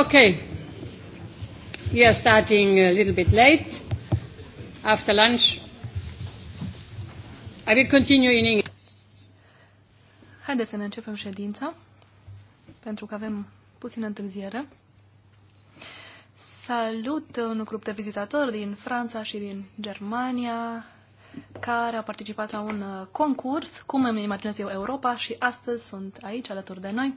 Okay. We are starting a little bit late after lunch. I will continue in English. Haideți să ne începem ședința, pentru că avem puțină întârziere. Salut un grup de vizitatori din Franța și din Germania care au participat la un uh, concurs, cum îmi imaginez eu Europa, și astăzi sunt aici alături de noi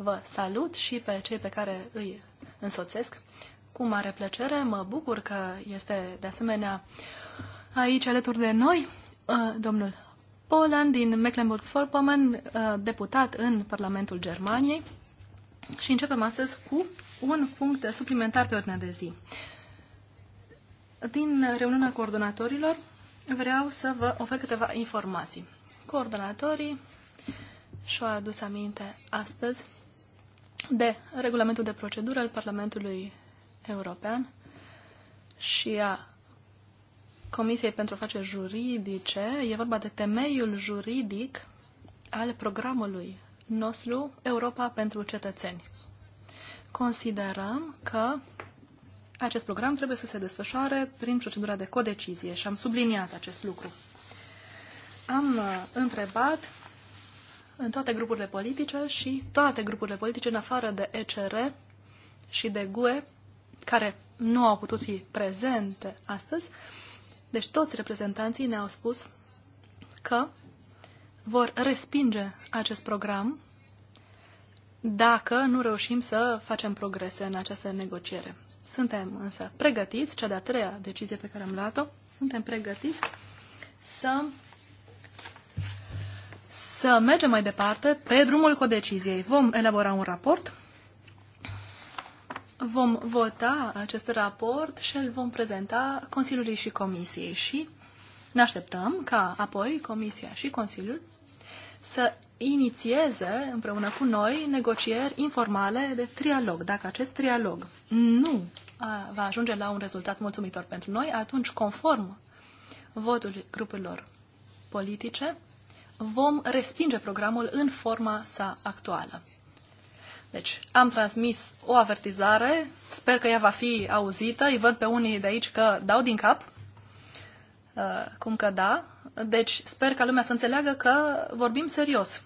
vă salut și pe cei pe care îi însoțesc. Cu mare plăcere, mă bucur că este de asemenea aici alături de noi uh, domnul Poland din Mecklenburg-Vorpommern, uh, deputat în Parlamentul Germaniei. Și începem astăzi cu un punct suplimentar pe ordinea de zi. Din reuniunea coordonatorilor vreau să vă ofer câteva informații. Coordonatorii și-au adus aminte astăzi de regulamentul de procedură al Parlamentului European și a Comisiei pentru Afaceri Juridice. E vorba de temeiul juridic al programului nostru Europa pentru cetățeni. Considerăm că acest program trebuie să se desfășoare prin procedura de codecizie și am subliniat acest lucru. Am uh, întrebat în toate grupurile politice și toate grupurile politice, în afară de ECR și de GUE, care nu au putut fi prezente astăzi. Deci toți reprezentanții ne-au spus că vor respinge acest program dacă nu reușim să facem progrese în această negociere. Suntem însă pregătiți, cea de-a treia decizie pe care am luat-o, suntem pregătiți să să mergem mai departe pe drumul codeciziei. Vom elabora un raport, vom vota acest raport și îl vom prezenta Consiliului și Comisiei și ne așteptăm ca apoi Comisia și Consiliul să inițieze împreună cu noi negocieri informale de trialog. Dacă acest trialog nu va ajunge la un rezultat mulțumitor pentru noi, atunci, conform votului grupurilor politice, vom respinge programul în forma sa actuală. Deci, am transmis o avertizare, sper că ea va fi auzită, îi văd pe unii de aici că dau din cap, uh, cum că da, deci sper ca lumea să înțeleagă că vorbim serios.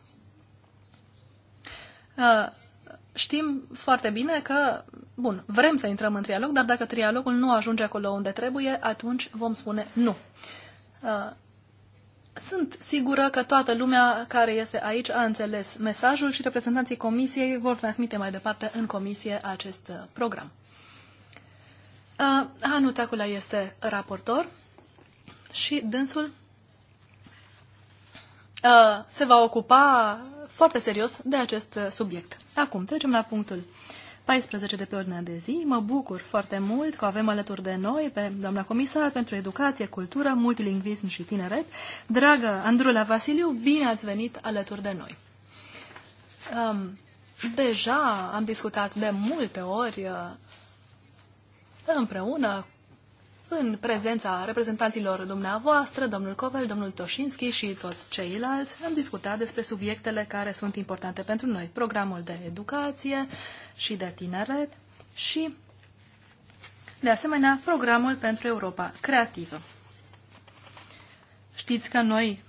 Uh, știm foarte bine că, bun, vrem să intrăm în trialog, dar dacă trialogul nu ajunge acolo unde trebuie, atunci vom spune nu. Uh, sunt sigură că toată lumea care este aici a înțeles mesajul și reprezentanții comisiei vor transmite mai departe în comisie acest uh, program. Uh, anu Teacula este raportor și dânsul uh, se va ocupa foarte serios de acest subiect. Acum trecem la punctul 14 de pe ordinea de zi. Mă bucur foarte mult că avem alături de noi pe doamna comisar pentru educație, cultură, multilingvism și tineret. Dragă Andrula Vasiliu, bine ați venit alături de noi. Um, deja am discutat de multe ori uh, împreună în prezența reprezentanților dumneavoastră, domnul Covel, domnul Toșinski și toți ceilalți, am discutat despre subiectele care sunt importante pentru noi, programul de educație și de tineret și, de asemenea, programul pentru Europa creativă. Știți că noi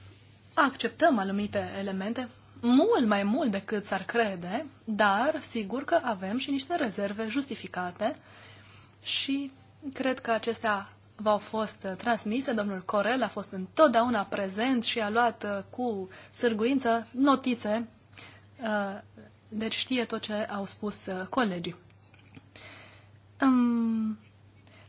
acceptăm anumite elemente mult mai mult decât s-ar crede, dar sigur că avem și niște rezerve justificate și Cred că acestea v-au fost uh, transmise. Domnul Corel a fost întotdeauna prezent și a luat uh, cu sârguință notițe, uh, deci știe tot ce au spus colegii.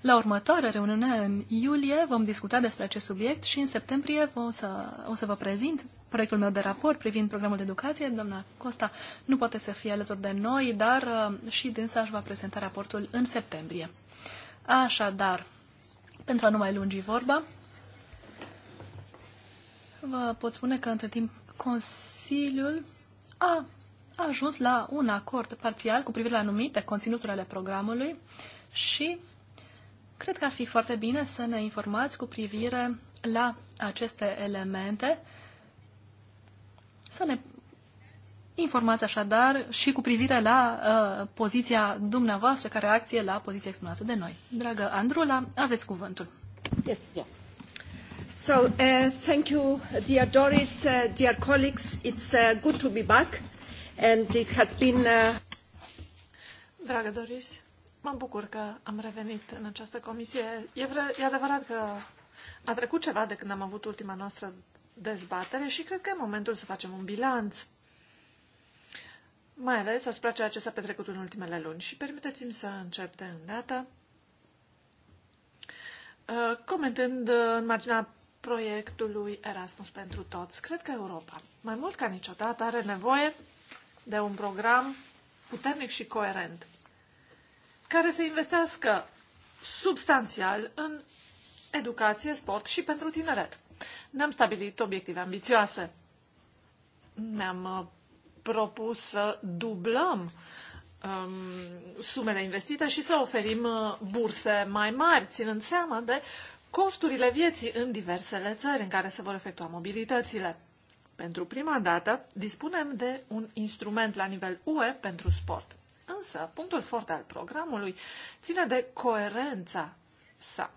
La următoarea reuniune în iulie vom discuta despre acest subiect și în septembrie o să, o să vă prezint proiectul meu de raport privind programul de educație. Doamna Costa nu poate să fie alături de noi, dar și dânsa își va prezenta raportul în septembrie. Așadar, pentru a nu mai lungi vorba, vă pot spune că între timp Consiliul a ajuns la un acord parțial cu privire la anumite conținuturi ale programului și cred că ar fi foarte bine să ne informați cu privire la aceste elemente, să ne Informați așadar și cu privire la uh, poziția dumneavoastră ca reacție la poziția exprimată de noi. Dragă Andrula, aveți cuvântul. Yes, yeah. So, uh, thank you, dear Doris, uh, dear colleagues. It's uh, good to be back and it has been... Uh... Dragă Doris, mă bucur că am revenit în această comisie. E, vre- e adevărat că a trecut ceva de când am avut ultima noastră dezbatere și cred că e momentul să facem un bilanț mai ales asupra ceea ce s-a petrecut în ultimele luni. Și permiteți-mi să încep de îndată uh, comentând uh, în marginea proiectului Erasmus pentru toți. Cred că Europa, mai mult ca niciodată, are nevoie de un program puternic și coerent, care să investească substanțial în educație, sport și pentru tineret. Ne-am stabilit obiective ambițioase. Ne-am uh, propus să dublăm um, sumele investite și să oferim uh, burse mai mari, ținând seama de costurile vieții în diversele țări în care se vor efectua mobilitățile. Pentru prima dată, dispunem de un instrument la nivel UE pentru sport. Însă, punctul forte al programului ține de coerența sa.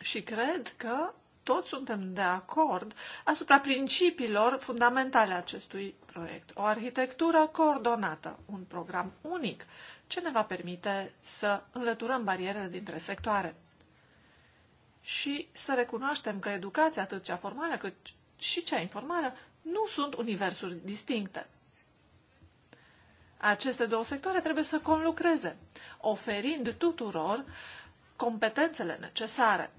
Și cred că toți suntem de acord asupra principiilor fundamentale acestui proiect. O arhitectură coordonată, un program unic, ce ne va permite să înlăturăm barierele dintre sectoare și să recunoaștem că educația, atât cea formală cât și cea informală, nu sunt universuri distincte. Aceste două sectoare trebuie să conlucreze, oferind tuturor competențele necesare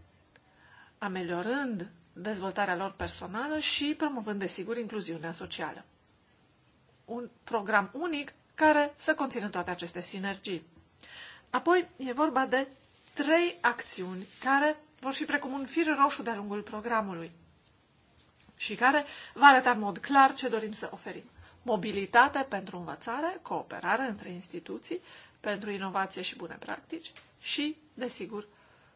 ameliorând dezvoltarea lor personală și promovând, desigur, incluziunea socială. Un program unic care să conțină toate aceste sinergii. Apoi e vorba de trei acțiuni care vor fi precum un fir roșu de-a lungul programului și care va arăta în mod clar ce dorim să oferim. Mobilitate pentru învățare, cooperare între instituții, pentru inovație și bune practici și, desigur,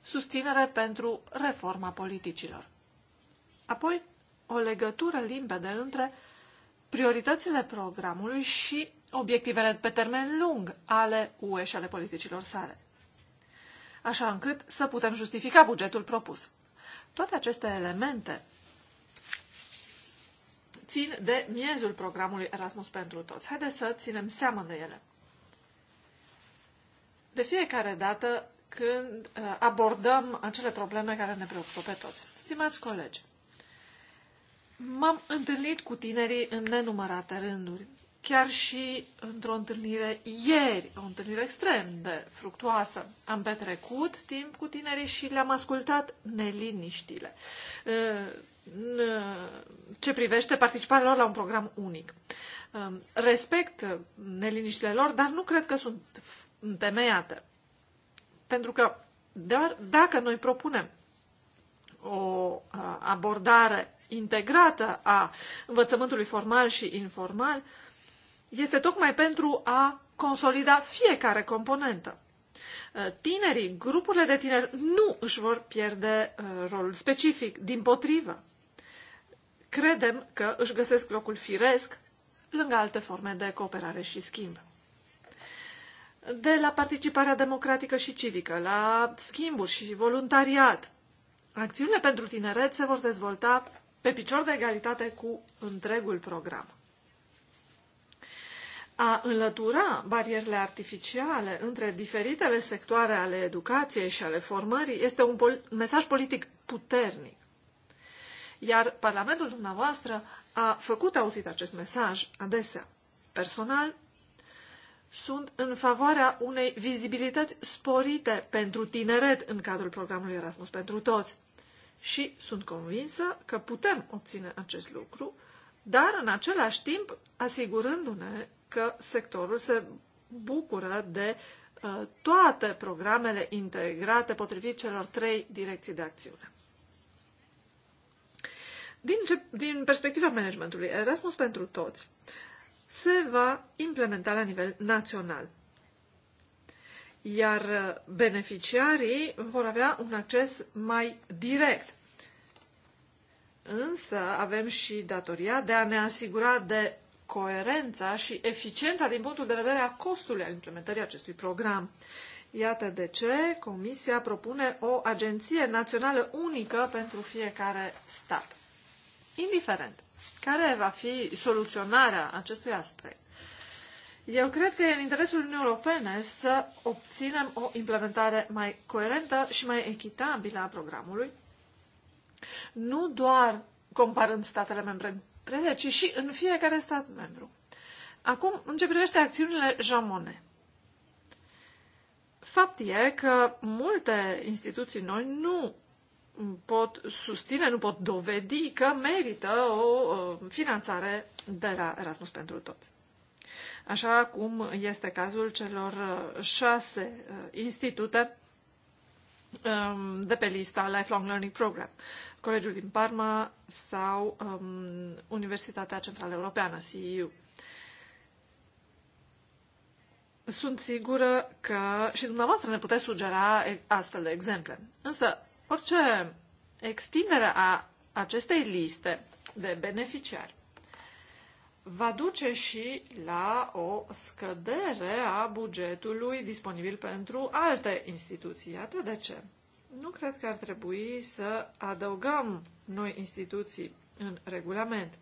susținere pentru reforma politicilor. Apoi, o legătură limpede între prioritățile programului și obiectivele pe termen lung ale UE și ale politicilor sale, așa încât să putem justifica bugetul propus. Toate aceste elemente țin de miezul programului Erasmus pentru toți. Haideți să ținem seama de ele. De fiecare dată când uh, abordăm acele probleme care ne preocupă pe toți. Stimați colegi, m-am întâlnit cu tinerii în nenumărate rânduri, chiar și într-o întâlnire ieri, o întâlnire extrem de fructuoasă. Am petrecut timp cu tinerii și le-am ascultat neliniștile uh, uh, ce privește participarea lor la un program unic. Um, respect neliniștile lor, dar nu cred că sunt întemeiate. Pentru că dar dacă noi propunem o abordare integrată a învățământului formal și informal, este tocmai pentru a consolida fiecare componentă. Tinerii, grupurile de tineri nu își vor pierde rolul specific, din potrivă. Credem că își găsesc locul firesc lângă alte forme de cooperare și schimb de la participarea democratică și civică, la schimburi și voluntariat. Acțiunile pentru tineret se vor dezvolta pe picior de egalitate cu întregul program. A înlătura barierele artificiale între diferitele sectoare ale educației și ale formării este un pol- mesaj politic puternic. Iar Parlamentul dumneavoastră a făcut auzit acest mesaj adesea. Personal, sunt în favoarea unei vizibilități sporite pentru tineret în cadrul programului Erasmus pentru toți. Și sunt convinsă că putem obține acest lucru, dar în același timp asigurându-ne că sectorul se bucură de uh, toate programele integrate potrivit celor trei direcții de acțiune. Din, ce, din perspectiva managementului, Erasmus pentru toți uh, se va implementa la nivel național. Iar uh, beneficiarii vor avea un acces mai direct. Însă avem și datoria de a ne asigura de coerența și eficiența din punctul de vedere a costului al implementării acestui program. Iată de ce Comisia propune o agenție națională unică pentru fiecare stat, indiferent care va fi soluționarea acestui aspect? Eu cred că e în interesul Uniunii Europene să obținem o implementare mai coerentă și mai echitabilă a programului, nu doar comparând statele membre între ci și în fiecare stat membru. Acum, în ce privește acțiunile jamone. Fapt e că multe instituții noi nu pot susține, nu pot dovedi că merită o finanțare de la Erasmus pentru toți. Așa cum este cazul celor șase uh, institute um, de pe lista Lifelong Learning Program, Colegiul din Parma sau um, Universitatea Centrală Europeană, CEU. Sunt sigură că și dumneavoastră ne puteți sugera astfel de exemple. Însă, orice extindere a acestei liste de beneficiari va duce și la o scădere a bugetului disponibil pentru alte instituții. Iată de ce. Nu cred că ar trebui să adăugăm noi instituții în regulament.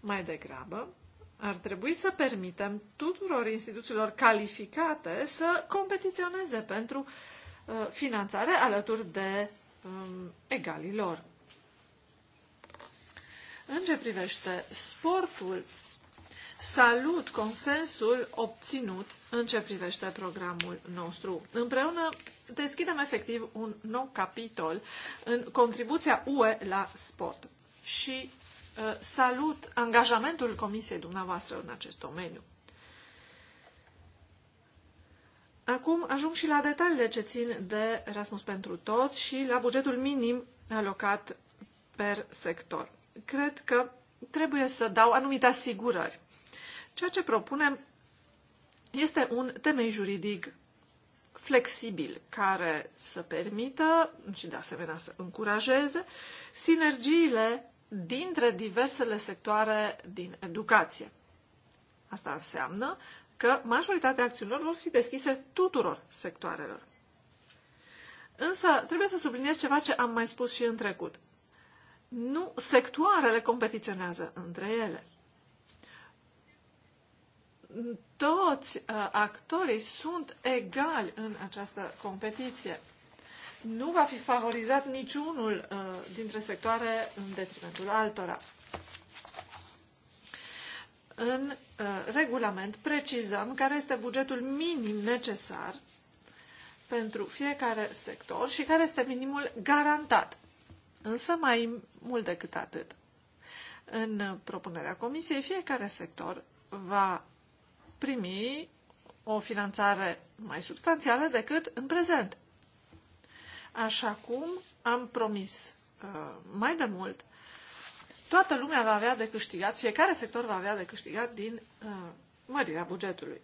Mai degrabă, ar trebui să permitem tuturor instituțiilor calificate să competiționeze pentru uh, finanțare alături de um, egalilor. În ce privește sportul, salut consensul obținut în ce privește programul nostru. Împreună deschidem efectiv un nou capitol în contribuția UE la sport și uh, salut angajamentul Comisiei dumneavoastră în acest domeniu. Acum ajung și la detaliile ce țin de Erasmus pentru toți și la bugetul minim alocat per sector. Cred că trebuie să dau anumite asigurări. Ceea ce propunem este un temei juridic flexibil care să permită și de asemenea să încurajeze sinergiile dintre diversele sectoare din educație. Asta înseamnă că majoritatea acțiunilor vor fi deschise tuturor sectoarelor. Însă trebuie să subliniez ceva ce am mai spus și în trecut. Nu sectoarele competiționează între ele. Toți uh, actorii sunt egali în această competiție. Nu va fi favorizat niciunul uh, dintre sectoare în detrimentul altora în uh, regulament precizăm care este bugetul minim necesar pentru fiecare sector și care este minimul garantat. Însă mai mult decât atât. În propunerea comisiei, fiecare sector va primi o finanțare mai substanțială decât în prezent. Așa cum am promis uh, mai de mult Toată lumea va avea de câștigat, fiecare sector va avea de câștigat din uh, mărirea bugetului.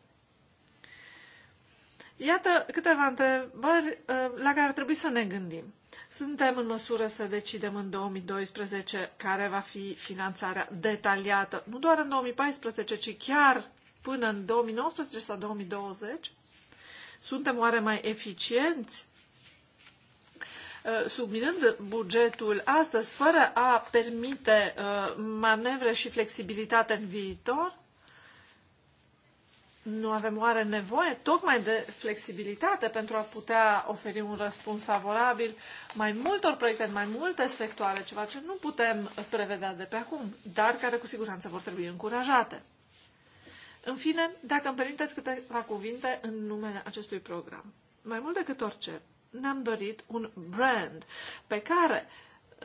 Iată câteva întrebări uh, la care ar trebui să ne gândim. Suntem în măsură să decidem în 2012 care va fi finanțarea detaliată, nu doar în 2014, ci chiar până în 2019 sau 2020? Suntem oare mai eficienți Eh, subminând bugetul astăzi, fără a permite eh, manevre și flexibilitate în viitor? Nu avem oare nevoie tocmai de flexibilitate pentru a putea oferi un răspuns favorabil mai multor proiecte în mai multe sectoare, ceva ce nu putem prevedea de pe acum, dar care cu siguranță vor trebui încurajate. În fine, dacă îmi permiteți câteva cuvinte în numele acestui program. Mai mult decât orice, ne-am dorit un brand pe care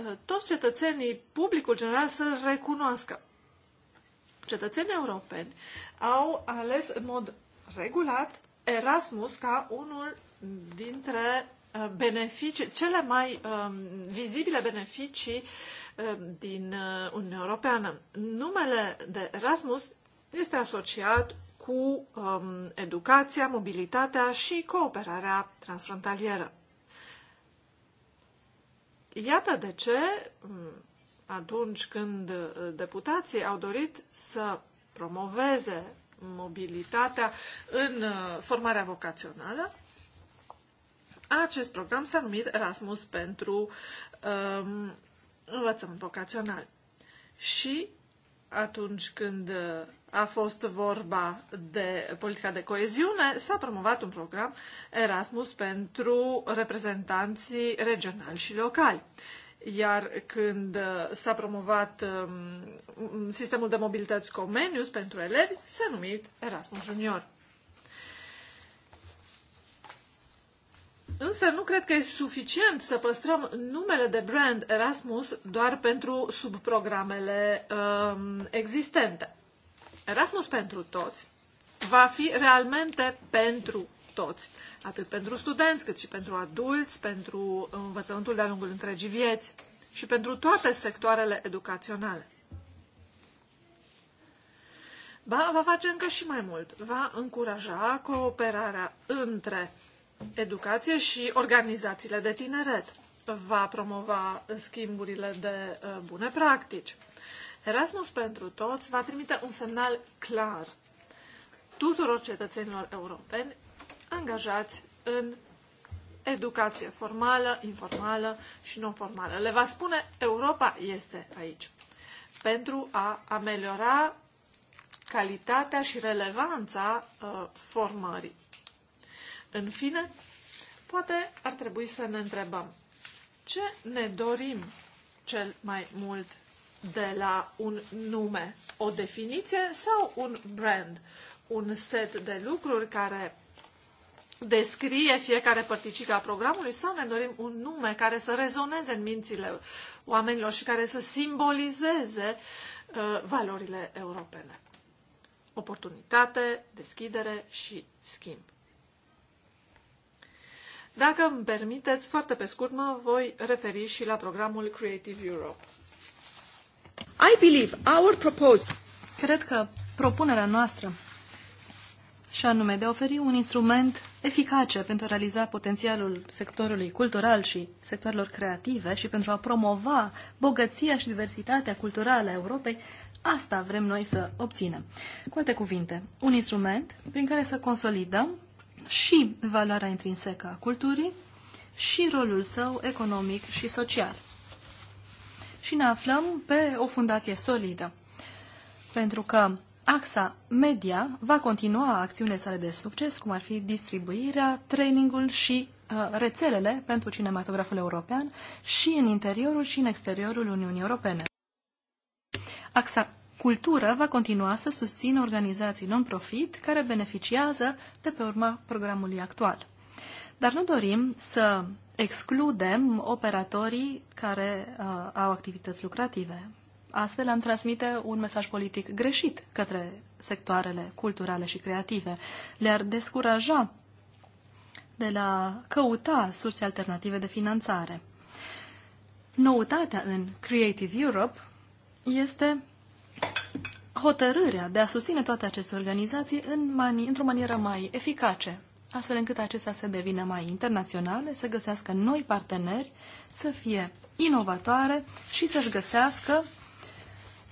uh, toți cetățenii, publicul general, să-l recunoască. Cetățenii europeni au ales în mod regulat Erasmus ca unul dintre uh, beneficii, cele mai um, vizibile beneficii um, din Uniunea Europeană. Numele de Erasmus este asociat cu um, educația, mobilitatea și cooperarea transfrontalieră. Iată de ce, um, atunci când uh, deputații au dorit să promoveze mobilitatea în uh, formarea vocațională, acest program s-a numit Erasmus pentru um, învățământ vocațional. Și atunci când uh, a fost vorba de politica de coeziune, s-a promovat un program Erasmus pentru reprezentanții regionali și locali. Iar când uh, s-a promovat um, sistemul de mobilități Comenius pentru elevi, s-a numit Erasmus Junior. Însă nu cred că e suficient să păstrăm numele de brand Erasmus doar pentru subprogramele um, existente. Erasmus pentru toți va fi realmente pentru toți, atât pentru studenți, cât și pentru adulți, pentru învățământul de-a lungul întregii vieți și pentru toate sectoarele educaționale. Ba, va face încă și mai mult. Va încuraja cooperarea între educație și organizațiile de tineret. Va promova schimburile de uh, bune practici. Erasmus pentru toți va trimite un semnal clar tuturor cetățenilor europeni angajați în educație formală, informală și non-formală. Le va spune Europa este aici pentru a ameliora calitatea și relevanța uh, formării în fine, poate ar trebui să ne întrebăm ce ne dorim cel mai mult de la un nume, o definiție sau un brand, un set de lucruri care descrie fiecare părticică a programului sau ne dorim un nume care să rezoneze în mințile oamenilor și care să simbolizeze uh, valorile europene. Oportunitate, deschidere și schimb. Dacă îmi permiteți, foarte pe scurt mă voi referi și la programul Creative Europe. I believe our proposal. Cred că propunerea noastră și anume de a oferi un instrument eficace pentru a realiza potențialul sectorului cultural și sectorilor creative și pentru a promova bogăția și diversitatea culturală a Europei, asta vrem noi să obținem. Cu alte cuvinte, un instrument prin care să consolidăm și valoarea intrinsecă a culturii și rolul său economic și social. Și ne aflăm pe o fundație solidă, pentru că axa media va continua acțiunile sale de succes, cum ar fi distribuirea, trainingul și uh, rețelele pentru cinematograful european și în interiorul și în exteriorul Uniunii Europene. Axa Cultura va continua să susțină organizații non-profit care beneficiază de pe urma programului actual. Dar nu dorim să excludem operatorii care uh, au activități lucrative. Astfel am transmite un mesaj politic greșit către sectoarele culturale și creative. Le-ar descuraja de la căuta surse alternative de finanțare. Noutatea în Creative Europe este hotărârea de a susține toate aceste organizații în mani, într-o manieră mai eficace, astfel încât acestea să devină mai internaționale, să găsească noi parteneri, să fie inovatoare și să-și găsească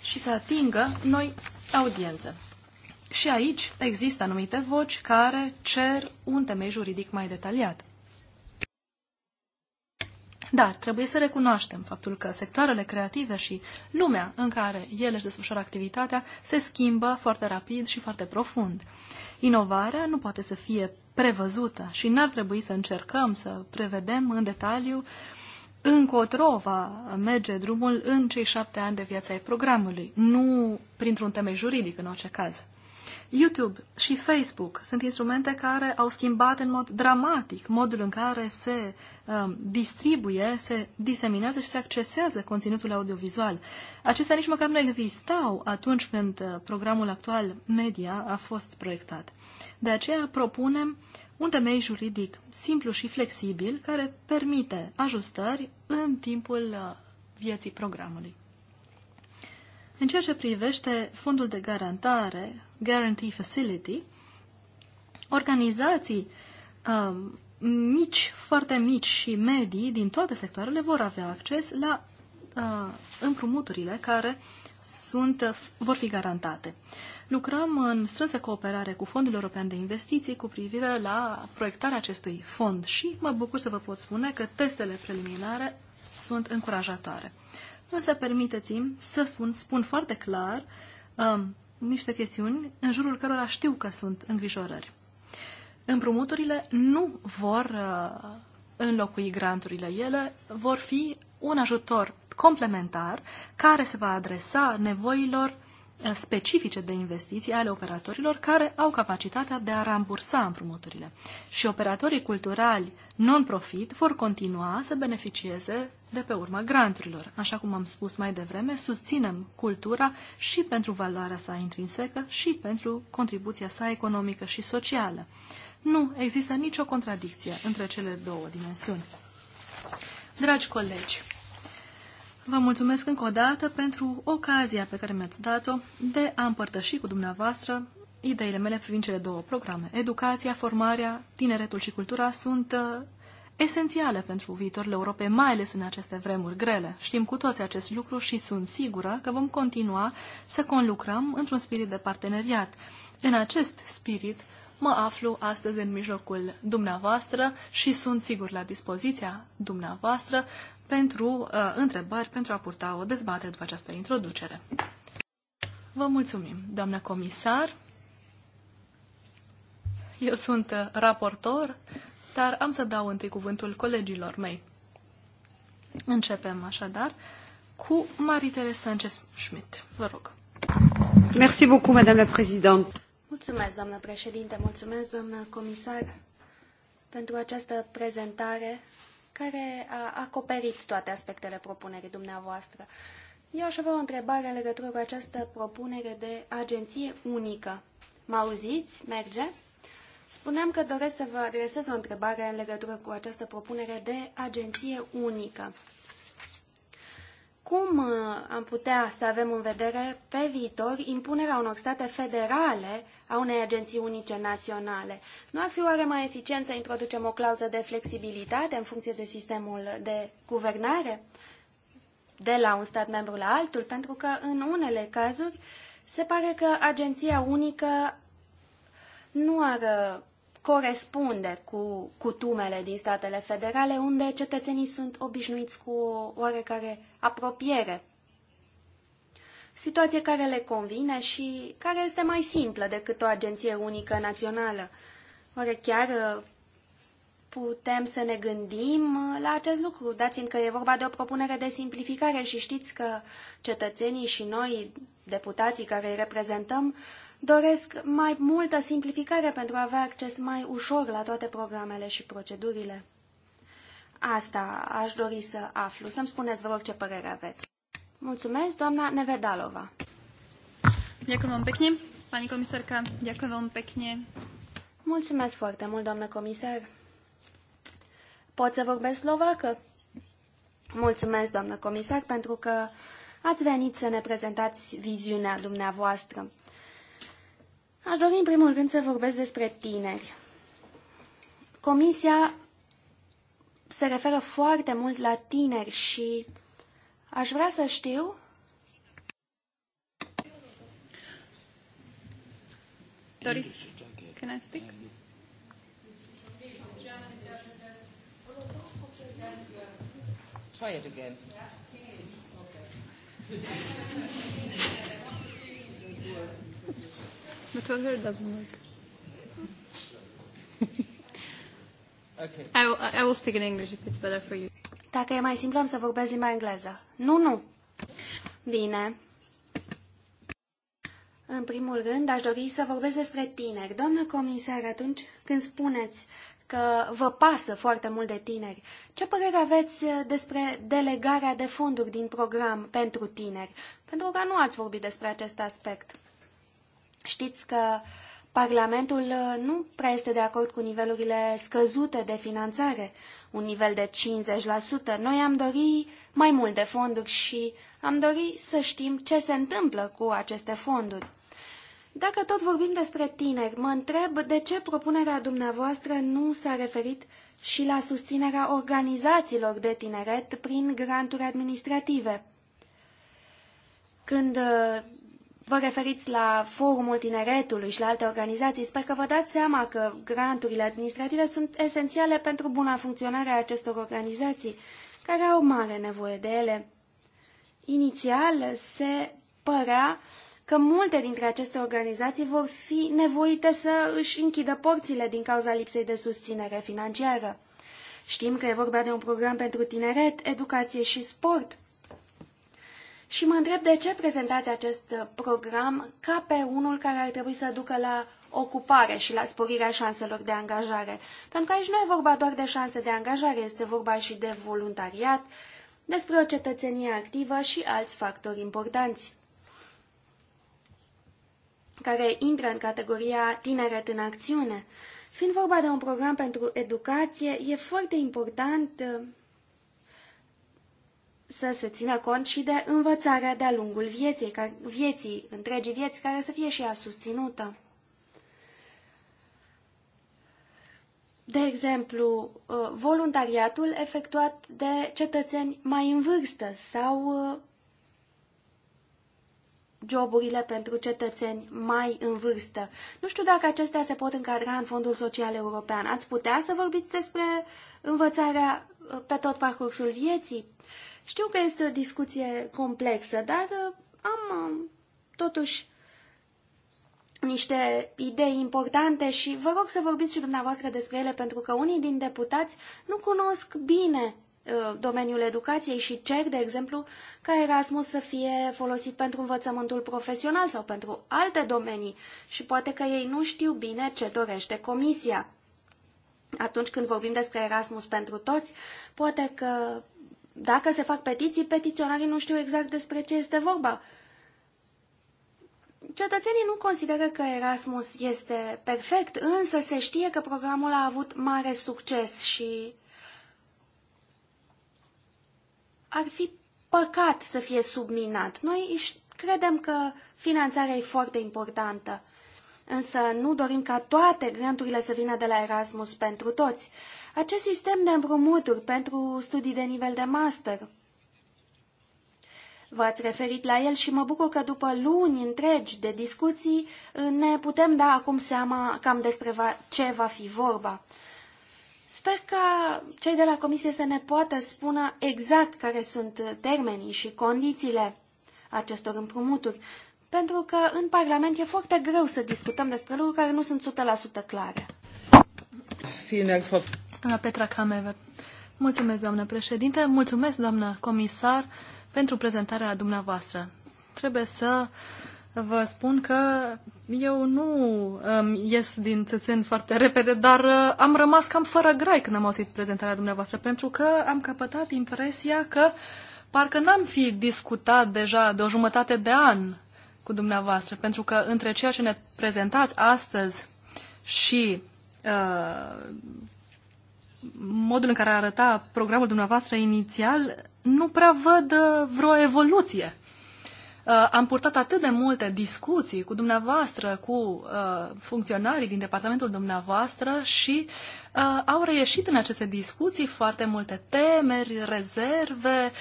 și să atingă noi audiențe. Și aici există anumite voci care cer un temei juridic mai detaliat. Dar trebuie să recunoaștem faptul că sectoarele creative și lumea în care ele își desfășoară activitatea se schimbă foarte rapid și foarte profund. Inovarea nu poate să fie prevăzută și n-ar trebui să încercăm să prevedem în detaliu încotro va merge drumul în cei șapte ani de viața ai programului, nu printr-un temei juridic în orice caz. YouTube și Facebook sunt instrumente care au schimbat în mod dramatic modul în care se um, distribuie, se diseminează și se accesează conținutul audiovizual. Acestea nici măcar nu existau atunci când uh, programul actual media a fost proiectat. De aceea propunem un temei juridic simplu și flexibil care permite ajustări în timpul uh, vieții programului. În ceea ce privește fondul de garantare, Guarantee Facility, organizații um, mici, foarte mici și medii din toate sectoarele vor avea acces la uh, împrumuturile care sunt, uh, vor fi garantate. Lucrăm în strânsă cooperare cu Fondul European de Investiții cu privire la proiectarea acestui fond și mă bucur să vă pot spune că testele preliminare sunt încurajatoare. Însă permiteți-mi să spun, spun foarte clar um, niște chestiuni în jurul cărora știu că sunt îngrijorări. Împrumuturile nu vor uh, înlocui granturile. Ele vor fi un ajutor complementar care se va adresa nevoilor specifice de investiții ale operatorilor care au capacitatea de a rambursa împrumuturile. Și operatorii culturali non-profit vor continua să beneficieze de pe urma granturilor. Așa cum am spus mai devreme, susținem cultura și pentru valoarea sa intrinsecă și pentru contribuția sa economică și socială. Nu există nicio contradicție între cele două dimensiuni. Dragi colegi, Vă mulțumesc încă o dată pentru ocazia pe care mi-ați dat-o de a împărtăși cu dumneavoastră ideile mele privind cele două programe. Educația, formarea, tineretul și cultura sunt uh, esențiale pentru viitorul Europei, mai ales în aceste vremuri grele. Știm cu toți acest lucru și sunt sigură că vom continua să conlucrăm într-un spirit de parteneriat. În acest spirit mă aflu astăzi în mijlocul dumneavoastră și sunt sigur la dispoziția dumneavoastră pentru uh, întrebări, pentru a purta o dezbatere după această introducere. Vă mulțumim, doamna comisar. Eu sunt uh, raportor, dar am să dau întâi cuvântul colegilor mei. Începem așadar cu marie Sanchez-Schmidt. Vă rog. Merci beaucoup, madame la présidente. Mulțumesc, doamnă președinte, mulțumesc, doamnă comisar, pentru această prezentare care a acoperit toate aspectele propunerii dumneavoastră. Eu aș avea o întrebare în legătură cu această propunere de agenție unică. Mă auziți? Merge? Spuneam că doresc să vă adresez o întrebare în legătură cu această propunere de agenție unică cum uh, am putea să avem în vedere pe viitor impunerea unor state federale a unei agenții unice naționale? Nu ar fi oare mai eficient să introducem o clauză de flexibilitate în funcție de sistemul de guvernare de la un stat membru la altul? Pentru că în unele cazuri se pare că agenția unică nu ar uh, corespunde cu cutumele din statele federale, unde cetățenii sunt obișnuiți cu o oarecare apropiere. Situație care le convine și care este mai simplă decât o agenție unică națională. Oare chiar uh, putem să ne gândim uh, la acest lucru, dat fiindcă e vorba de o propunere de simplificare și știți că cetățenii și noi, deputații care îi reprezentăm, doresc mai multă simplificare pentru a avea acces mai ușor la toate programele și procedurile. Asta aș dori să aflu. Să-mi spuneți, vă rog, ce părere aveți. Mulțumesc, doamna Nevedalova. Ďakujem pekne, pani komisárka. Ďakujem pekne. Mulțumesc foarte mult, doamnă comisar. Pot să vorbesc slovacă? Mulțumesc, doamnă comisar, pentru că ați venit să ne prezentați viziunea dumneavoastră. Aș dori în primul rând să vorbesc despre tineri. Comisia se referă foarte mult la tineri și aș vrea să știu Doris, can I speak? Try it again. Yeah. Okay. Motorhörer doesn't work. okay. I, will, I will speak in English if it's better for you. Dacă e mai simplu, am să vorbesc limba engleză. Nu, nu. Bine. În primul rând, aș dori să vorbesc despre tineri. Doamnă comisar, atunci când spuneți că vă pasă foarte mult de tineri. Ce părere aveți despre delegarea de fonduri din program pentru tineri? Pentru că nu ați vorbit despre acest aspect. Știți că Parlamentul uh, nu prea este de acord cu nivelurile scăzute de finanțare, un nivel de 50%. Noi am dori mai mult de fonduri și am dori să știm ce se întâmplă cu aceste fonduri. Dacă tot vorbim despre tineri, mă întreb de ce propunerea dumneavoastră nu s-a referit și la susținerea organizațiilor de tineret prin granturi administrative. Când uh, Vă referiți la Forumul Tineretului și la alte organizații. Sper că vă dați seama că granturile administrative sunt esențiale pentru buna funcționare a acestor organizații, care au mare nevoie de ele. Inițial se părea că multe dintre aceste organizații vor fi nevoite să își închidă porțile din cauza lipsei de susținere financiară. Știm că e vorba de un program pentru tineret, educație și sport, și mă întreb de ce prezentați acest uh, program ca pe unul care ar trebui să ducă la ocupare și la sporirea șanselor de angajare. Pentru că aici nu e vorba doar de șanse de angajare, este vorba și de voluntariat, despre o cetățenie activă și alți factori importanți care intră în categoria tineret în acțiune. Fiind vorba de un program pentru educație, e foarte important uh, să se țină cont și de învățarea de-a lungul vieții, ca, vieții, întregii vieți, care să fie și ea susținută. De exemplu, uh, voluntariatul efectuat de cetățeni mai în vârstă sau uh, joburile pentru cetățeni mai în vârstă. Nu știu dacă acestea se pot încadra în Fondul Social European. Ați putea să vorbiți despre învățarea uh, pe tot parcursul vieții? Știu că este o discuție complexă, dar uh, am uh, totuși niște idei importante și vă rog să vorbiți și dumneavoastră despre ele, pentru că unii din deputați nu cunosc bine uh, domeniul educației și cer, de exemplu, ca Erasmus să fie folosit pentru învățământul profesional sau pentru alte domenii și poate că ei nu știu bine ce dorește Comisia. Atunci când vorbim despre Erasmus pentru toți, poate că dacă se fac petiții, petiționarii nu știu exact despre ce este vorba. Cetățenii nu consideră că Erasmus este perfect, însă se știe că programul a avut mare succes și ar fi păcat să fie subminat. Noi credem că finanțarea e foarte importantă, însă nu dorim ca toate granturile să vină de la Erasmus pentru toți acest sistem de împrumuturi pentru studii de nivel de master. V-ați referit la el și mă bucur că după luni întregi de discuții ne putem da acum seama cam despre va, ce va fi vorba. Sper ca cei de la comisie să ne poată spune exact care sunt termenii și condițiile acestor împrumuturi, pentru că în Parlament e foarte greu să discutăm despre lucruri care nu sunt 100% clare. Doamna Petra Cameve. Mulțumesc, doamnă președinte, mulțumesc, doamnă comisar, pentru prezentarea dumneavoastră. Trebuie să vă spun că eu nu um, ies din țățeni foarte repede, dar uh, am rămas cam fără grai când am auzit prezentarea dumneavoastră, pentru că am căpătat impresia că parcă n-am fi discutat deja de o jumătate de an cu dumneavoastră, pentru că între ceea ce ne prezentați astăzi și uh, modul în care arăta programul dumneavoastră inițial, nu prea văd uh, vreo evoluție. Uh, am purtat atât de multe discuții cu dumneavoastră, cu uh, funcționarii din departamentul dumneavoastră și au reieșit în aceste discuții foarte multe temeri, rezerve,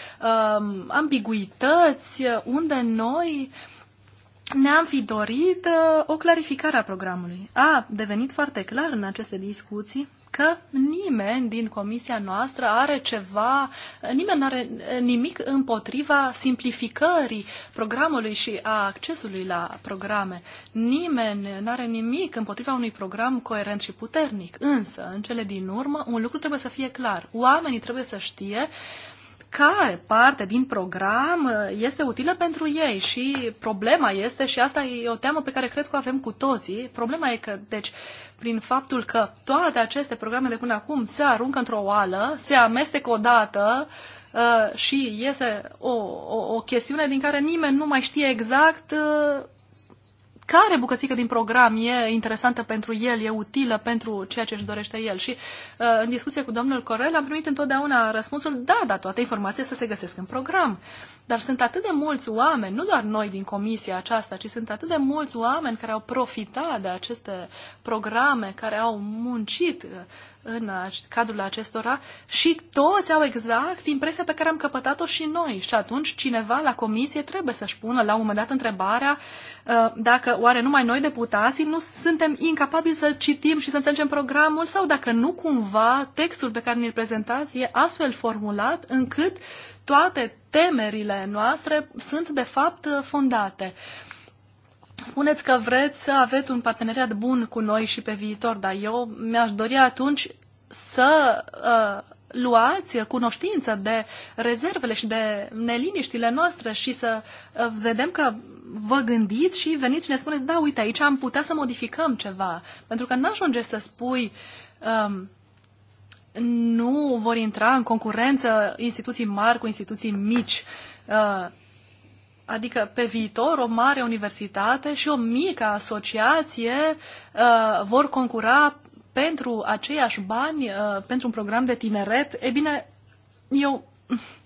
ambiguități, unde noi uh, ne-am fi dorit uh, o clarificare a programului. A devenit foarte clar în aceste discuții că nimeni din comisia noastră are ceva, nimeni nu are nimic împotriva simplificării programului și a accesului la programe. Nimeni nu are nimic împotriva unui program coerent și puternic. Însă, în cele din urmă, un lucru trebuie să fie clar. Oamenii trebuie să știe uh, care parte din program uh, este utilă pentru ei și problema este, și asta e o teamă pe care cred că o avem cu toții, problema e că, deci, prin faptul că toate aceste programe de până acum se aruncă într-o oală, se amestecă odată uh, și iese o, o, o chestiune din care nimeni nu mai știe exact uh, care bucățică din program e interesantă pentru el, e utilă pentru ceea ce își dorește el. Și uh, în discuție cu domnul Corel am primit întotdeauna răspunsul, da, da, toate informațiile să se găsesc în program. Dar sunt atât de mulți oameni, nu doar noi din comisia aceasta, ci sunt atât de mulți oameni care au profitat de aceste programe, care au muncit uh, în cadrul acestora și toți au exact impresia pe care am căpătat-o și noi. Și atunci cineva la comisie trebuie să-și pună la un moment dat întrebarea uh, dacă oare numai noi deputații nu suntem incapabili să citim și să înțelegem programul sau dacă nu cumva textul pe care ne-l prezentați e astfel formulat încât toate temerile noastre sunt de fapt fondate. Uh, Spuneți că vreți să aveți un parteneriat bun cu noi și pe viitor, dar eu mi-aș dori atunci să uh, luați cunoștință de rezervele și de neliniștile noastre și să uh, vedem că vă gândiți și veniți și ne spuneți, da, uite, aici am putea să modificăm ceva. Pentru că n-ajunge să spui, um, nu vor intra în concurență instituții mari cu instituții mici. Uh, Adică pe viitor o mare universitate și o mică asociație uh, vor concura pentru aceiași bani, uh, pentru un program de tineret. E bine, eu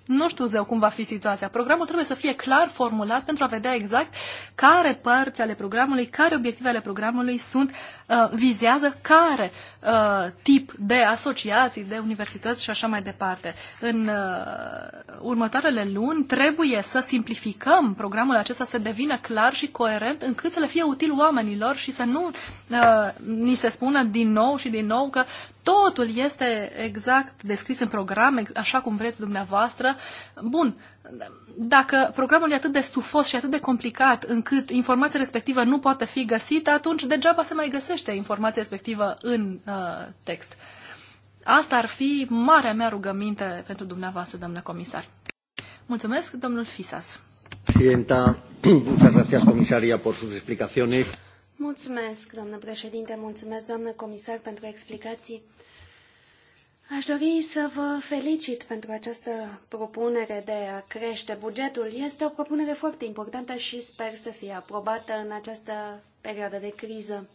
nu știu zeu cum va fi situația. Programul trebuie să fie clar formulat pentru a vedea exact care părți ale programului, care obiective ale programului sunt, uh, vizează care uh, tip de asociații, de universități și așa mai departe. În uh, următoarele luni trebuie să simplificăm programul acesta să devină clar și coerent încât să le fie util oamenilor și să nu uh, ni se spună din nou și din nou că totul este exact descris în program, așa cum vreți dumneavoastră. Bun, dacă programul e atât de stufos și atât de complicat încât informația respectivă nu poate fi găsită, atunci degeaba se mai găsește informația respectivă în uh, text. Asta ar fi marea mea rugăminte pentru dumneavoastră, domnule comisar. Mulțumesc, domnul Fisas. Presidenta, muchas gracias, comisaria, por sus explicaciones. Mulțumesc, doamnă președinte, mulțumesc, doamnă comisar, pentru explicații. Aș dori să vă felicit pentru această propunere de a crește bugetul. Este o propunere foarte importantă și sper să fie aprobată în această perioadă de criză.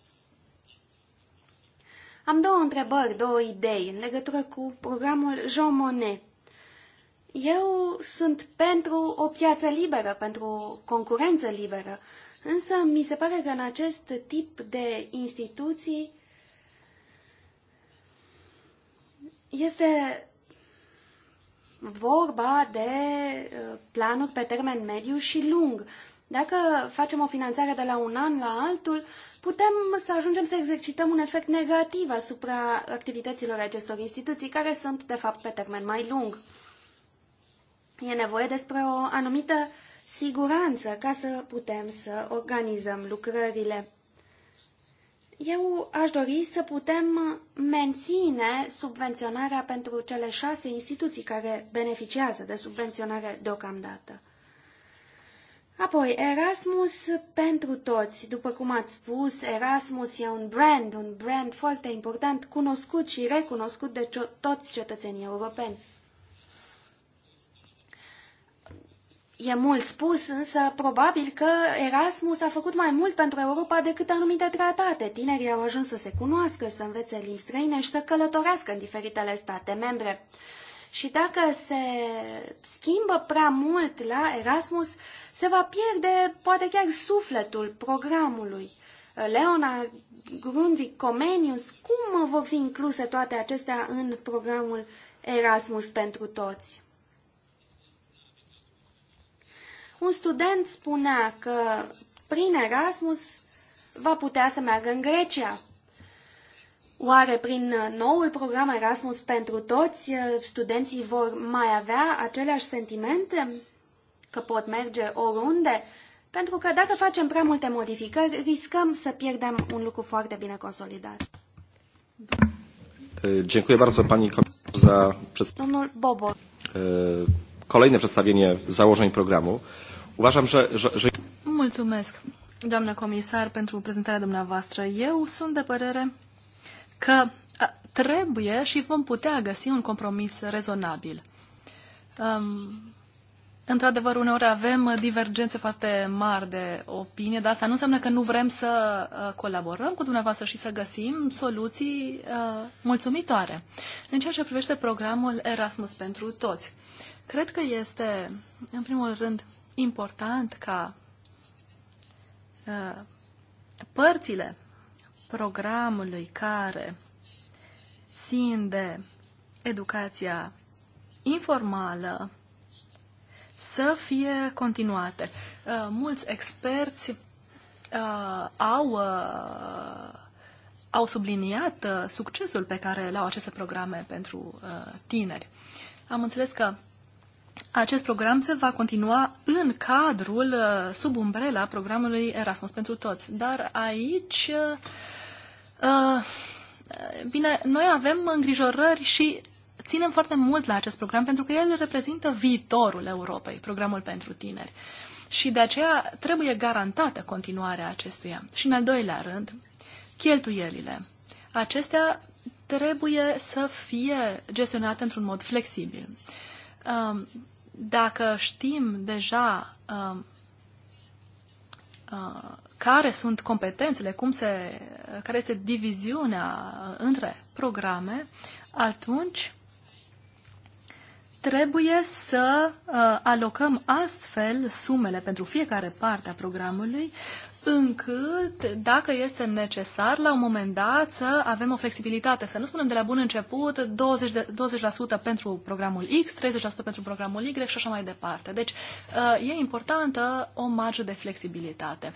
Am două întrebări, două idei în legătură cu programul Jean Monnet. Eu sunt pentru o piață liberă, pentru o concurență liberă, Însă mi se pare că în acest tip de instituții este vorba de uh, planuri pe termen mediu și lung. Dacă facem o finanțare de la un an la altul, putem să ajungem să exercităm un efect negativ asupra activităților acestor instituții, care sunt, de fapt, pe termen mai lung. E nevoie despre o anumită siguranță ca să putem să organizăm lucrările. Eu aș dori să putem menține subvenționarea pentru cele șase instituții care beneficiază de subvenționare deocamdată. Apoi, Erasmus pentru toți. După cum ați spus, Erasmus e un brand, un brand foarte important, cunoscut și recunoscut de toți cetățenii europeni. E mult spus, însă probabil că Erasmus a făcut mai mult pentru Europa decât anumite tratate. Tinerii au ajuns să se cunoască, să învețe limbi străine și să călătorească în diferitele state membre. Și dacă se schimbă prea mult la Erasmus, se va pierde poate chiar sufletul programului. Leona, Grundvig, Comenius, cum vor fi incluse toate acestea în programul Erasmus pentru toți? Un student spunea că prin Erasmus va putea să meargă în Grecia. Oare prin noul program Erasmus pentru toți, eh, studenții vor mai avea aceleași sentimente? Că pot merge oriunde? Pentru că dacă facem prea multe modificări, riscăm să pierdem un lucru foarte bine consolidat. Eh, dziękuję bardzo pani za Domnul Bobo. Eh, kolejne przedstawienie założeń programu. Uważam, że, że, że... Mulțumesc, doamnă comisar, pentru prezentarea dumneavoastră. Eu sunt de părere că trebuie și vom putea găsi un compromis rezonabil. Um, Într-adevăr, uneori avem divergențe foarte mari de opinie, dar asta nu înseamnă că nu vrem să colaborăm cu dumneavoastră și să găsim soluții uh, mulțumitoare. În ceea ce privește programul Erasmus pentru toți, cred că este, în primul rând, important ca uh, părțile programului care țin de educația informală să fie continuate. Uh, mulți experți uh, au, au subliniat succesul pe care l-au aceste programe pentru tineri. Am înțeles că acest program se va continua în cadrul, uh, sub umbrela programului Erasmus pentru toți. Dar aici, uh, uh, bine, noi avem îngrijorări și ținem foarte mult la acest program pentru că el reprezintă viitorul Europei, programul pentru tineri. Și de aceea trebuie garantată continuarea acestuia. Și în al doilea rând, cheltuielile. Acestea trebuie să fie gestionate într-un mod flexibil. Uh, Um, dacă știm deja um, uh, care sunt competențele, cum se, care este diviziunea uh, între programe, atunci trebuie să uh, alocăm astfel sumele pentru fiecare parte a programului încât, dacă este necesar, la un moment dat să avem o flexibilitate, să nu spunem de la bun început 20%, de, 20% pentru programul X, 30% pentru programul Y și așa mai departe. Deci uh, e importantă o marjă de flexibilitate.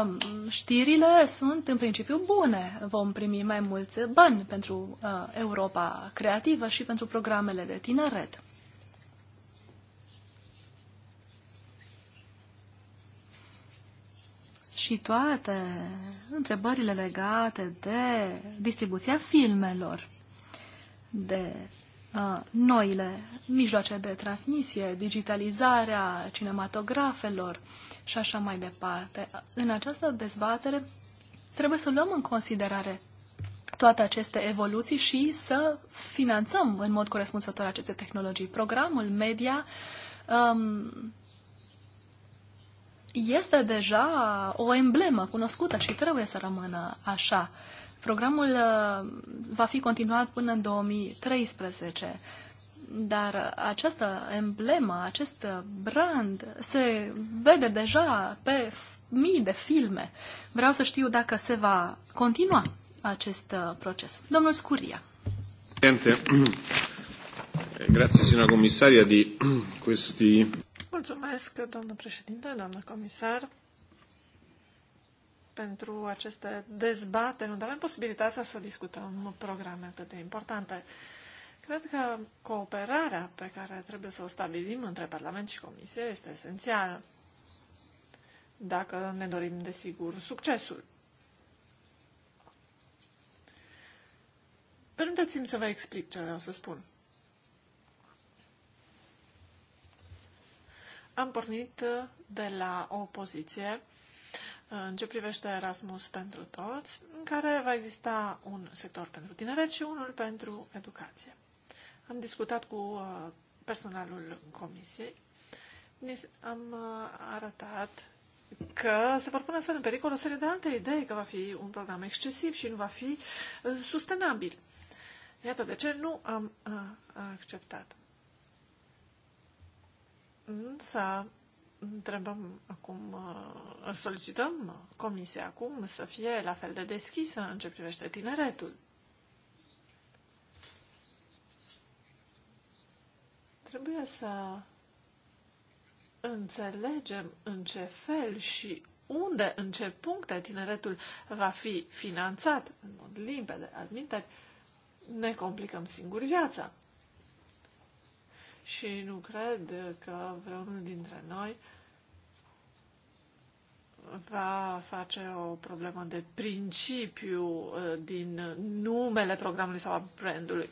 Um, știrile sunt în principiu bune. Vom primi mai mulți bani pentru uh, Europa creativă și pentru programele de tineret. și toate întrebările legate de distribuția filmelor, de uh, noile mijloace de transmisie, digitalizarea cinematografelor și așa mai departe. În această dezbatere trebuie să luăm în considerare toate aceste evoluții și să finanțăm în mod corespunzător aceste tehnologii. Programul media um, este deja o emblemă cunoscută și trebuie să rămână așa. Programul uh, va fi continuat până în 2013, dar această emblemă, acest brand se vede deja pe mii de filme. Vreau să știu dacă se va continua acest uh, proces. Domnul Scuria. Grazie, signora commissaria, di questi Mulțumesc, doamnă președinte, doamnă comisar, pentru aceste dezbateri unde avem posibilitatea să discutăm programe atât de importante. Cred că cooperarea pe care trebuie să o stabilim între Parlament și Comisie este esențială dacă ne dorim, desigur, succesul. Permiteți-mi să vă explic ce vreau să spun. Am pornit uh, de la o poziție uh, în ce privește Erasmus pentru toți, în care va exista un sector pentru tineret și unul pentru educație. Am discutat cu uh, personalul comisiei, am arătat că se vor pune astfel în pericol o serie de alte idei, că va fi un program excesiv și nu va fi sustenabil. Iată de ce nu am acceptat. Însă, întrebăm acum, uh, solicităm comisia acum să fie la fel de deschisă în ce privește tineretul. Trebuie să înțelegem în ce fel și unde, în ce puncte tineretul va fi finanțat în mod limpede, admiteri, ne complicăm singur viața și nu cred că vreunul dintre noi va face o problemă de principiu uh, din numele programului sau a brandului.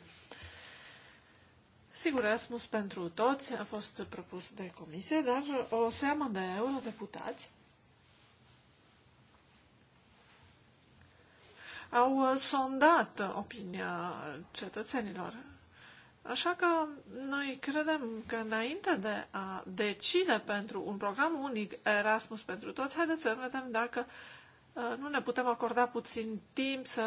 Sigur, Erasmus pentru toți a fost propus de comisie, dar o seamă de eurodeputați au uh, sondat opinia cetățenilor Așa că noi credem că înainte de a decide pentru un program unic Erasmus pentru toți, haideți să vedem dacă uh, nu ne putem acorda puțin timp să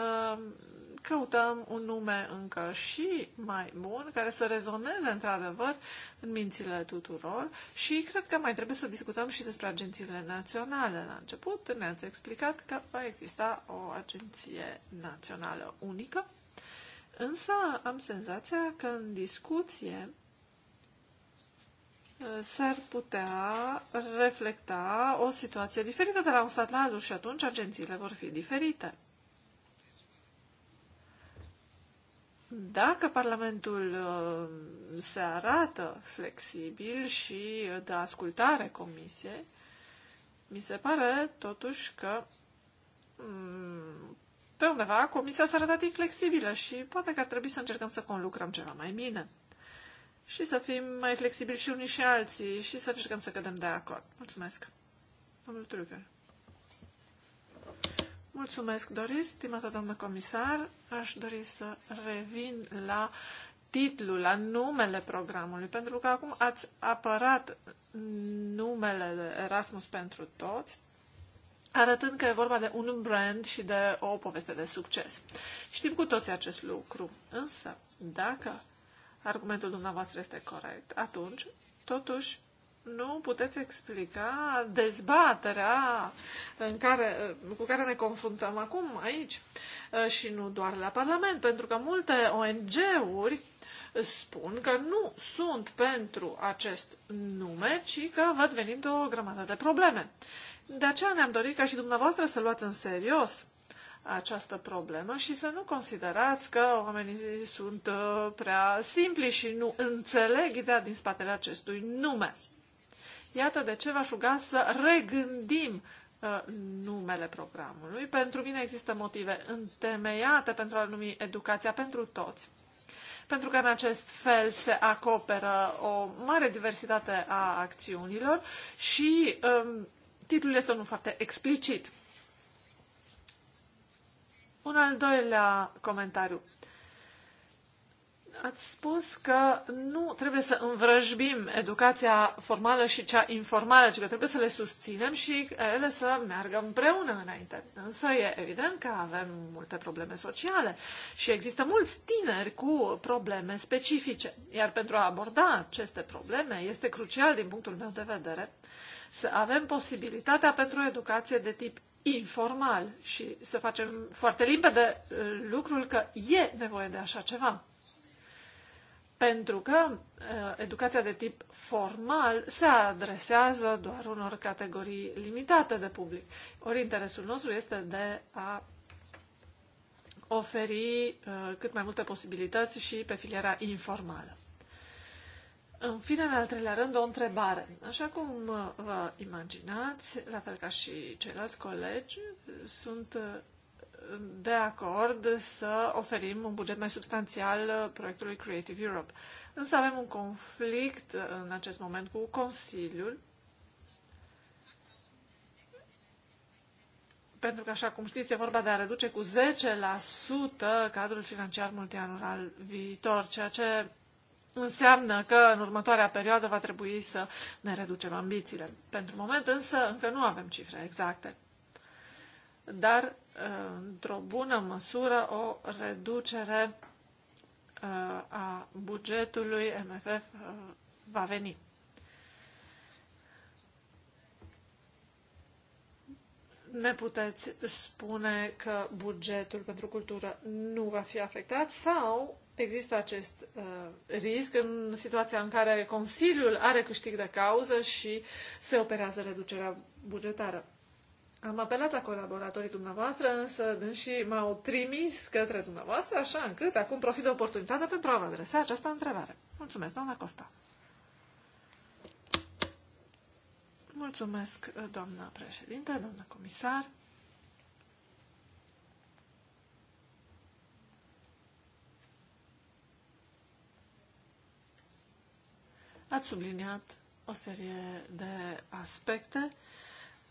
căutăm un nume încă și mai bun, care să rezoneze într-adevăr în mințile tuturor și cred că mai trebuie să discutăm și despre agențiile naționale. La început ne-ați explicat că va exista o agenție națională unică Însă am senzația că în discuție uh, s-ar putea reflecta o situație diferită de la un stat la altul și atunci agențiile vor fi diferite. Dacă Parlamentul uh, se arată flexibil și de ascultare comisiei, mi se pare totuși că mm, pe undeva, comisia s-a arătat inflexibilă și poate că ar trebui să încercăm să conlucrăm ceva mai bine și să fim mai flexibili și unii și alții și să încercăm să cădem de acord. Mulțumesc. Domnul Trugger. Mulțumesc, Doris, stimată doamnă comisar. Aș dori să revin la titlul, la numele programului, pentru că acum ați apărat numele Erasmus pentru toți arătând că e vorba de un brand și de o poveste de succes. Știm cu toții acest lucru, însă dacă argumentul dumneavoastră este corect, atunci, totuși, nu puteți explica dezbaterea în care, cu care ne confruntăm acum aici și nu doar la Parlament, pentru că multe ONG-uri spun că nu sunt pentru acest nume, ci că văd venind o grămadă de probleme. De aceea ne-am dorit ca și dumneavoastră să luați în serios această problemă și să nu considerați că oamenii sunt uh, prea simpli și nu înțeleg ideea din spatele acestui nume. Iată de ce v-aș ruga să regândim uh, numele programului. Pentru mine există motive întemeiate pentru a numi educația pentru toți pentru că în acest fel se acoperă o mare diversitate a acțiunilor și um, titlul este unul foarte explicit. Un al doilea comentariu. Ați spus că nu trebuie să învrăjbim educația formală și cea informală, ci că trebuie să le susținem și ele să meargă împreună înainte. Însă e evident că avem multe probleme sociale și există mulți tineri cu probleme specifice. Iar pentru a aborda aceste probleme este crucial, din punctul meu de vedere, să avem posibilitatea pentru o educație de tip informal și să facem foarte limpede uh, lucrul că e nevoie de așa ceva pentru că uh, educația de tip formal se adresează doar unor categorii limitate de public. Ori interesul nostru este de a oferi uh, cât mai multe posibilități și pe filiera informală. În fine, în al treilea rând, o întrebare. Așa cum uh, vă imaginați, la fel ca și ceilalți colegi, sunt de acord să oferim un buget mai substanțial uh, proiectului Creative Europe. Însă avem un conflict uh, în acest moment cu Consiliul, pentru că, așa cum știți, e vorba de a reduce cu 10% cadrul financiar multianual al viitor, ceea ce înseamnă că în următoarea perioadă va trebui să ne reducem ambițiile. Pentru moment însă încă nu avem cifre exacte. Dar într-o bună măsură o reducere uh, a bugetului MFF uh, va veni. Ne puteți spune că bugetul pentru cultură nu va fi afectat sau există acest uh, risc în situația în care Consiliul are câștig de cauză și se operează reducerea bugetară? Am apelat la colaboratorii dumneavoastră, însă și m-au trimis către dumneavoastră, așa încât acum profit de oportunitatea pentru a vă adresa această întrebare. Mulțumesc, doamna Costa. Mulțumesc, doamna președinte, doamna comisar. Ați subliniat o serie de aspecte uh,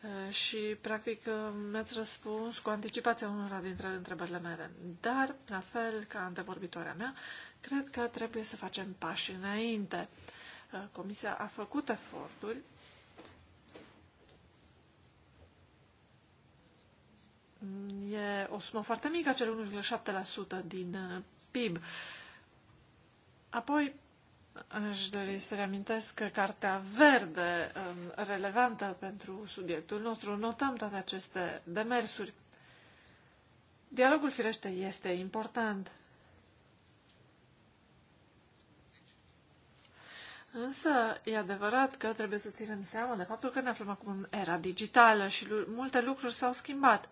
Uh, și, practic, uh, mi-ați răspuns cu anticipația unora dintre întrebările mele. Dar, la fel ca antevorbitoarea mea, cred că trebuie să facem pași înainte. Uh, Comisia a făcut eforturi E o sumă foarte mică, cel 1,7% din PIB. Apoi, Aș dori să reamintesc că Cartea Verde, um, relevantă pentru subiectul nostru, notăm toate aceste demersuri. Dialogul, firește, este important. Însă, e adevărat că trebuie să ținem seama de faptul că ne aflăm acum în era digitală și multe lucruri s-au schimbat.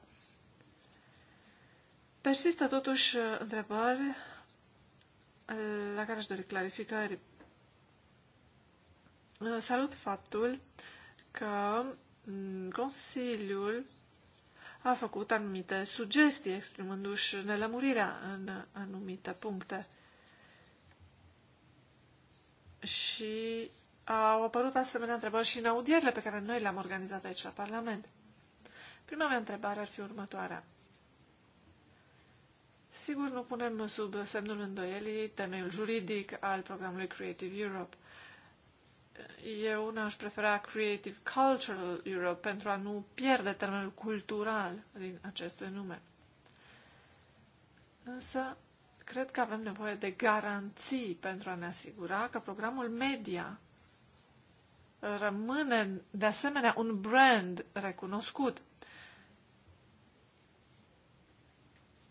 Persistă totuși uh, întrebări la care aș dori clarificări. Salut faptul că mm, Consiliul a făcut anumite sugestii, exprimându-și nelămurirea în anumite puncte. Și au apărut asemenea întrebări și în audierile pe care noi le-am organizat aici la Parlament. Prima mea întrebare ar fi următoarea. Sigur, nu punem sub semnul îndoielii temeiul juridic al programului Creative Europe. Eu una aș prefera Creative Cultural Europe pentru a nu pierde termenul cultural din acest nume. Însă, cred că avem nevoie de garanții pentru a ne asigura că programul media rămâne de asemenea un brand recunoscut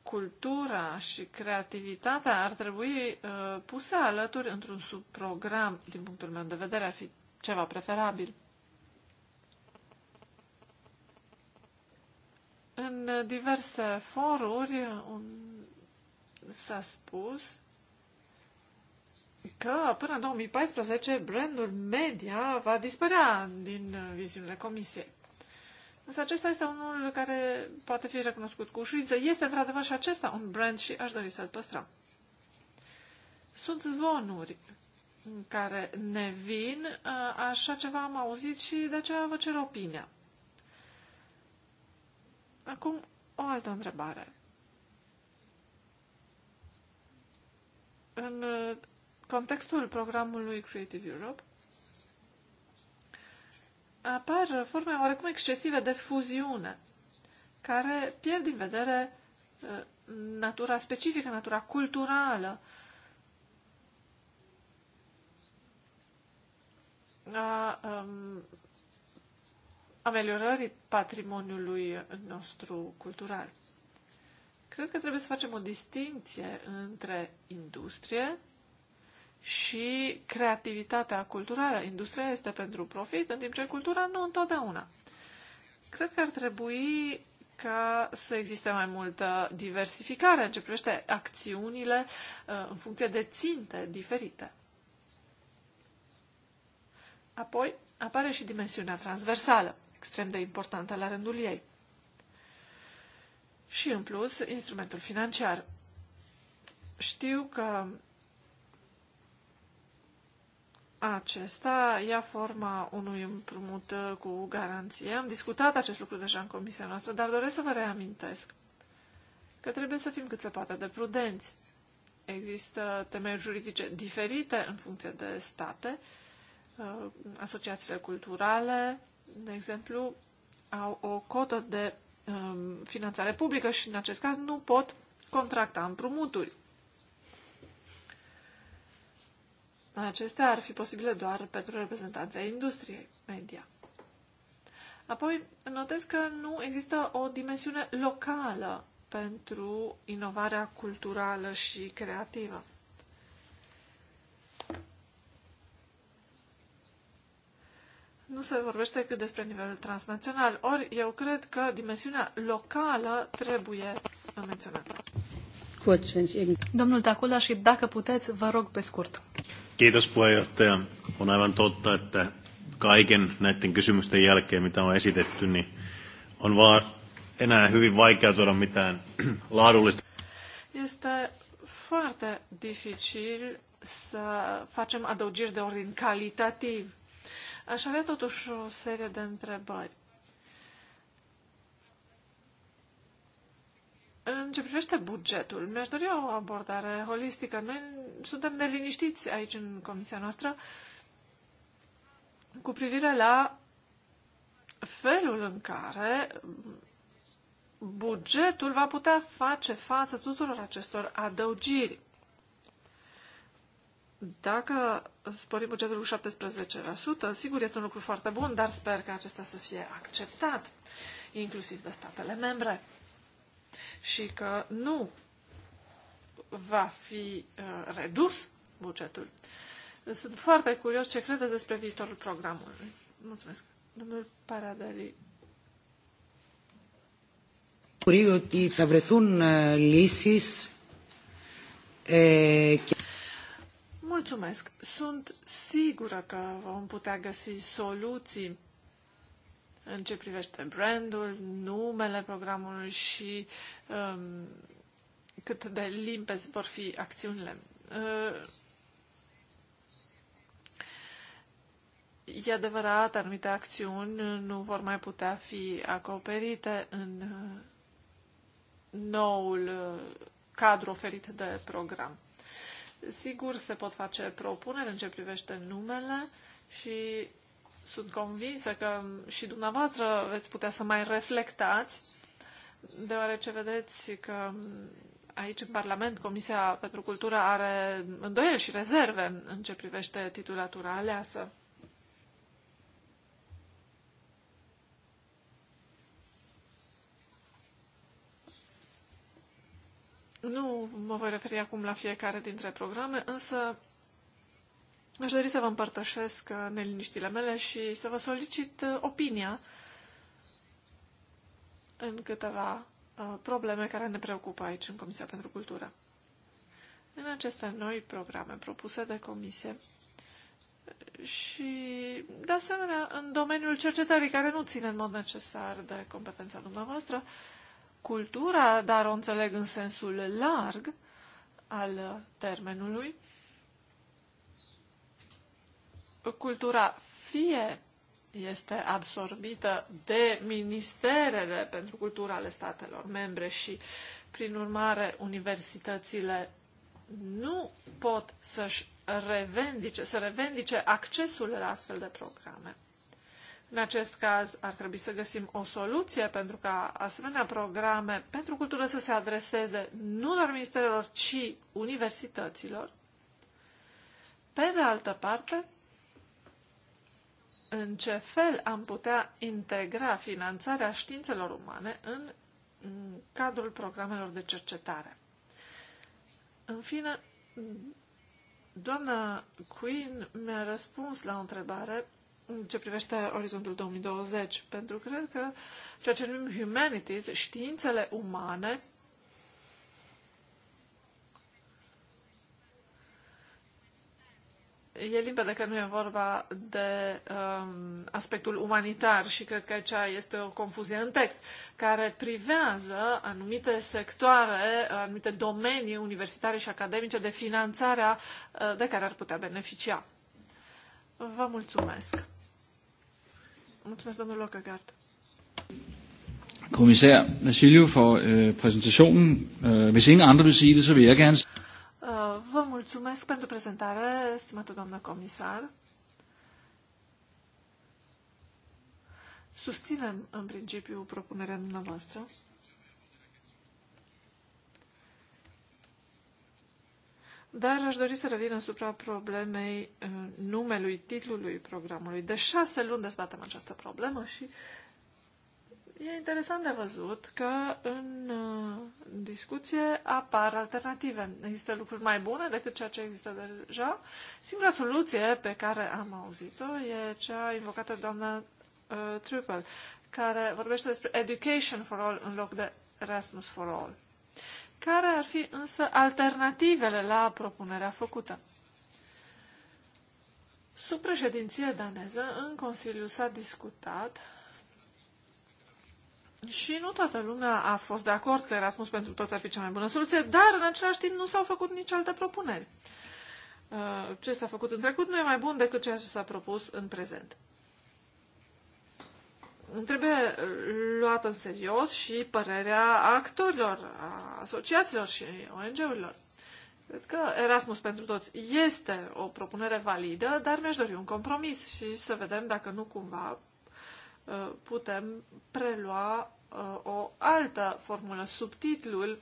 cultura și creativitatea ar trebui uh, puse alături într-un subprogram, din punctul meu de vedere, ar fi ceva preferabil. În diverse foruri s-a spus că până în 2014 brandul media va dispărea din viziunile comisiei. Însă acesta este unul care poate fi recunoscut cu ușurință. Este într-adevăr și acesta un brand și aș dori să-l păstrăm. Sunt zvonuri care ne vin, ă, așa ceva am auzit și de aceea vă cer opinia. Acum, o altă întrebare. În ă, contextul programului Creative Europe, apar forme oarecum excesive de fuziune, care pierd din vedere uh, natura specifică, natura culturală a um, ameliorării patrimoniului nostru cultural. Cred că trebuie să facem o distinție între industrie și creativitatea culturală. Industria este pentru profit, în timp ce cultura nu întotdeauna. Cred că ar trebui ca să existe mai multă diversificare în ce privește acțiunile uh, în funcție de ținte diferite. Apoi apare și dimensiunea transversală, extrem de importantă la rândul ei. Și, în plus, instrumentul financiar. Știu că acesta ia forma unui împrumut uh, cu garanție. Am discutat acest lucru deja în comisia noastră, dar doresc să vă reamintesc că trebuie să fim cât se poate de prudenți. Există temeiuri juridice diferite în funcție de state. Uh, asociațiile culturale, de exemplu, au o cotă de um, finanțare publică și în acest caz nu pot contracta împrumuturi. Acestea ar fi posibile doar pentru reprezentanța industriei media. Apoi, notez că nu există o dimensiune locală pentru inovarea culturală și creativă. Nu se vorbește cât despre nivel transnațional, ori eu cred că dimensiunea locală trebuie menționată. Domnul Tacula, și dacă puteți, vă rog pe scurt. Kiitos puheenjohtaja. On aivan totta, että kaiken näiden kysymysten jälkeen, mitä on esitetty, niin on vaan enää hyvin vaikea tuoda mitään laadullista. Este foarte dificil să facem adăugiri de ordin calitativ. Aș avea totuși o serie de întrebări. În ce privește bugetul, mi-aș dori o abordare holistică. Noi suntem neliniștiți aici în comisia noastră cu privire la felul în care bugetul va putea face față tuturor acestor adăugiri. Dacă sporim bugetul cu 17%, sigur este un lucru foarte bun, dar sper că acesta să fie acceptat, inclusiv de statele membre și că nu va fi uh, redus bugetul. Sunt foarte curios ce credeți despre viitorul programului. Mulțumesc. Domnul Paradeli. Mulțumesc. Sunt sigură că vom putea găsi soluții în ce privește brandul, numele programului și um, cât de limpezi vor fi acțiunile. Uh, E adevărat, anumite acțiuni nu vor mai putea fi acoperite în uh, noul uh, cadru oferit de program. Sigur, se pot face propuneri în ce privește numele și sunt convinsă că și dumneavoastră veți putea să mai reflectați, deoarece vedeți că aici în Parlament Comisia pentru Cultură are îndoieli și rezerve în ce privește titulatura aleasă. Nu mă voi referi acum la fiecare dintre programe, însă Aș dori să vă împărtășesc uh, neliniștile mele și să vă solicit uh, opinia în câteva uh, probleme care ne preocupă aici în Comisia pentru Cultură. În aceste noi programe propuse de Comisie și, de asemenea, în domeniul cercetării, care nu ține în mod necesar de competența dumneavoastră, cultura, dar o înțeleg în sensul larg al termenului, cultura fie este absorbită de ministerele pentru cultura ale statelor membre și, prin urmare, universitățile nu pot să-și revendice, să revendice accesul la astfel de programe. În acest caz, ar trebui să găsim o soluție pentru ca asemenea programe pentru cultură să se adreseze nu doar ministerelor, ci universităților. Pe de altă parte, în ce fel am putea integra finanțarea științelor umane în cadrul programelor de cercetare. În fine, doamna Queen mi-a răspuns la o întrebare în ce privește orizontul 2020, pentru că cred că ceea ce numim humanities, științele umane, e limpede că nu e vorba de um, aspectul umanitar și cred că aici este o confuzie în text, care privează anumite sectoare, anumite domenii universitare și academice de finanțarea uh, de care ar putea beneficia. Vă mulțumesc. Mulțumesc, domnul Locăgard. Comisar, Vasiliu for øh, præsentationen. Øh, hvis ingen andre vil sige det, så vil jeg gerne Uh, vă mulțumesc pentru prezentare, stimată doamnă comisar. Susținem, în principiu, propunerea dumneavoastră. Dar aș dori să revin asupra problemei uh, numelui, titlului programului. De șase luni dezbatem această problemă și E interesant de văzut că în uh, discuție apar alternative. Există lucruri mai bune decât ceea ce există deja. Singura soluție pe care am auzit-o e cea invocată doamna uh, Triple, care vorbește despre Education for All în loc de Erasmus for All. Care ar fi însă alternativele la propunerea făcută? Sub președinție daneză, în Consiliu s-a discutat și nu toată lumea a fost de acord că Erasmus pentru toți ar fi cea mai bună soluție, dar în același timp nu s-au făcut nici alte propuneri. Uh, ce s-a făcut în trecut nu e mai bun decât ceea ce s-a propus în prezent. Trebuie luată în serios și părerea actorilor, a asociațiilor și ONG-urilor. Cred că Erasmus pentru toți este o propunere validă, dar mi-aș dori un compromis și să vedem dacă nu cumva uh, putem prelua Uh, o altă formulă, subtitlul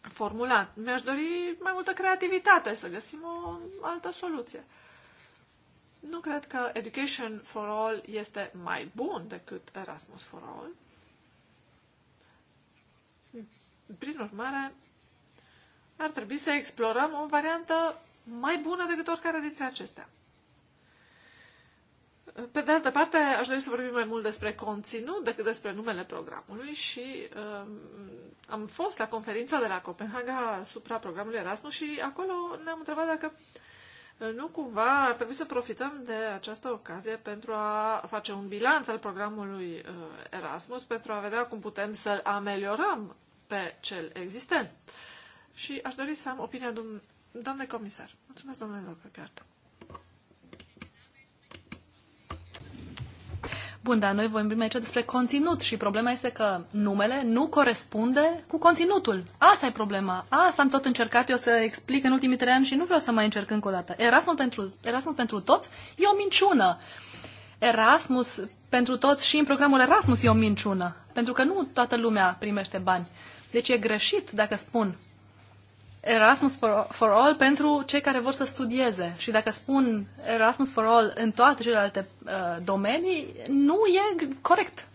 formulat. Mi-aș dori mai multă creativitate, să găsim o altă soluție. Nu cred că Education for All este mai bun decât Erasmus for All. Prin urmare, ar trebui să explorăm o variantă mai bună decât oricare dintre acestea. Pe de altă parte, aș dori să vorbim mai mult despre conținut decât despre numele programului și um, am fost la conferința de la Copenhaga asupra programului Erasmus și acolo ne-am întrebat dacă uh, nu cumva ar trebui să profităm de această ocazie pentru a face un bilanț al programului uh, Erasmus, pentru a vedea cum putem să-l ameliorăm pe cel existent. Și aș dori să am opinia domnului doamnei comisar. Mulțumesc, domnule Locăgheartă. Bun, dar noi vorbim aici despre conținut și problema este că numele nu corespunde cu conținutul. Asta e problema. Asta am tot încercat eu să explic în ultimii trei ani și nu vreau să mai încerc încă o dată. Erasmus pentru, Erasmus pentru toți e o minciună. Erasmus pentru toți și în programul Erasmus e o minciună. Pentru că nu toată lumea primește bani. Deci e greșit dacă spun Erasmus for All pentru cei care vor să studieze. Și dacă spun Erasmus for All în toate celelalte uh, domenii, nu e corect.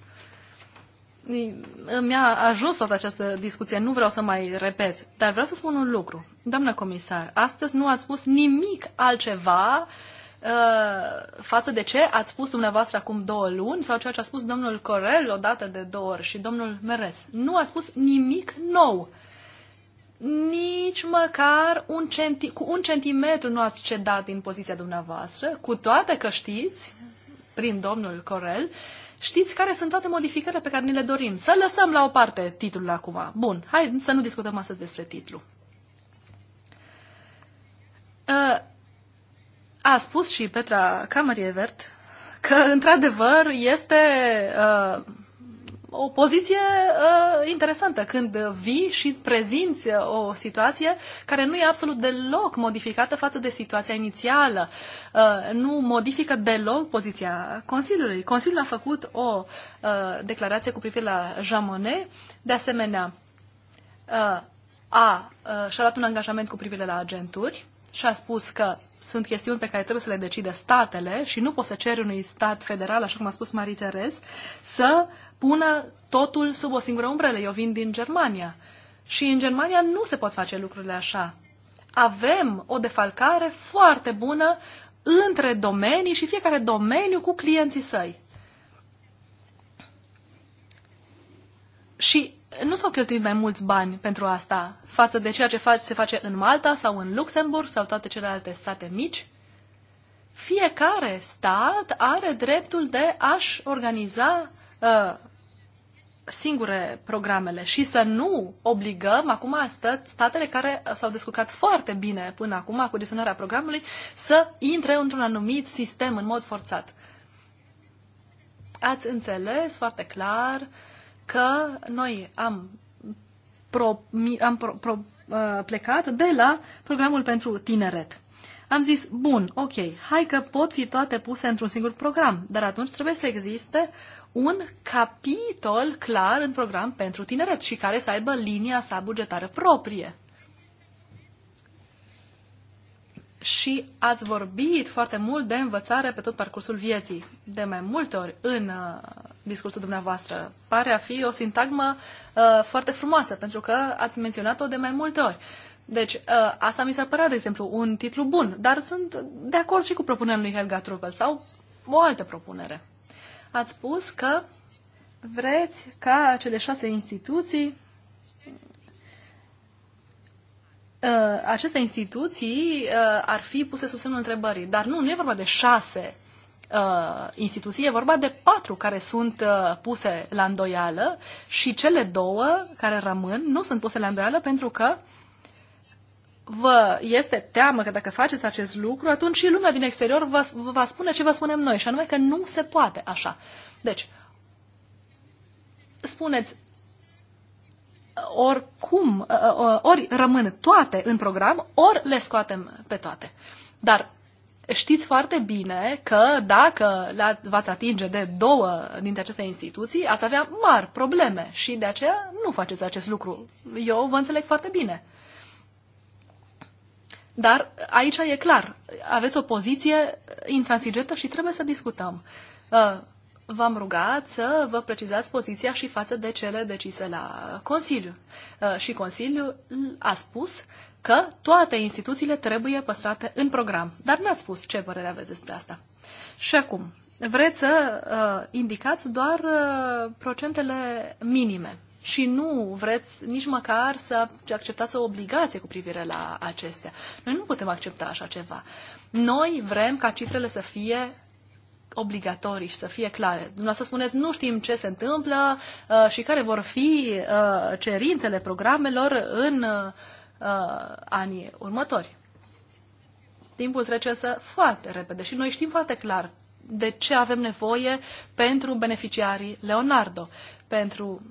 Mi-a ajuns toată această discuție, nu vreau să mai repet, dar vreau să spun un lucru. Doamna comisar, astăzi nu ați spus nimic altceva uh, față de ce ați spus dumneavoastră acum două luni sau ceea ce a spus domnul Corel odată de două ori și domnul Meres. Nu ați spus nimic nou. Uh, nici măcar un centi- cu un centimetru nu ați cedat din poziția dumneavoastră, cu toate că știți, prin domnul Corel, știți care sunt toate modificările pe care ni le dorim. Să lăsăm la o parte titlul acum. Bun, hai să nu discutăm astăzi despre titlu. Ă, a spus și Petra Camerievert că, într-adevăr, este ă, o poziție uh, interesantă când vii și prezinți uh, o situație care nu e absolut deloc modificată față de situația inițială. Uh, nu modifică deloc poziția Consiliului. Consiliul a făcut o uh, declarație cu privire la jamone De asemenea, uh, a, uh, și-a luat un angajament cu privire la agenturi și a spus că sunt chestiuni pe care trebuie să le decide statele și nu poți să ceri unui stat federal, așa cum a spus Marie Terez, să pună totul sub o singură umbrelă. Eu vin din Germania și în Germania nu se pot face lucrurile așa. Avem o defalcare foarte bună între domenii și fiecare domeniu cu clienții săi. Și nu s-au cheltuit mai mulți bani pentru asta față de ceea ce se face în Malta sau în Luxemburg sau toate celelalte state mici. Fiecare stat are dreptul de a-și organiza Ă, singure programele și să nu obligăm acum statele care s-au descurcat foarte bine până acum cu gestionarea programului să intre într-un anumit sistem în mod forțat. Ați înțeles foarte clar că noi am, pro, am pro, pro, ă, plecat de la programul pentru tineret am zis, bun, ok, hai că pot fi toate puse într-un singur program, dar atunci trebuie să existe un capitol clar în program pentru tineret și care să aibă linia sa bugetară proprie. Și ați vorbit foarte mult de învățare pe tot parcursul vieții, de mai multe ori în uh, discursul dumneavoastră. Pare a fi o sintagmă uh, foarte frumoasă, pentru că ați menționat-o de mai multe ori. Uh, deci, ă, asta mi s-a părat, de exemplu, un titlu bun, dar sunt de acord și cu propunerea lui Helga Trupel sau o altă propunere. Ați spus că vreți ca cele șase instituții ă, aceste instituții ă, ar fi puse sub semnul întrebării. Dar nu, nu e vorba de șase uh, instituții, e vorba de patru care sunt uh, puse la îndoială și cele două care rămân nu sunt puse la îndoială pentru că uh, vă este teamă că dacă faceți acest lucru, atunci și lumea din exterior vă, vă va spune ce vă spunem noi, și anume că nu se poate așa. Deci, spuneți oricum, ori rămân toate în program, ori le scoatem pe toate. Dar știți foarte bine că dacă v-ați atinge de două dintre aceste instituții, ați avea mari probleme și de aceea nu faceți acest lucru. Eu vă înțeleg foarte bine. Dar aici e clar, aveți o poziție intransigentă și trebuie să discutăm. Uh, v-am rugat să vă precizați poziția și față de cele decise la Consiliu. Uh, și Consiliul a spus că toate instituțiile trebuie păstrate în program. Dar n-ați spus ce părere aveți despre asta. Și acum, vreți să uh, indicați doar uh, procentele minime și nu vreți nici măcar să acceptați o obligație cu privire la acestea. Noi nu putem accepta așa ceva. Noi vrem ca cifrele să fie obligatorii și să fie clare. Dumneavoastră spuneți, nu știm ce se întâmplă uh, și care vor fi uh, cerințele programelor în uh, uh anii următori. Timpul trece să foarte repede și noi știm foarte clar de ce avem nevoie pentru beneficiarii Leonardo, pentru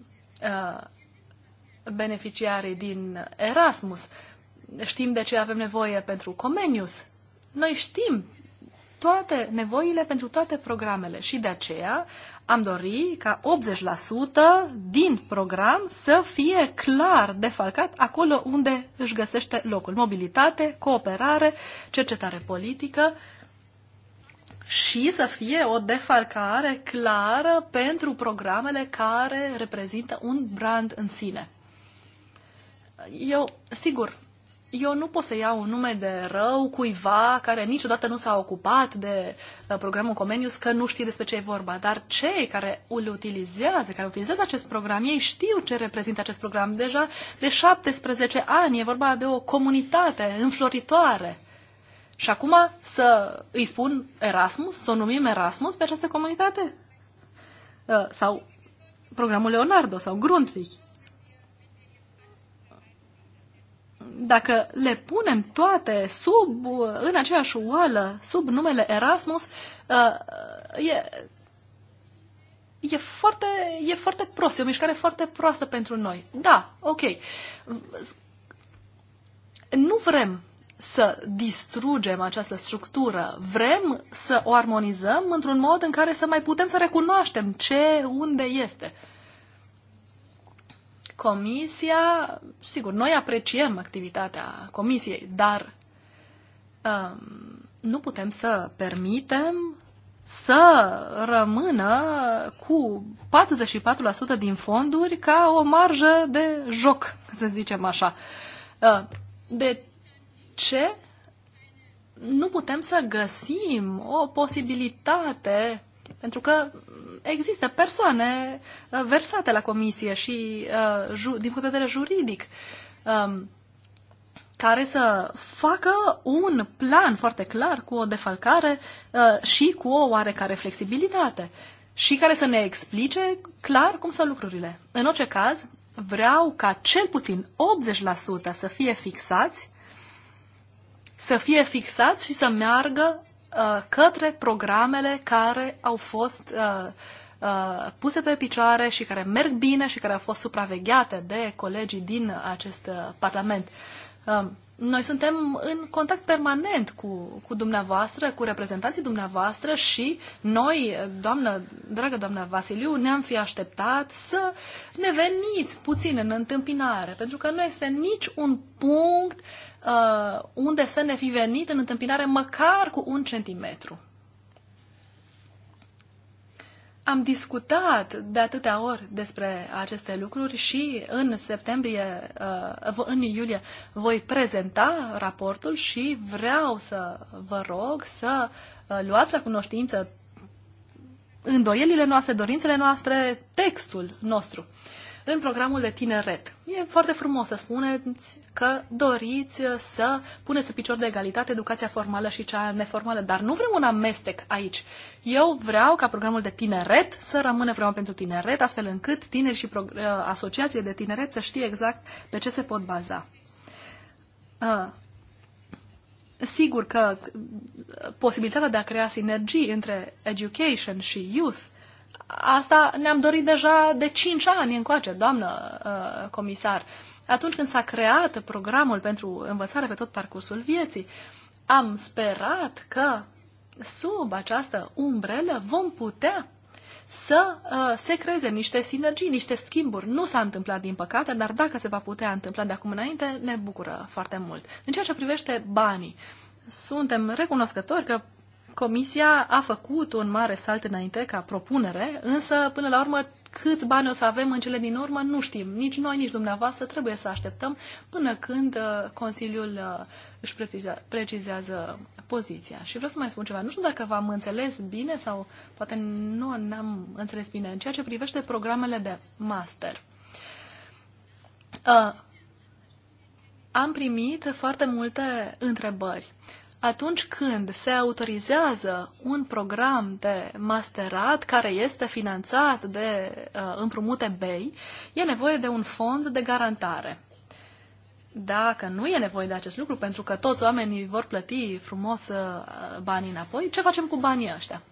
Uh, beneficiarii din Erasmus. Știm de ce avem nevoie pentru Comenius. Noi știm toate nevoile pentru toate programele și de aceea am dori ca 80% din program să fie clar defalcat acolo unde își găsește locul. Mobilitate, cooperare, cercetare politică și să fie o defalcare clară pentru programele care reprezintă un brand în sine. Eu, sigur, eu nu pot să iau un nume de rău cuiva care niciodată nu s-a ocupat de uh, programul Comenius, că nu știe despre ce e vorba. Dar cei care îl utilizează, care utilizează acest program, ei știu ce reprezintă acest program. Deja de 17 ani e vorba de o comunitate înfloritoare. Și acum să îi spun Erasmus, să o numim Erasmus pe această comunitate? Uh, sau programul Leonardo sau Grundtvig. Dacă le punem toate sub, uh, în aceeași oală, sub numele Erasmus, uh, e, e foarte, e foarte prost, e o mișcare foarte proastă pentru noi. Da, ok. Nu vrem să distrugem această structură. Vrem să o armonizăm într-un mod în care să mai putem să recunoaștem ce, unde este. Comisia, sigur, noi apreciem activitatea comisiei, dar um, nu putem să permitem să rămână cu 44% din fonduri ca o marjă de joc, să zicem așa. Uh, de ce nu putem să găsim o posibilitate, pentru că există persoane uh, versate la comisie și uh, din punct de vedere juridic um, care să facă un plan foarte clar cu o defalcare uh, și cu o oarecare flexibilitate și care să ne explice clar cum sunt lucrurile. În orice caz, vreau ca cel puțin 80% să fie fixați să fie fixat și să meargă uh, către programele care au fost uh, uh, puse pe picioare și care merg bine și care au fost supravegheate de colegii din acest uh, Parlament. Uh, noi suntem în contact permanent cu, cu dumneavoastră, cu reprezentanții dumneavoastră și noi, doamnă, dragă doamna Vasiliu, ne-am fi așteptat să ne veniți puțin în întâmpinare, pentru că nu este nici un punct uh, unde să ne fi venit în întâmpinare măcar cu un centimetru. Am discutat de atâtea ori despre aceste lucruri și în septembrie, uh, în iulie, voi prezenta raportul și vreau să vă rog să uh, luați la cunoștință îndoielile noastre, dorințele noastre, textul nostru în programul de tineret. E foarte frumos să spuneți că doriți să puneți în picior de egalitate educația formală și cea neformală, dar nu vrem un amestec aici. Eu vreau ca programul de tineret să rămână program pentru tineret, astfel încât tineri și uh, asociațiile de tineret să știe exact pe ce se pot baza. Uh. Sigur că uh, posibilitatea de a crea sinergii între education și youth asta ne-am dorit deja de 5 ani încoace, doamnă uh, comisar. Atunci când s-a creat programul pentru învățare pe tot parcursul vieții, am sperat că sub această umbrelă vom putea să uh, se creeze niște sinergii, niște schimburi. Nu s-a întâmplat, din păcate, dar dacă se va putea întâmpla de acum înainte, ne bucură foarte mult. În ceea ce privește banii, suntem recunoscători că Comisia a făcut un mare salt înainte ca propunere, însă până la urmă câți bani o să avem în cele din urmă nu știm. Nici noi, nici dumneavoastră trebuie să așteptăm până când uh, Consiliul uh, își precizează poziția. Și vreau să mai spun ceva. Nu știu dacă v-am înțeles bine sau poate nu n-am înțeles bine în ceea ce privește programele de master. Uh, am primit foarte multe întrebări atunci când se autorizează un program de masterat care este finanțat de uh, împrumute BEI, e nevoie de un fond de garantare. Dacă nu e nevoie de acest lucru, pentru că toți oamenii vor plăti frumos uh, banii înapoi, ce facem cu banii ăștia?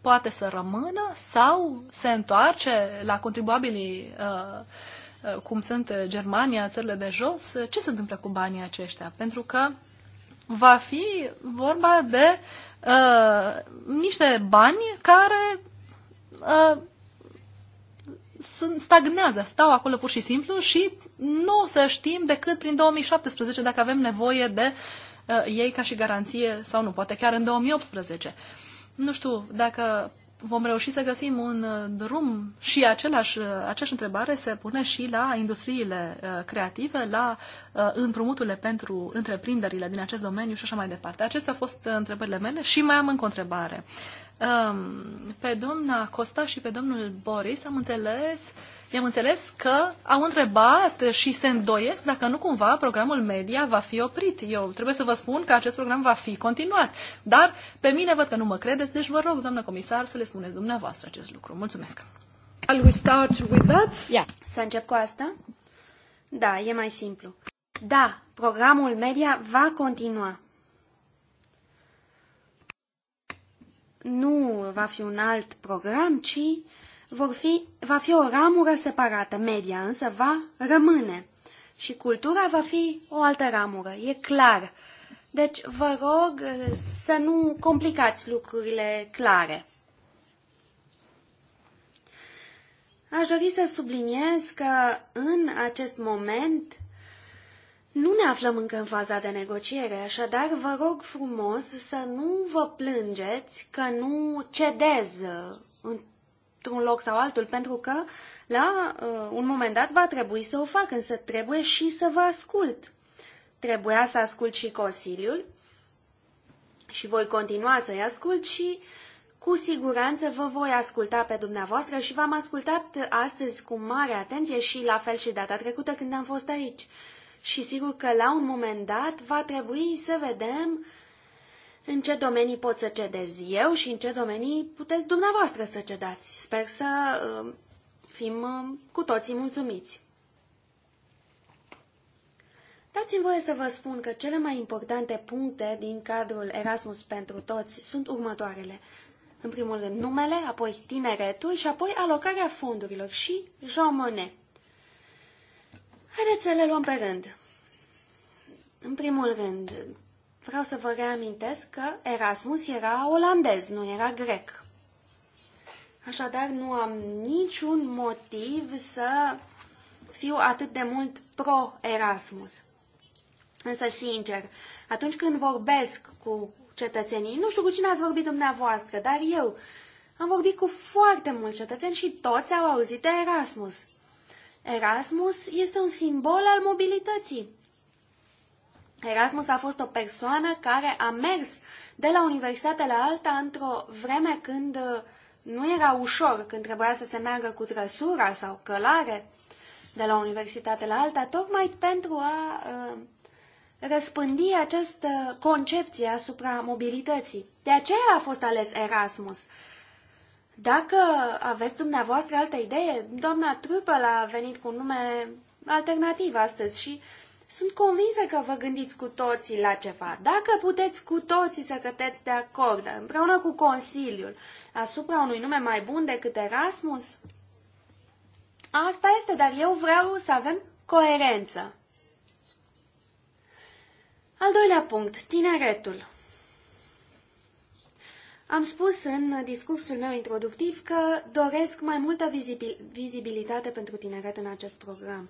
Poate să rămână sau se întoarce la contribuabilii uh, uh cum sunt Germania, țările de jos, ce se întâmplă cu banii aceștia? Pentru că va fi vorba de uh, niște bani care uh, sunt, stagnează, stau acolo pur și simplu și nu o să știm decât prin 2017 dacă avem nevoie de uh, ei ca și garanție sau nu, poate chiar în 2018. Nu știu dacă vom reuși să găsim un uh, drum și același, uh, aceeași întrebare se pune și la industriile uh, creative, la împrumuturile pentru întreprinderile din acest domeniu și așa mai departe. Acestea au fost întrebările mele și mai am încă o întrebare pe doamna Costa și pe domnul Boris am înțeles, i-am înțeles că au întrebat și se îndoiesc dacă nu cumva programul media va fi oprit. Eu trebuie să vă spun că acest program va fi continuat. Dar pe mine văd că nu mă credeți, deci vă rog, doamnă comisar, să le spuneți dumneavoastră acest lucru. Mulțumesc. Shall we start with that? Yeah. Să încep cu asta? Da, e mai simplu. Da, programul media va continua. nu va fi un alt program, ci vor fi, va fi o ramură separată. Media însă va rămâne și cultura va fi o altă ramură, e clar. Deci vă rog eh, să nu complicați lucrurile clare. Aș dori să subliniez că în acest moment nu ne aflăm încă în faza de negociere, așadar vă rog frumos să nu vă plângeți că nu cedez uh, într-un loc sau altul, pentru că la uh, un moment dat va trebui să o fac, însă trebuie și să vă ascult. Trebuia să ascult și Consiliul și voi continua să-i ascult și cu siguranță vă voi asculta pe dumneavoastră și v-am ascultat astăzi cu mare atenție și la fel și data trecută când am fost aici. Uh, și sigur că la un moment dat va trebui să vedem în ce domenii pot să cedez eu și în ce domenii puteți dumneavoastră să cedați. Sper să uh, fim uh, cu toții mulțumiți. Dați-mi voie să vă spun că cele mai importante puncte din cadrul Erasmus pentru toți sunt următoarele. În primul rând numele, apoi tineretul și apoi alocarea fondurilor și Jean Monnet. Haideți să le luăm pe rând. În primul rând, vreau să vă reamintesc că Erasmus era olandez, nu era grec. Așadar, nu am niciun motiv să fiu atât de mult pro-Erasmus. Însă, sincer, atunci când vorbesc cu cetățenii, nu știu cu cine ați vorbit dumneavoastră, dar eu am vorbit cu foarte mulți cetățeni și toți au auzit de Erasmus. Erasmus este un simbol al mobilității. Erasmus a fost o persoană care a mers de la universitate la alta într-o vreme când uh, nu era ușor, când trebuia să se meargă cu trăsura sau călare de la universitate la alta, tocmai pentru a uh, răspândi această concepție asupra mobilității. De aceea a fost ales Erasmus, dacă aveți dumneavoastră altă idee, doamna Trupel a venit cu un nume alternativ astăzi și sunt convinsă că vă gândiți cu toții la ceva. Dacă puteți cu toții să căteți de acord, împreună cu Consiliul, asupra unui nume mai bun decât Erasmus, asta este, dar eu vreau să avem coerență. Al doilea punct, tineretul. Am spus în discursul meu introductiv că doresc mai multă vizibilitate pentru tineret în acest program.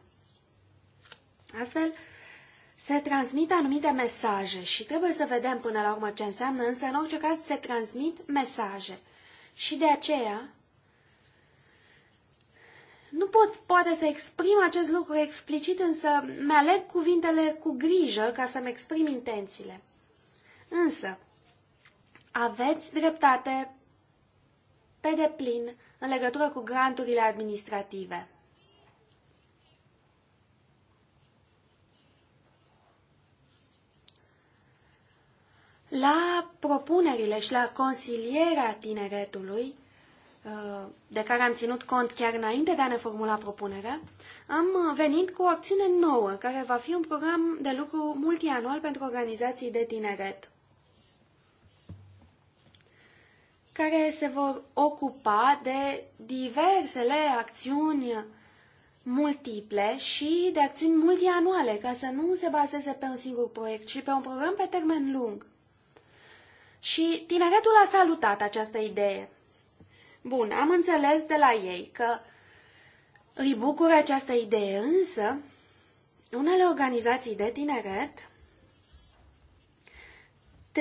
Astfel, se transmit anumite mesaje și trebuie să vedem până la urmă ce înseamnă, însă în orice caz se transmit mesaje. Și de aceea nu pot poate să exprim acest lucru explicit, însă mi-aleg cuvintele cu grijă ca să-mi exprim intențiile. Însă, aveți dreptate pe deplin în legătură cu granturile administrative. La propunerile și la consilierea tineretului, uh, de care am ținut cont chiar înainte de a ne formula propunerea, am venit cu o acțiune nouă, care va fi un program de lucru multianual pentru organizații de tineret. care se vor ocupa de diversele acțiuni multiple și de acțiuni multianuale, ca să nu se bazeze pe un singur proiect, ci pe un program pe termen lung. Și tineretul a salutat această idee. Bun, am înțeles de la ei că îi bucură această idee, însă unele organizații de tineret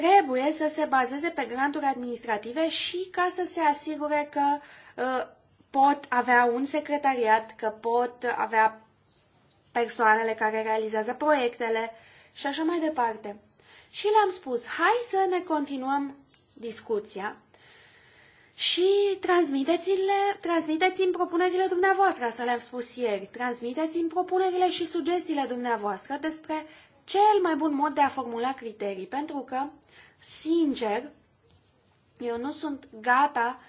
trebuie să se bazeze pe granturi administrative și ca să se asigure că uh, pot avea un secretariat, că pot avea persoanele care realizează proiectele și așa mai departe. Și le-am spus, hai să ne continuăm discuția și transmiteți-le, transmiteți-mi propunerile dumneavoastră, asta le-am spus ieri, transmiteți-mi propunerile și sugestiile dumneavoastră despre cel mai bun mod de a formula criterii, pentru că Sincer, eu nu sunt gata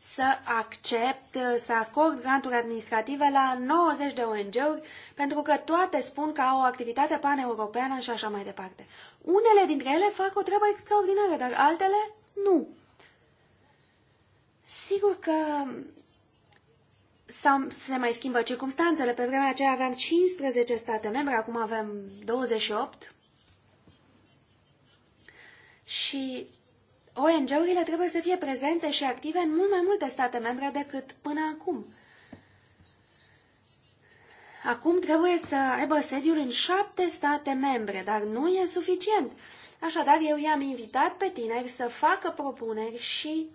să accept, să acord granturi administrative la 90 de ONG-uri, pentru că toate spun că au o activitate paneuropeană și așa mai departe. Unele dintre ele fac o treabă extraordinară, dar altele nu. Sigur că sau se mai schimbă circumstanțele. Pe vremea aceea aveam 15 state membre, acum avem 28 și ONG-urile trebuie să fie prezente și active în mult mai multe state membre decât până acum. Acum trebuie să aibă sediul în șapte state membre, dar nu e suficient. Așadar, eu i-am invitat pe tineri să facă propuneri și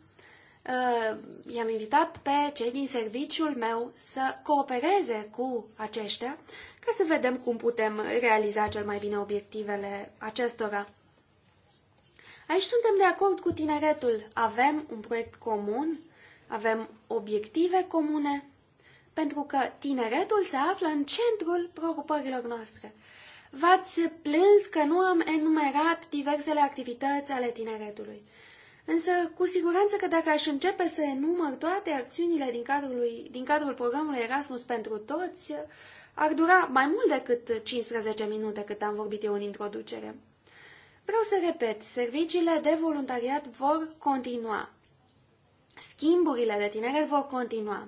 uh, i-am invitat pe cei din serviciul meu să coopereze cu aceștia ca să vedem cum putem realiza cel mai bine obiectivele acestora. Aici suntem de acord cu tineretul. Avem un proiect comun, avem obiective comune, pentru că tineretul se află în centrul preocupărilor noastre. V-ați plâns că nu am enumerat diversele activități ale tineretului. Însă, cu siguranță că dacă aș începe să enumăr toate acțiunile din cadrul, lui, din cadrul programului Erasmus pentru toți, ar dura mai mult decât 15 minute cât am vorbit eu în introducere. Vreau să repet, serviciile de voluntariat vor continua. Schimburile de tinere vor continua.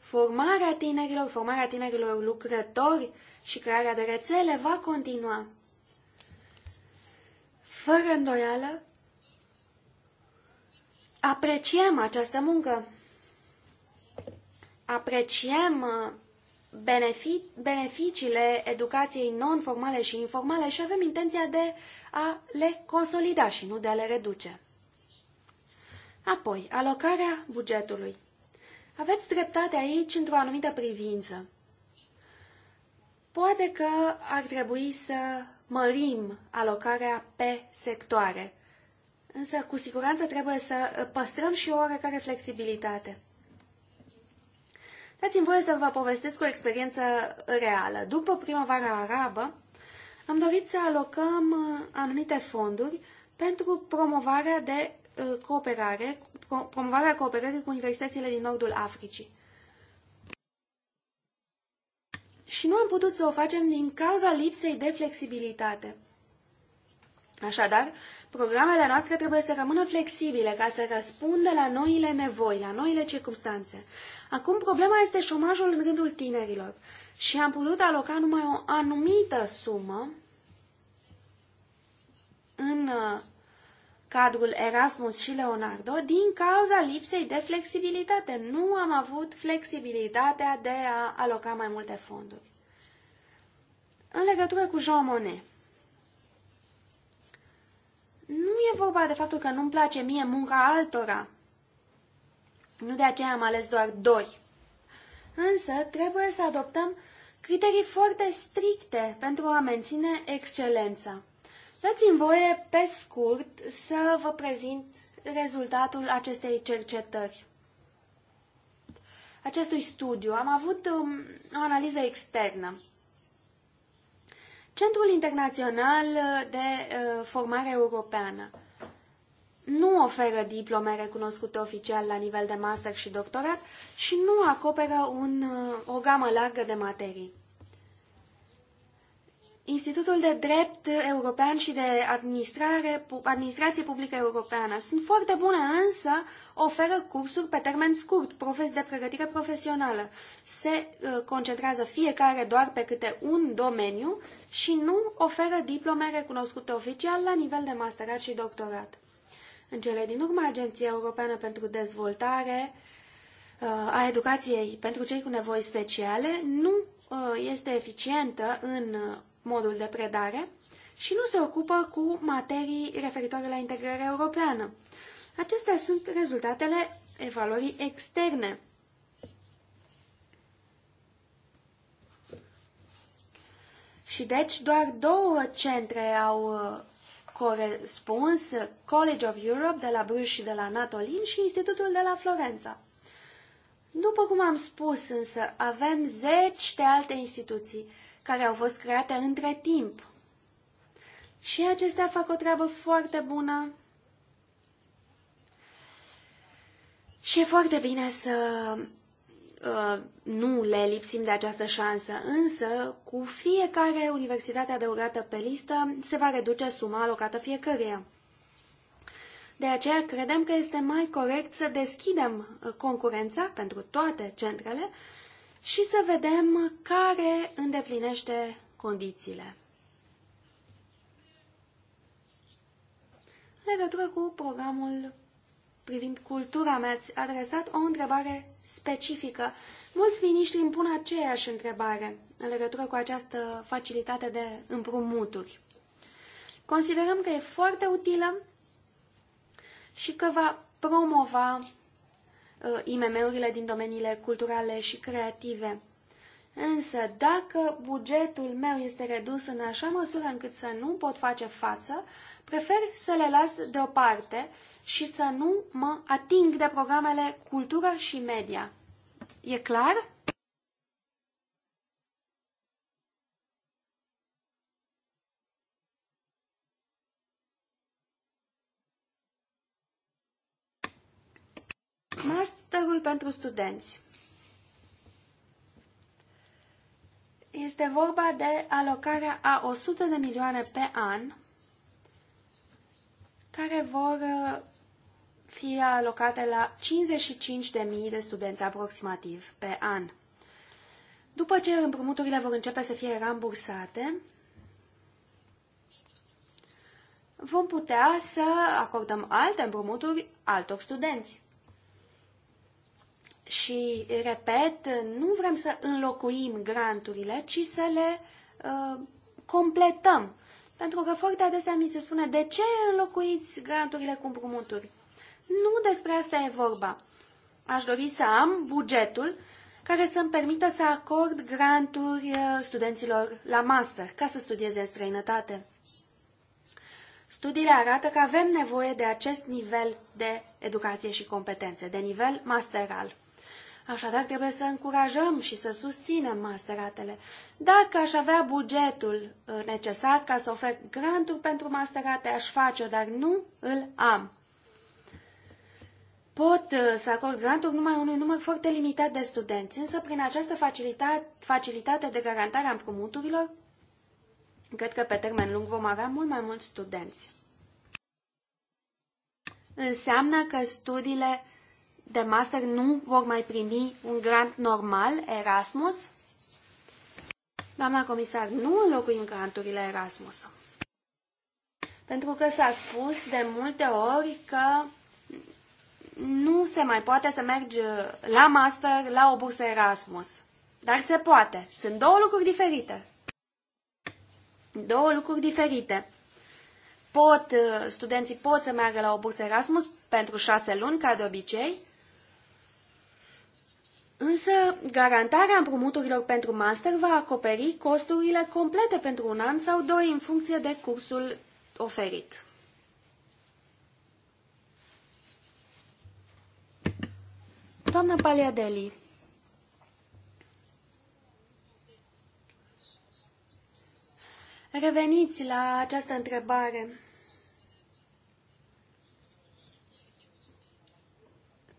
Formarea tinerilor, formarea tinerilor lucrători și crearea de rețele va continua. Fără îndoială, apreciem această muncă. Apreciem uh, beneficiile educației non-formale și informale și avem intenția de a le consolida și nu de a le reduce. Apoi, alocarea bugetului. Aveți dreptate aici într-o anumită privință. Poate că ar trebui să mărim alocarea pe sectoare, însă cu siguranță trebuie să păstrăm și o oarecare flexibilitate. Dați-mi voie să vă povestesc o experiență reală. După primăvara arabă, am dorit să alocăm uh, anumite fonduri pentru promovarea de uh, cooperare, promovarea cooperării cu universitățile din nordul Africii. Și nu am putut să o facem din cauza lipsei de flexibilitate. Așadar, programele noastre trebuie să rămână flexibile ca să răspundă la noile nevoi, la noile circumstanțe. Acum problema este șomajul în rândul tinerilor și am putut aloca numai o anumită sumă în uh, cadrul Erasmus și Leonardo din cauza lipsei de flexibilitate. Nu am avut flexibilitatea de a aloca mai multe fonduri. În legătură cu Jean Monnet, nu e vorba de faptul că nu-mi place mie munca altora. Nu de aceea am ales doar doi. Însă trebuie să adoptăm criterii foarte stricte pentru a menține excelența. Dați-mi voie, pe scurt, să vă prezint rezultatul acestei cercetări. Acestui studiu am avut um, o analiză externă Centrul Internațional de uh, Formare Europeană nu oferă diplome recunoscute oficial la nivel de master și doctorat și nu acoperă un, uh, o gamă largă de materii. Institutul de Drept European și de Administrare, Administrație Publică Europeană. Sunt foarte bune, însă oferă cursuri pe termen scurt, profes de pregătire profesională. Se uh, concentrează fiecare doar pe câte un domeniu și nu oferă diplome recunoscute oficial la nivel de masterat și doctorat. În cele din urmă, Agenția Europeană pentru Dezvoltare uh, a Educației pentru cei cu nevoi speciale nu uh, este eficientă în modul de predare și nu se ocupă cu materii referitoare la integrarea europeană. Acestea sunt rezultatele evaluării externe. Și deci doar două centre au uh, corespuns, College of Europe de la Bruges și de la Natolin și Institutul de la Florența. După cum am spus însă, avem zeci de alte instituții care au fost create între timp. Și acestea fac o treabă foarte bună. Și e foarte bine să uh, nu le lipsim de această șansă, însă cu fiecare universitate adăugată pe listă se va reduce suma alocată fiecăruia. De aceea credem că este mai corect să deschidem uh, concurența pentru toate centrele și să vedem care îndeplinește condițiile. În legătură cu programul privind cultura mea, ați adresat o întrebare specifică. Mulți miniștri îmi pun aceeași întrebare în legătură cu această facilitate de împrumuturi. Considerăm că e foarte utilă și că va promova Uh, IMM-urile din domeniile culturale și creative. Însă, dacă bugetul meu este redus în așa măsură încât să nu pot face față, prefer să le las deoparte și să nu mă ating de programele cultură și media. E clar? Masterul pentru studenți. Este vorba de alocarea a 100 de milioane pe an care vor uh, fi alocate la 55.000 de studenți aproximativ pe an. După ce împrumuturile vor începe să fie rambursate, vom putea să acordăm alte împrumuturi altor studenți. Și, repet, nu vrem să înlocuim granturile, ci să le uh, completăm. Pentru că foarte adesea mi se spune, de ce înlocuiți granturile cu împrumuturi? Nu despre asta e vorba. Aș dori să am bugetul care să-mi permită să acord granturi uh, studenților la master ca să studieze în străinătate. Studiile arată că avem nevoie de acest nivel de educație și competențe, de nivel masteral. Așadar, trebuie să încurajăm și să susținem masteratele. Dacă aș avea bugetul uh, necesar ca să ofer granturi pentru masterate, aș face-o, dar nu îl am. Pot uh, să acord granturi numai unui număr foarte limitat de studenți, însă prin această facilitate de garantare a împrumuturilor, cred că pe termen lung vom avea mult mai mulți studenți. Înseamnă că studiile de master nu vor mai primi un grant normal Erasmus? Doamna comisar, nu înlocuim granturile Erasmus. Pentru că s-a spus de multe ori că nu se mai poate să mergi la master, la o bursă Erasmus. Dar se poate. Sunt două lucruri diferite. Două lucruri diferite. Pot, uh, studenții pot să meargă la o bursă Erasmus pentru șase luni, ca de obicei, Însă, garantarea împrumuturilor pentru master va acoperi costurile complete pentru un an sau doi în funcție de cursul oferit. Doamna Paliadeli, reveniți la această întrebare.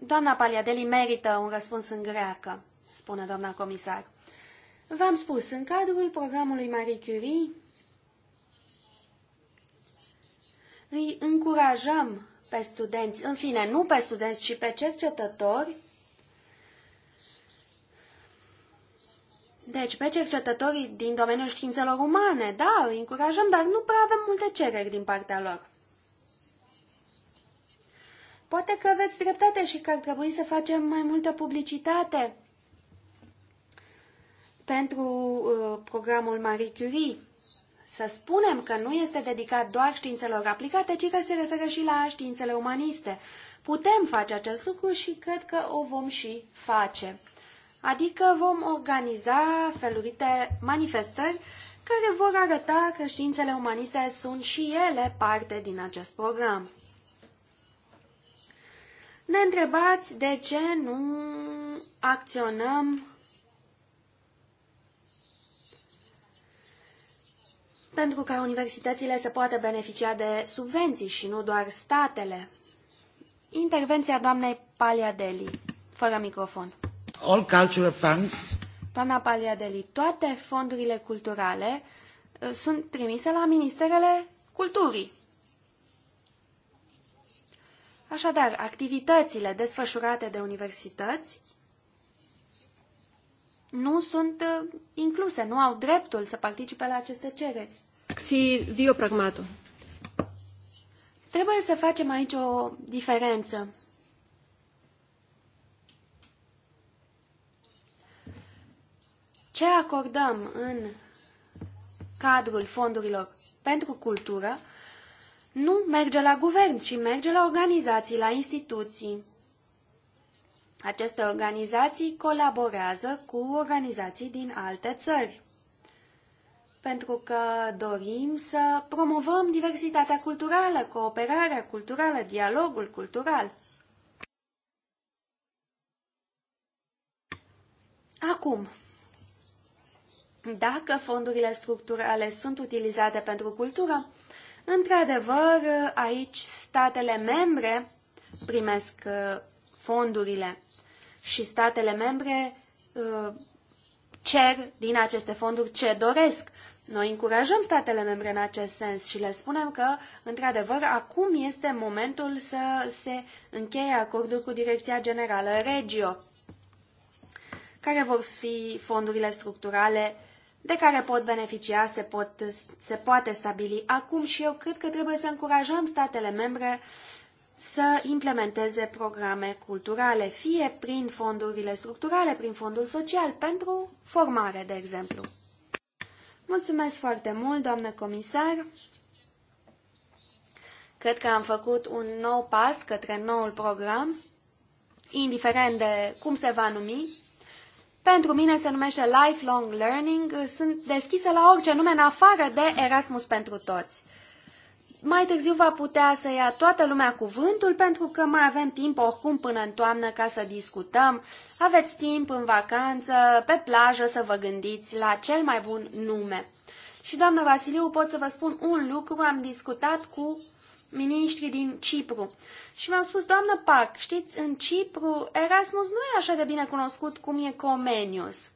Doamna Paliadeli merită un răspuns în greacă, spune doamna comisar. V-am spus, în cadrul programului Marie Curie, îi încurajăm pe studenți, în fine, nu pe studenți, ci pe cercetători, Deci, pe cercetătorii din domeniul științelor umane, da, îi încurajăm, dar nu prea avem multe cereri din partea lor. Poate că aveți dreptate și că ar trebui să facem mai multă publicitate pentru uh, programul Marie Curie. Să spunem că nu este dedicat doar științelor aplicate, ci că se referă și la științele umaniste. Putem face acest lucru și cred că o vom și face. Adică vom organiza felurite manifestări care vor arăta că științele umaniste sunt și ele parte din acest program. Ne întrebați de ce nu acționăm pentru ca universitățile să poată beneficia de subvenții și nu doar statele. Intervenția doamnei Paliadeli, fără microfon. All cultural funds. Doamna Paliadeli, toate fondurile culturale uh, sunt trimise la Ministerele Culturii. Așadar, activitățile desfășurate de universități nu sunt uh, incluse, nu au dreptul să participe la aceste cereri. Si dio pragmato. Trebuie să facem aici o diferență. Ce acordăm în cadrul fondurilor pentru cultură nu merge la guvern, ci merge la organizații, la instituții. Aceste organizații colaborează cu organizații din alte țări, pentru că dorim să promovăm diversitatea culturală, cooperarea culturală, dialogul cultural. Acum, dacă fondurile structurale sunt utilizate pentru cultură, Într-adevăr, aici statele membre primesc uh, fondurile și statele membre uh, cer din aceste fonduri ce doresc. Noi încurajăm statele membre în acest sens și le spunem că, într-adevăr, acum este momentul să se încheie acordul cu Direcția Generală Regio, care vor fi fondurile structurale de care pot beneficia se, pot, se poate stabili acum și eu cred că trebuie să încurajăm statele membre să implementeze programe culturale, fie prin fondurile structurale, prin fondul social, pentru formare, de exemplu. Mulțumesc foarte mult, doamnă comisar! Cred că am făcut un nou pas către noul program, indiferent de cum se va numi, pentru mine se numește lifelong learning, sunt deschisă la orice nume în afară de Erasmus pentru toți. Mai târziu va putea să ia toată lumea cuvântul pentru că mai avem timp oricum până în toamnă ca să discutăm. Aveți timp în vacanță, pe plajă să vă gândiți la cel mai bun nume. Și doamnă Vasiliu, pot să vă spun un lucru, am discutat cu miniștri din Cipru. Și mi-au spus, doamnă Pac, știți, în Cipru Erasmus nu e așa de bine cunoscut cum e Comenius.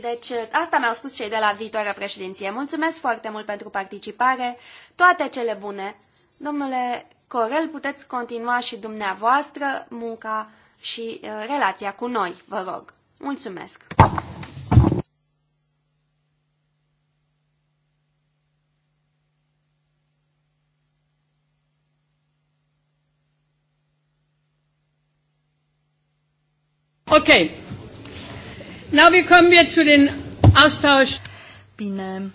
Deci, asta mi-au spus cei de la viitoarea președinție. Mulțumesc foarte mult pentru participare. Toate cele bune. Domnule Corel, puteți continua și dumneavoastră munca și uh, relația cu noi, vă rog. Mulțumesc! Okay. Now we come here to the Austausch. Bine.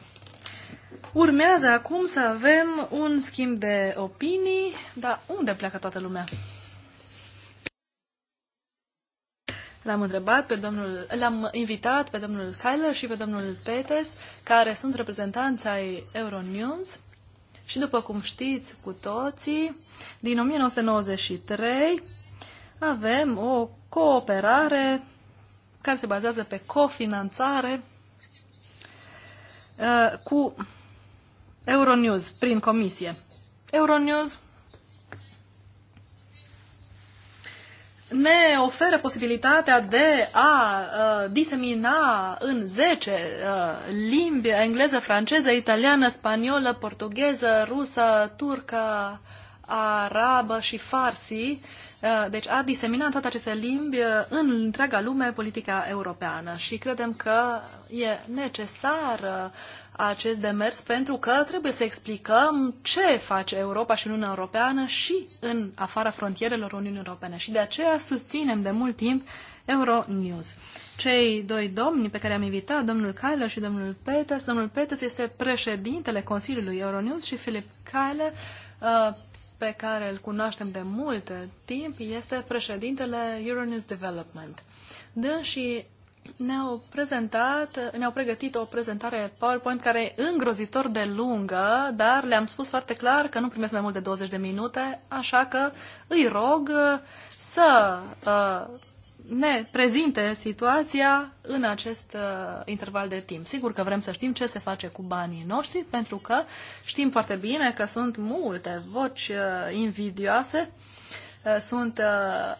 Urmează acum să avem un schimb de opinii, dar unde pleacă toată lumea? L-am întrebat pe domnul, l-am invitat pe domnul Kyler și pe domnul Peters, care sunt reprezentanți ai Euronews. Și după cum știți cu toții, din 1993 avem o cooperare care se bazează pe cofinanțare uh, cu Euronews prin comisie. Euronews ne oferă posibilitatea de a uh, disemina în 10 uh, limbi, engleză, franceză, italiană, spaniolă, portugheză, rusă, turcă, arabă și farsi, Uh, deci a diseminat toate aceste limbi uh, în întreaga lume politica europeană și credem că e necesar uh, acest demers pentru că trebuie să explicăm ce face Europa și Uniunea Europeană și în afara frontierelor Uniunii Europene. Și de aceea susținem de mult timp Euronews. Cei doi domni pe care am invitat, domnul Kyler și domnul Peters, domnul Peters este președintele Consiliului Euronews și Filip Kyler pe care îl cunoaștem de mult timp este președintele Euronews Development. Dânsii ne-au prezentat, ne-au pregătit o prezentare PowerPoint care e îngrozitor de lungă, dar le-am spus foarte clar că nu primesc mai mult de 20 de minute, așa că îi rog să uh, ne prezinte situația în acest uh, interval de timp. Sigur că vrem să știm ce se face cu banii noștri, pentru că știm foarte bine că sunt multe voci uh, invidioase, uh, sunt uh,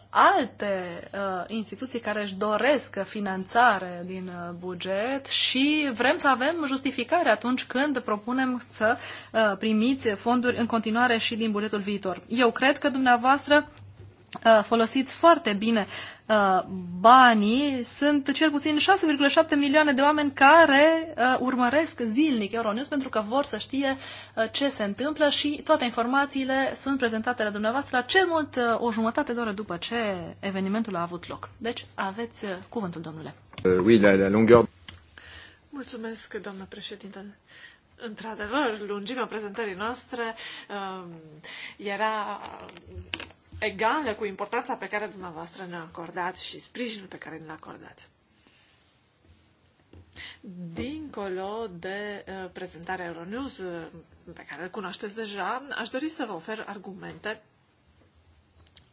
alte uh, instituții care își doresc finanțare din uh, buget și vrem să avem justificare atunci când propunem să uh, primiți fonduri în continuare și din bugetul viitor. Eu cred că dumneavoastră uh, folosiți foarte bine Uh, banii sunt cel puțin 6,7 milioane de oameni care uh, urmăresc zilnic Euronews pentru că vor să știe uh, ce se întâmplă și toate informațiile sunt prezentate la dumneavoastră la cel mult uh, o jumătate de oră după ce evenimentul a avut loc. Deci aveți uh, cuvântul, domnule. Uh, oui, la, la longueur. Mulțumesc, doamnă președintă. Într-adevăr, lungimea prezentării noastre uh, era egală cu importanța pe care dumneavoastră ne-o acordați și sprijinul pe care ne-l acordați. Dincolo de uh, prezentarea Euronews, uh, pe care îl cunoașteți deja, aș dori să vă ofer argumente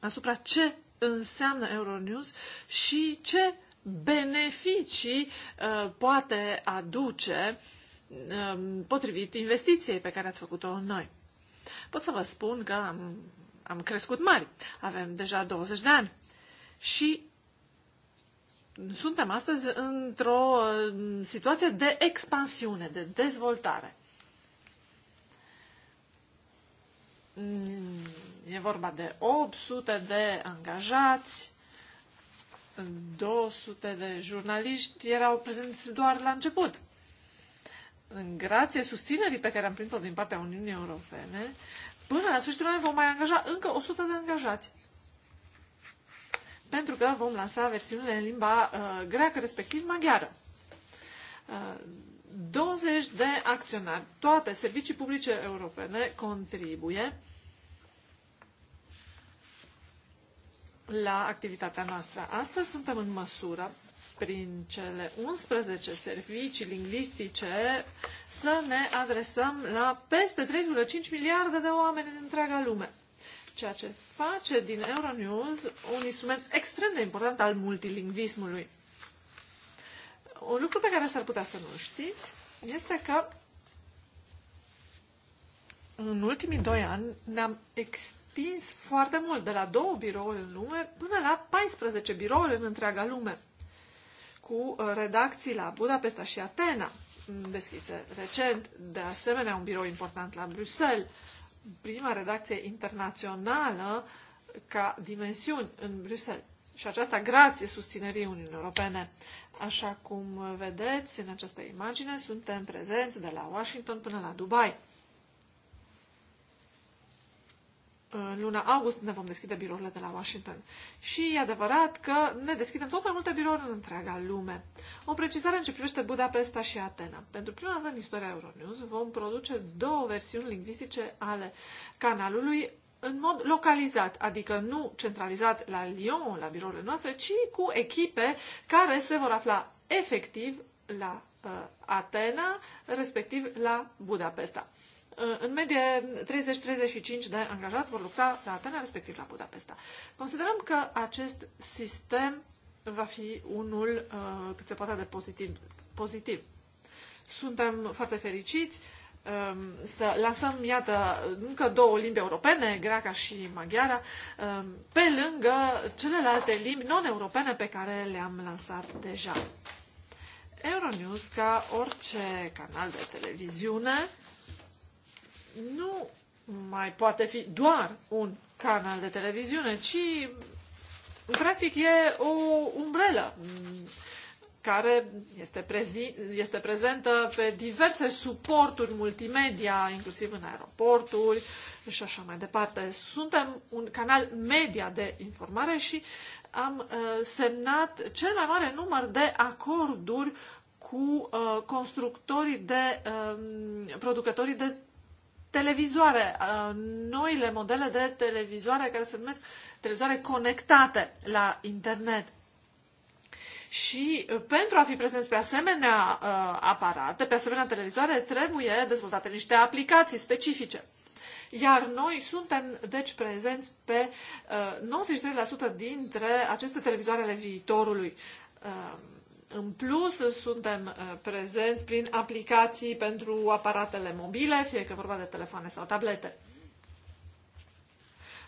asupra ce înseamnă Euronews și ce beneficii uh, poate aduce uh, potrivit investiției pe care ați făcut-o în noi. Pot să vă spun că am am crescut mari, avem deja 20 de ani și suntem astăzi într-o uh, situație de expansiune, de dezvoltare. Mm, e vorba de 800 de angajați, 200 de jurnaliști erau prezenți doar la început. În grație susținerii pe care am primit-o din partea Uniunii Europene, Până la sfârșitul anului vom mai angaja încă 100 de angajați. Pentru că vom lansa versiunile în limba uh, greacă, respectiv maghiară. Uh, 20 de acționari, toate servicii publice europene contribuie la activitatea noastră. Astăzi suntem în măsură prin cele 11 servicii lingvistice să ne adresăm la peste 3,5 miliarde de oameni din întreaga lume. Ceea ce face din Euronews un instrument extrem de important al multilingvismului. Un lucru pe care s-ar putea să nu știți este că în ultimii doi ani ne-am extins foarte mult, de la două birouri în lume până la 14 birouri în întreaga lume cu uh, redacții la Budapesta și Atena, mm, deschise recent, de asemenea un birou important la Bruxelles, prima redacție internațională ca dimensiuni în Bruxelles. Și aceasta grație susținerii Uniunii Europene. Așa cum vedeți în această imagine, suntem prezenți de la Washington până la Dubai. în luna august ne vom deschide birourile de la Washington. Și e adevărat că ne deschidem tot mai multe birouri în întreaga lume. O precizare în ce privește Budapesta și Atena. Pentru prima dată în istoria Euronews vom produce două versiuni lingvistice ale canalului în mod localizat, adică nu centralizat la Lyon, la birourile noastre, ci cu echipe care se vor afla efectiv la uh, Atena, respectiv la Budapesta. În medie, 30-35 de angajați vor lucra la Atena, respectiv la Budapesta. Considerăm că acest sistem va fi unul uh, cât se poate de pozitiv. pozitiv. Suntem foarte fericiți um, să lansăm, iată, încă două limbi europene, greaca și maghiara, um, pe lângă celelalte limbi non-europene pe care le-am lansat deja. Euronews, ca orice canal de televiziune, nu mai poate fi doar un canal de televiziune, ci practic e o umbrelă care este, prezi, este prezentă pe diverse suporturi multimedia, inclusiv în aeroporturi și așa mai departe. Suntem un canal media de informare și am uh, semnat cel mai mare număr de acorduri cu uh, constructorii de uh, producătorii de televizoare, uh, noile modele de televizoare care se numesc televizoare conectate la internet. Și uh, pentru a fi prezenți pe asemenea uh, aparate, pe asemenea televizoare, trebuie dezvoltate niște aplicații specifice. Iar noi suntem, deci, prezenți pe 93% dintre aceste televizoarele viitorului. În plus, suntem uh, prezenți prin aplicații pentru aparatele mobile, fie că vorba de telefoane sau tablete.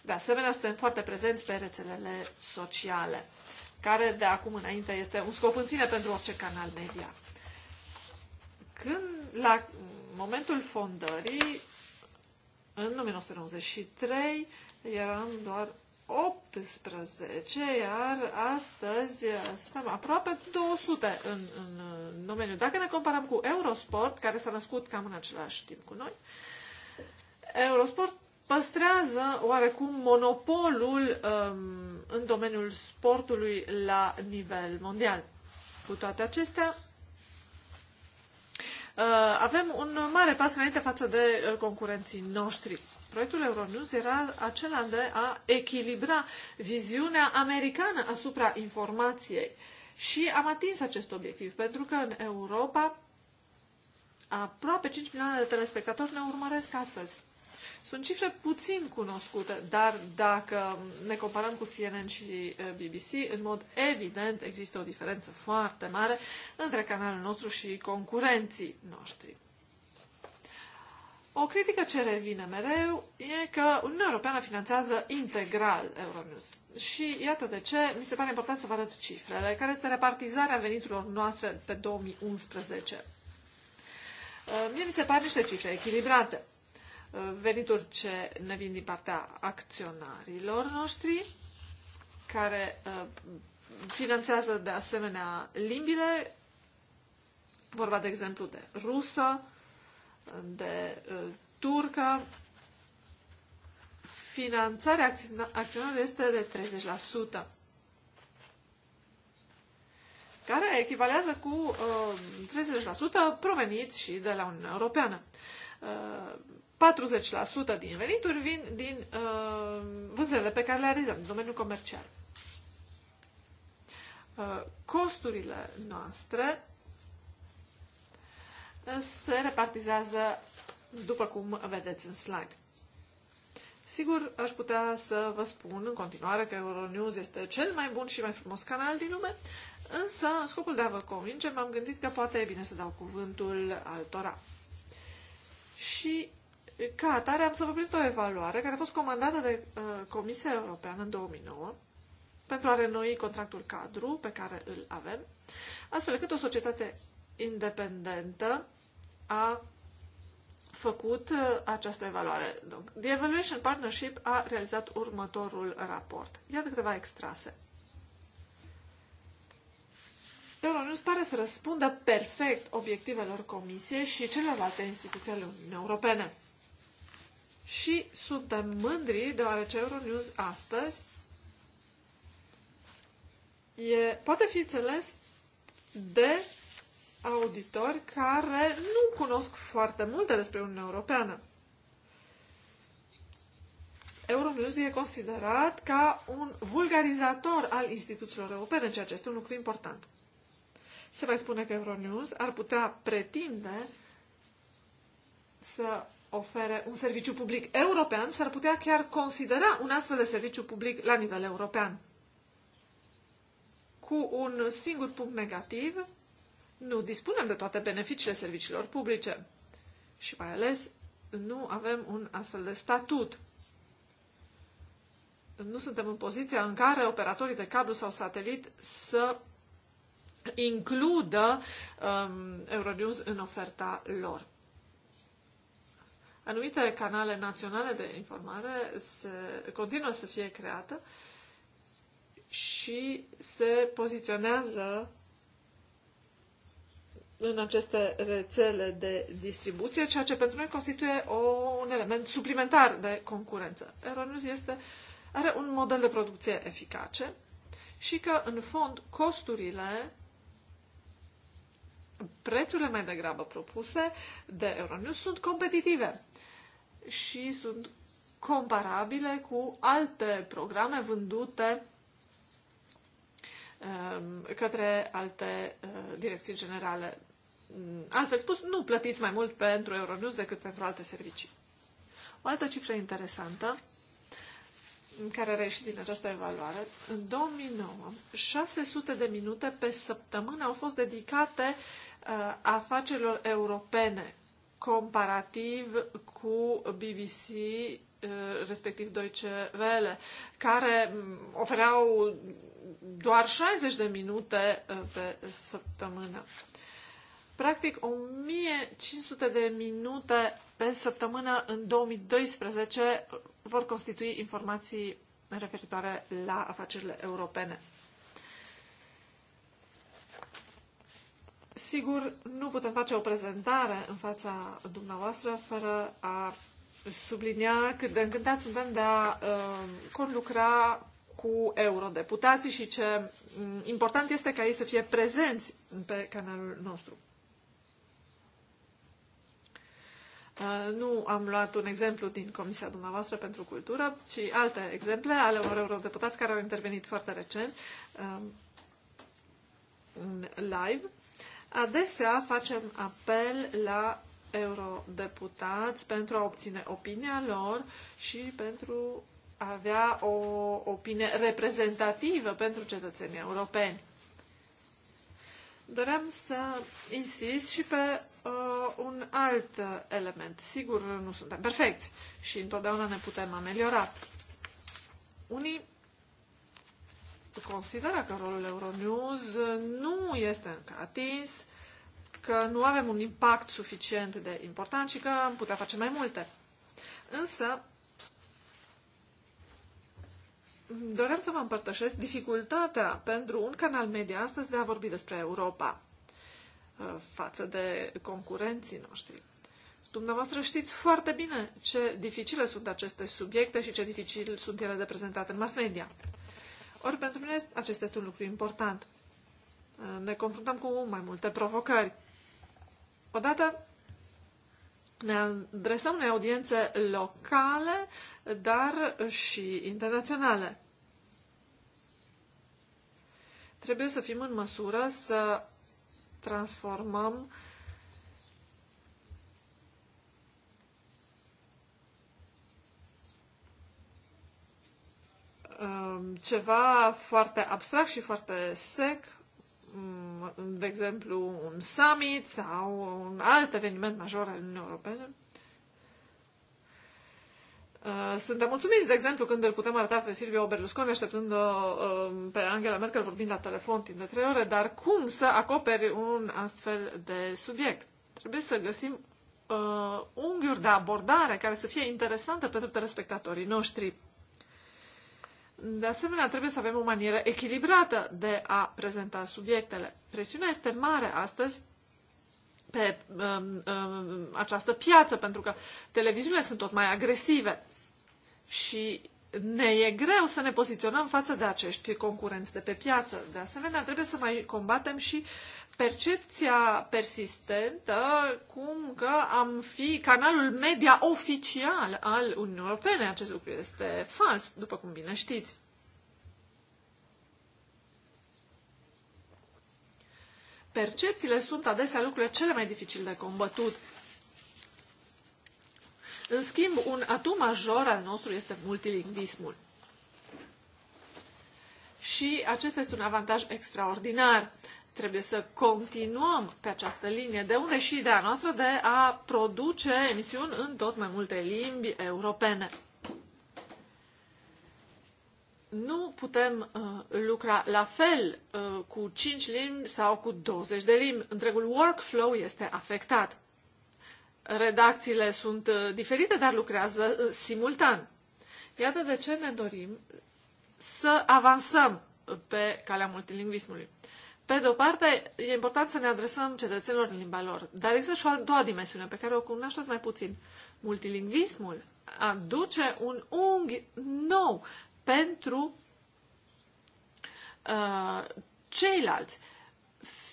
De asemenea, suntem foarte prezenți pe rețelele sociale, care de acum înainte este un scop în sine pentru orice canal media. Când, la momentul fondării, în 1993, eram doar 18, iar astăzi suntem aproape 200 în, în domeniu. Dacă ne comparăm cu Eurosport, care s-a născut cam în același timp cu noi, Eurosport păstrează oarecum monopolul um, în domeniul sportului la nivel mondial. Cu toate acestea, uh, avem un mare pas înainte față de uh, concurenții noștri. Proiectul Euronews era acela de a echilibra viziunea americană asupra informației. Și am atins acest obiectiv, pentru că în Europa aproape 5 milioane de telespectatori ne urmăresc astăzi. Sunt cifre puțin cunoscute, dar dacă ne comparăm cu CNN și eh, BBC, în mod evident există o diferență foarte mare între canalul nostru și concurenții noștri. O critică ce revine mereu e că Uniunea Europeană finanțează integral Euronews. Și iată de ce mi se pare important să vă arăt cifrele, care este repartizarea veniturilor noastre pe 2011. Uh, mie mi se par niște cifre echilibrate. Uh, venituri ce ne vin din partea acționarilor noștri, care uh, finanțează de asemenea limbile, vorba de exemplu de rusă, de uh, turcă, finanțarea acțiunilor este de 30%, care echivalează cu 30% uh, provenit și de la Uniunea Europeană. 40% uh, din venituri vin din vânzările pe care le realizăm în domeniul comercial. costurile noastre se repartizează după cum vedeți în slide. Sigur, aș putea să vă spun în continuare că Euronews este cel mai bun și mai frumos canal din lume, însă, în scopul de a vă convinge, m-am gândit că poate e bine să dau cuvântul altora. Și, ca atare, am să vă prezint o evaluare care a fost comandată de uh, Comisia Europeană în 2009 pentru a renoi contractul cadru pe care îl avem, astfel că o societate independentă a făcut uh, această evaluare. Deci, The Evaluation Partnership a realizat următorul raport. Iată câteva extrase. Euronews pare să răspundă perfect obiectivelor Comisiei și celorlalte instituții ale Uniunii Europene. Și suntem mândri deoarece Euronews astăzi e, poate fi înțeles de auditori care nu cunosc foarte multe despre Uniunea Europeană. Euronews e considerat ca un vulgarizator al instituțiilor europene, ceea ce este un lucru important. Se mai spune că Euronews ar putea pretinde să ofere un serviciu public european, s-ar putea chiar considera un astfel de serviciu public la nivel european. Cu un singur punct negativ, nu dispunem de toate beneficiile serviciilor publice și mai ales nu avem un astfel de statut. Nu suntem în poziția în care operatorii de cablu sau satelit să includă um, Euronews în oferta lor. Anumite canale naționale de informare se, continuă să fie create și se poziționează în aceste rețele de distribuție, ceea ce pentru noi constituie o, un element suplimentar de concurență. Euronews este, are un model de producție eficace și că, în fond, costurile, prețurile mai degrabă propuse de Euronews sunt competitive și sunt comparabile cu alte programe vândute um, către alte uh, direcții generale. Mm, altfel spus, nu plătiți mai mult pentru Euronews decât pentru alte servicii. O altă cifră interesantă care reieși din această evaluare, în 2009, 600 de minute pe săptămână au fost dedicate uh, afacerilor europene, comparativ cu BBC, uh, respectiv Deutsche Welle, care mm, ofereau doar 60 de minute uh, pe săptămână. Uh, practic 1500 de minute pe săptămână în 2012 vor constitui informații referitoare la afacerile europene. Sigur, nu putem face o prezentare în fața dumneavoastră fără a sublinia cât de încântați suntem de a uh, conlucra cu eurodeputații și ce important este ca ei să fie prezenți pe canalul nostru. Uh, nu am luat un exemplu din Comisia dumneavoastră pentru Cultură, ci alte exemple ale unor eurodeputați care au intervenit foarte recent um, în live. Adesea facem apel la eurodeputați pentru a obține opinia lor și pentru a avea o opinie reprezentativă pentru cetățenii europeni. Doream să insist și pe uh, un alt uh, element. Sigur, nu suntem perfecți și întotdeauna ne putem ameliora. Unii consideră că rolul Euronews nu este încă atins, că nu avem un impact suficient de important și că am putea face mai multe. Însă, doream să vă împărtășesc dificultatea pentru un canal media astăzi de a vorbi despre Europa. Uh, față de concurenții noștri. Dumneavoastră știți foarte bine ce dificile sunt aceste subiecte și ce dificil sunt ele de prezentat în mass media. Ori pentru mine acesta este un lucru important. Uh, ne confruntăm cu mai multe provocări. Odată ne adresăm unei audiențe locale, dar și internaționale. Trebuie să fim în măsură să transformăm um, ceva foarte abstract și foarte sec, um, de exemplu un summit sau un alt eveniment major al Uniunii Europene, Uh, suntem mulțumiți, de exemplu, când îl putem arăta pe Silvio Berlusconi așteptând uh, uh, pe Angela Merkel vorbind la telefon timp de trei ore, dar cum să acoperi un astfel de subiect? Trebuie să găsim uh, unghiuri de abordare care să fie interesantă pentru telespectatorii noștri. De asemenea, trebuie să avem o manieră echilibrată de a prezenta subiectele. Presiunea este mare astăzi pe um, um, această piață, pentru că televiziunile sunt tot mai agresive și ne e greu să ne poziționăm față de acești concurenți de pe piață. De asemenea, trebuie să mai combatem și percepția persistentă cum că am fi canalul media oficial al Uniunii Europene. Acest lucru este fals, după cum bine știți. Percepțiile sunt adesea lucrurile cele mai dificil de combătut în schimb, un atu major al nostru este multilingvismul. Și acesta este un avantaj extraordinar. Trebuie să continuăm pe această linie, de unde și ideea noastră de a produce emisiuni în tot mai multe limbi europene. Nu putem uh, lucra la fel uh, cu 5 limbi sau cu 20 de limbi. Întregul workflow este afectat redacțiile sunt uh, diferite, dar lucrează uh, simultan. Iată de ce ne dorim să avansăm pe calea multilingvismului. Pe de o parte, e important să ne adresăm cetățenilor în limba lor, dar există și o a doua dimensiune pe care o cunoașteți mai puțin. Multilingvismul aduce un unghi nou pentru uh, ceilalți.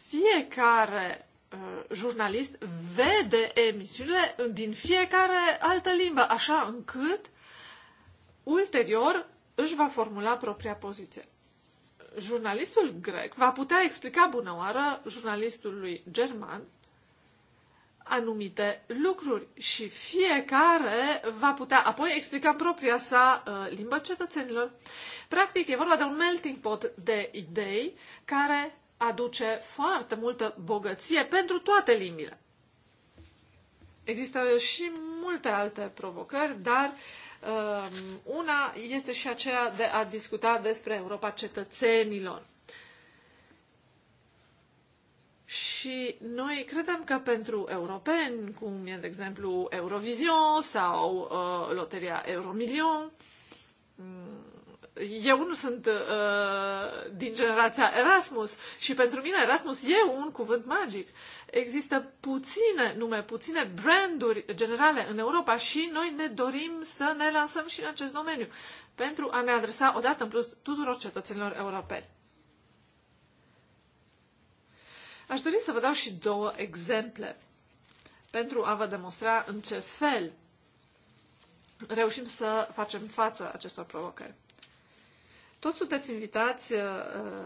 Fiecare Uh, jurnalist vede emisiunile din fiecare altă limbă, așa încât ulterior își va formula propria poziție. Jurnalistul grec va putea explica bună oară jurnalistului german anumite lucruri și fiecare va putea apoi explica în propria sa uh, limbă cetățenilor. Practic, e vorba de un melting pot de idei care aduce foarte multă bogăție pentru toate limbile. Există și multe alte provocări, dar um, una este și aceea de a discuta despre Europa cetățenilor. Și noi credem că pentru europeni, cum e, de exemplu, Eurovision sau uh, Loteria Euromilion, mm, eu nu sunt uh, din generația Erasmus și pentru mine Erasmus e un cuvânt magic. Există puține nume, puține branduri generale în Europa și noi ne dorim să ne lansăm și în acest domeniu pentru a ne adresa odată în plus tuturor cetățenilor europeni. Aș dori să vă dau și două exemple pentru a vă demonstra în ce fel reușim să facem față acestor provocări. Toți sunteți invitați uh, uh,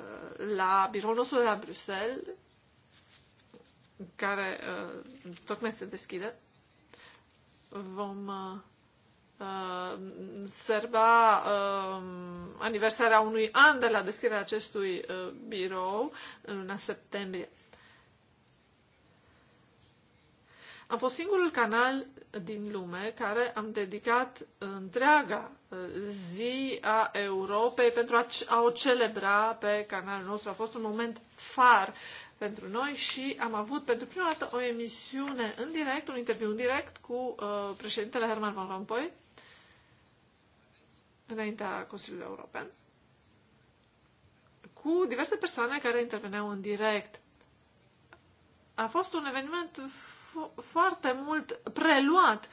la biroul nostru de la Bruxelles, care uh, tocmai se deschide. Vom serba aniversarea unui an de la deschiderea acestui birou în luna septembrie. Am fost singurul canal din lume care am dedicat întreaga uh, zi a Europei pentru a o celebra pe canalul nostru. A fost un moment far pentru noi și am avut pentru prima dată o emisiune în direct, un interviu în direct cu uh, președintele Herman Van Rompuy înaintea Consiliului European cu diverse persoane care interveneau în direct. A fost un eveniment foarte mult preluat,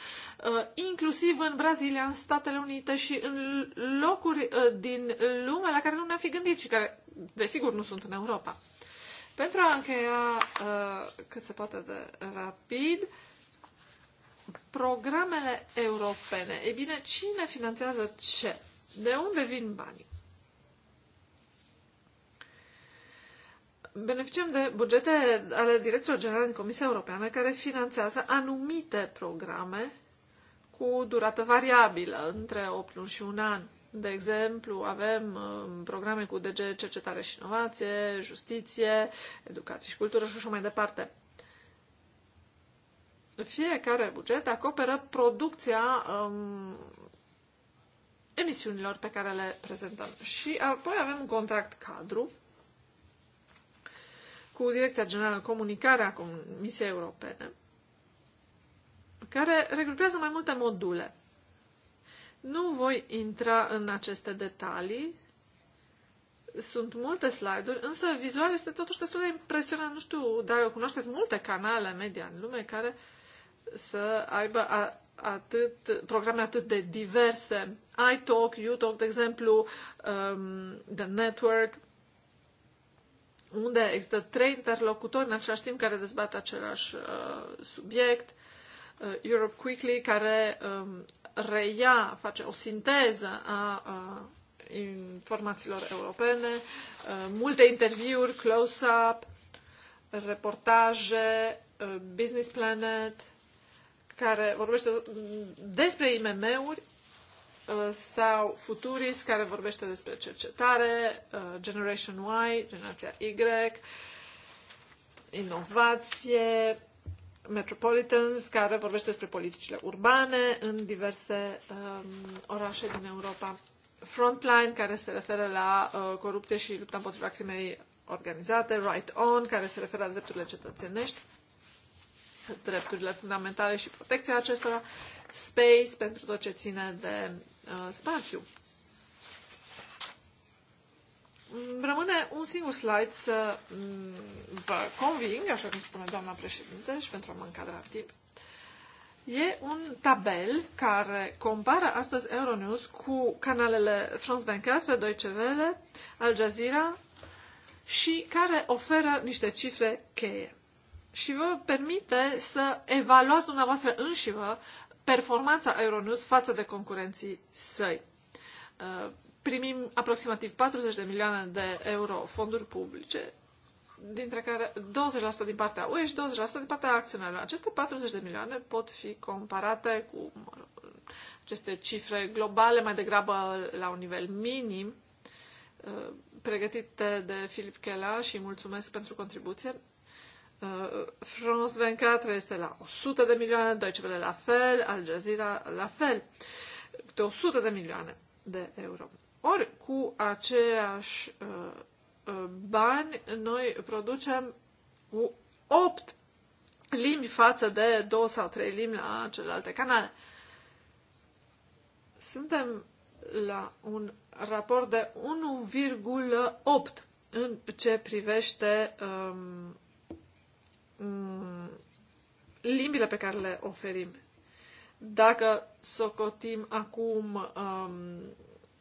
uh, inclusiv în Brazilia, în Statele Unite și în locuri uh, din lume la care nu ne-am fi gândit și care, desigur, nu sunt în Europa. Pentru a încheia uh, cât se poate de rapid, programele europene. E bine, cine finanțează ce? De unde vin banii? beneficiem de bugete ale Direcției Generale din Comisia Europeană care finanțează anumite programe cu durată variabilă, între 8 luni și un an. De exemplu, avem um, programe cu DG Cercetare și Inovație, Justiție, Educație și Cultură și așa mai departe. Fiecare buget acoperă producția um, emisiunilor pe care le prezentăm. Și apoi avem un contract cadru cu Direcția Generală Comunicare a Comisiei Europene, care regrupează mai multe module. Nu voi intra în aceste detalii, sunt multe slide-uri, însă vizual este totuși destul de impresionant. Nu știu dacă cunoașteți multe canale media în lume care să aibă a, atât, programe atât de diverse. iTalk, UTalk, de exemplu, um, The Network, unde există trei interlocutori în același timp care dezbat același uh, subiect. Uh, Europe Quickly, care um, reia, face o sinteză a uh, informațiilor europene, uh, multe interviuri, close-up, reportaje, uh, Business Planet, care vorbește mm, despre IMM-uri Uh, sau Futuris, care vorbește despre cercetare, uh, Generation Y, generația Y, inovație, Metropolitans, care vorbește despre politicile urbane în diverse um, orașe din Europa. Frontline, care se referă la uh, corupție și lupta împotriva crimei organizate. Right On, care se referă la drepturile cetățenești, drepturile fundamentale și protecția acestora. Space, pentru tot ce ține de Uh, spațiu. Rămâne un singur slide să mm, vă conving, așa cum spune doamna președinte, și pentru a mă încadra timp. E un tabel care compară astăzi Euronews cu canalele France 24, Deutsche Welle, Al Jazeera și care oferă niște cifre cheie. Și vă permite să evaluați dumneavoastră înșivă performanța Euronews față de concurenții săi. Uh, primim aproximativ 40 de milioane de euro fonduri publice, dintre care 20% din partea UE și 20% din partea acționarilor. Aceste 40 de milioane pot fi comparate cu mă rog, aceste cifre globale, mai degrabă la un nivel minim, uh, pregătite de Filip Chela și mulțumesc pentru contribuție. Uh, France 24 este la 100 de milioane, Deutsche Welle la fel, Al Jazeera la fel, câte 100 de milioane de euro. Ori cu uh, uh, bani noi producem cu 8 limbi față de 2 sau 3 limbi la celelalte canale. Suntem la un raport de 1,8 în ce privește um, Mm, limbile pe care le oferim. Dacă socotim acum um,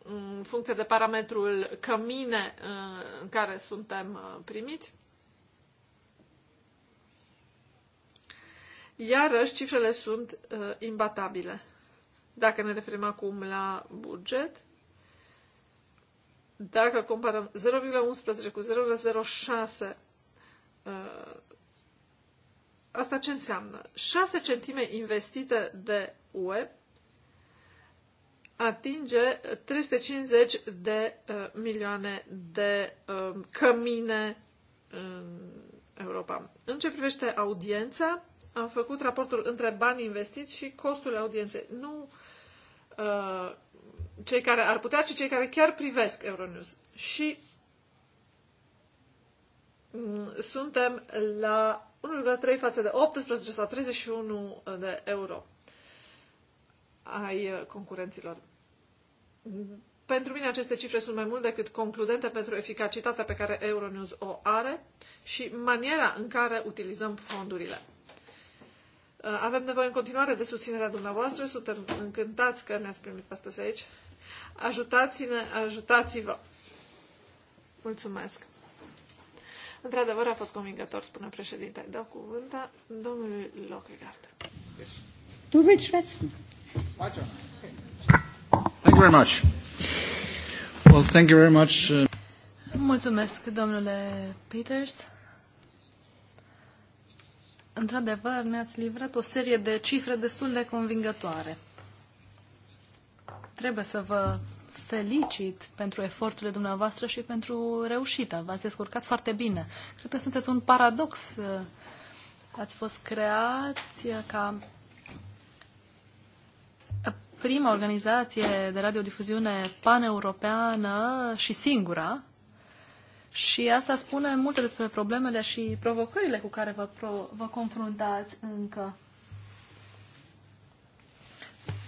în funcție de parametrul cămine uh, în care suntem uh, primiți, Iarăși, cifrele sunt uh, imbatabile. Dacă ne referim acum la buget, dacă comparăm 0,11 cu 0,06 uh, Asta ce înseamnă? 6 centime investite de UE atinge 350 de uh, milioane de uh, cămine în Europa. În ce privește audiența, am făcut raportul între bani investiți și costul audienței. Nu uh, cei care ar putea, ci cei care chiar privesc Euronews. Și um, suntem la 1,3 față de 18 sau 31 de euro ai uh, concurenților. Pentru mine aceste cifre sunt mai mult decât concludente pentru eficacitatea pe care Euronews o are și maniera în care utilizăm fondurile. Uh, avem nevoie în continuare de susținerea dumneavoastră, suntem încântați că ne-ați primit astăzi aici. Ajutați-ne, ajutați-vă! Mulțumesc! Într-adevăr, a fost convingător, spune președinte. Dau cuvânta domnului Lockegaard. Tu Du willst schwätzen. Thank you very much. Well, thank you very much. Uh, Mulțumesc, domnule Peters. Într-adevăr, ne-ați livrat o serie de cifre destul de convingătoare. Trebuie să vă felicit pentru eforturile dumneavoastră și pentru reușită. V-ați descurcat foarte bine. Cred că sunteți un paradox. Ați fost creați ca prima organizație de radiodifuziune paneuropeană și singura. Și asta spune multe despre problemele și provocările cu care vă, pro- vă confruntați încă.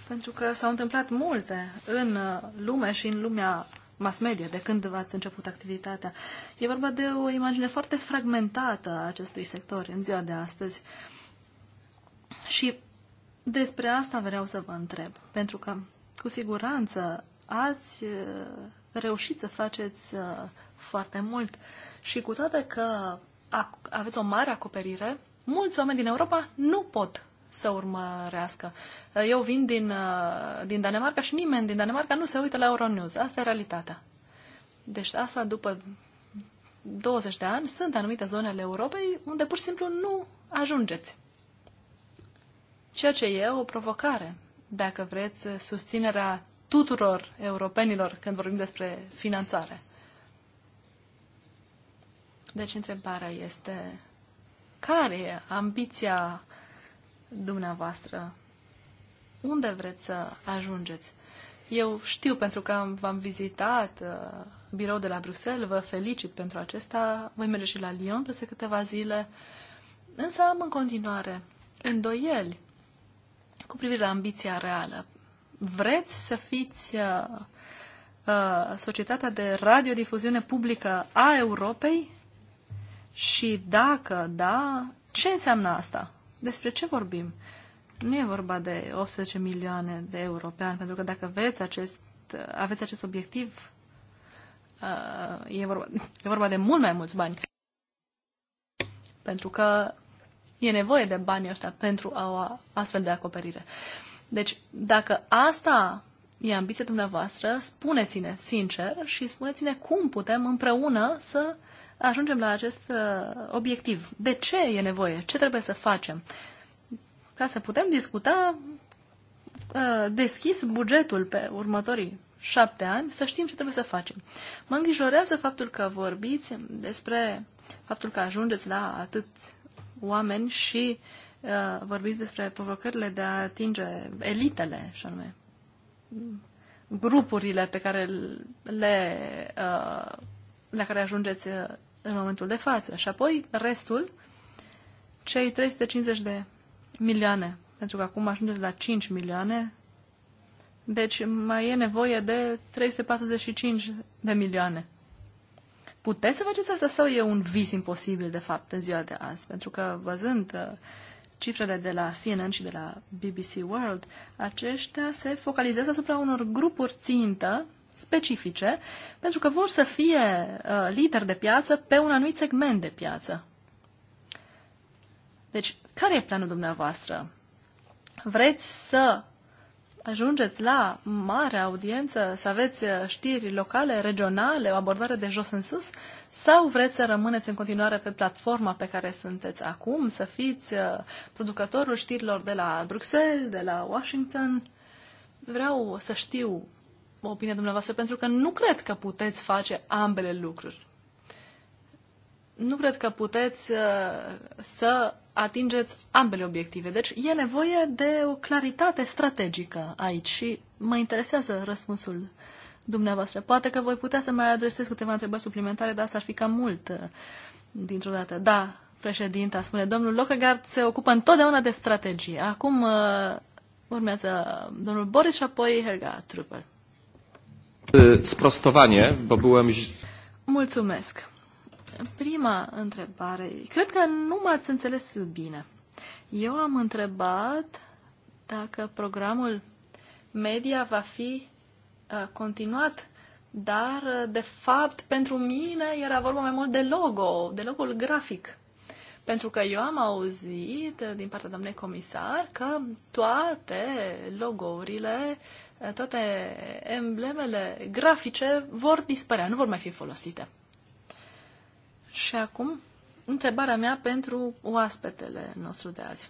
Pentru că s-au întâmplat multe în uh, lume și în lumea mass media de când v-ați început activitatea. E vorba de o imagine foarte fragmentată a acestui sector în ziua de astăzi. Și despre asta vreau să vă întreb, pentru că cu siguranță ați uh, reușit să faceți uh, foarte mult și cu toate că aveți o mare acoperire, mulți oameni din Europa nu pot să urmărească. Eu vin din, uh, din Danemarca și nimeni din Danemarca nu se uită la Euronews. Asta e realitatea. Deci asta după 20 de ani sunt anumite zone ale Europei unde pur și simplu nu ajungeți. Ceea ce e o provocare, dacă vreți, susținerea tuturor europenilor când vorbim despre finanțare. Deci întrebarea este care e ambiția dumneavoastră? Unde vreți să ajungeți? Eu știu pentru că am, v-am vizitat uh, birou de la Bruxelles, vă felicit pentru acesta, voi merge și la Lyon peste câteva zile, însă am în continuare îndoieli cu privire la ambiția reală. Vreți să fiți uh, uh, societatea de radiodifuziune publică a Europei? Și dacă da, ce înseamnă asta? despre ce vorbim? Nu e vorba de 18 milioane de euro pe an, pentru că dacă vreți acest, aveți acest obiectiv, uh, e vorba, e vorba de mult mai mulți bani. Pentru că e nevoie de banii ăștia pentru a o astfel de acoperire. Deci, dacă asta e ambiția dumneavoastră, spuneți-ne sincer și spuneți-ne cum putem împreună să uh, ajungem la acest uh, obiectiv. De ce e nevoie? Ce trebuie să facem? Ca să putem discuta uh, deschis bugetul pe următorii șapte ani, să știm ce trebuie să facem. Mă îngrijorează faptul că vorbiți despre faptul că ajungeți la atâți oameni și uh, vorbiți despre provocările de a atinge elitele, și anume grupurile pe care le, uh, la care ajungeți uh, în momentul de față. Și apoi restul, cei 350 de milioane, pentru că acum ajungeți la 5 milioane, deci mai e nevoie de 345 de milioane. Puteți să faceți asta sau e un vis imposibil, de fapt, în ziua de azi? Pentru că, văzând uh, cifrele de la CNN și de la BBC World, aceștia se focalizează asupra unor grupuri țintă specifice, pentru că vor să fie uh, lideri de piață pe un anumit segment de piață. Deci, care e planul dumneavoastră? Vreți să ajungeți la mare audiență, să aveți uh, știri locale, regionale, o abordare de jos în sus, sau vreți să rămâneți în continuare pe platforma pe care sunteți acum, să fiți uh, producătorul știrilor de la Bruxelles, de la Washington? Vreau să știu opinia dumneavoastră, pentru că nu cred că puteți face ambele lucruri. Nu cred că puteți uh, să atingeți ambele obiective. Deci e nevoie de o claritate strategică aici și mă interesează răspunsul dumneavoastră. Poate că voi putea să mai adresez câteva întrebări suplimentare, dar asta ar fi cam mult uh, dintr-o dată. Da, președinta spune, domnul Lockegaard se ocupă întotdeauna de strategie. Acum uh, urmează domnul Boris și apoi Helga Truppel. Sprostowanie, bo byłem... Mulțumesc. Prima întrebare. Cred că nu m-ați înțeles bine. Eu am întrebat dacă programul media va fi uh, continuat, dar, uh, de fapt, pentru mine era vorba mai mult de logo, de logo-ul grafic. Pentru că eu am auzit uh, din partea doamnei comisar că toate logourile toate emblemele grafice vor dispărea, nu vor mai fi folosite. Și acum, întrebarea mea pentru oaspetele nostru de azi.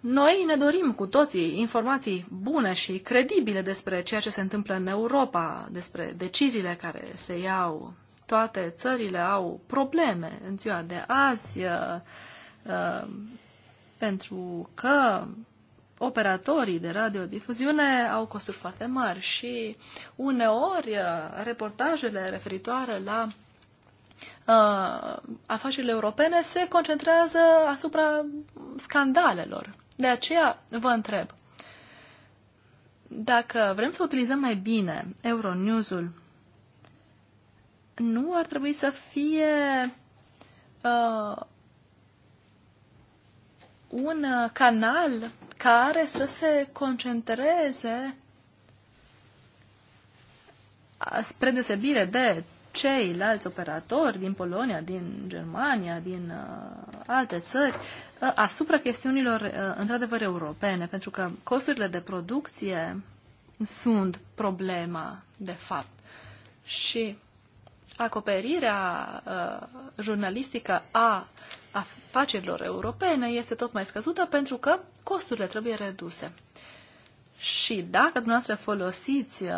Noi ne dorim cu toții informații bune și credibile despre ceea ce se întâmplă în Europa, despre deciziile care se iau. Toate țările au probleme în ziua de azi, uh, uh, pentru că operatorii de radiodifuziune au costuri foarte mari și uneori uh, reportajele referitoare la uh, afacerile europene se concentrează asupra scandalelor. De aceea vă întreb, dacă vrem să utilizăm mai bine Euronews-ul, nu ar trebui să fie uh, un canal care să se concentreze spre deosebire de ceilalți operatori din Polonia, din Germania, din uh, alte țări, uh, asupra chestiunilor uh, într-adevăr europene, pentru că costurile de producție sunt problema, de fapt. Și acoperirea uh, jurnalistică a afacerilor europene este tot mai scăzută pentru că costurile trebuie reduse. Și dacă dumneavoastră folosiți, uh,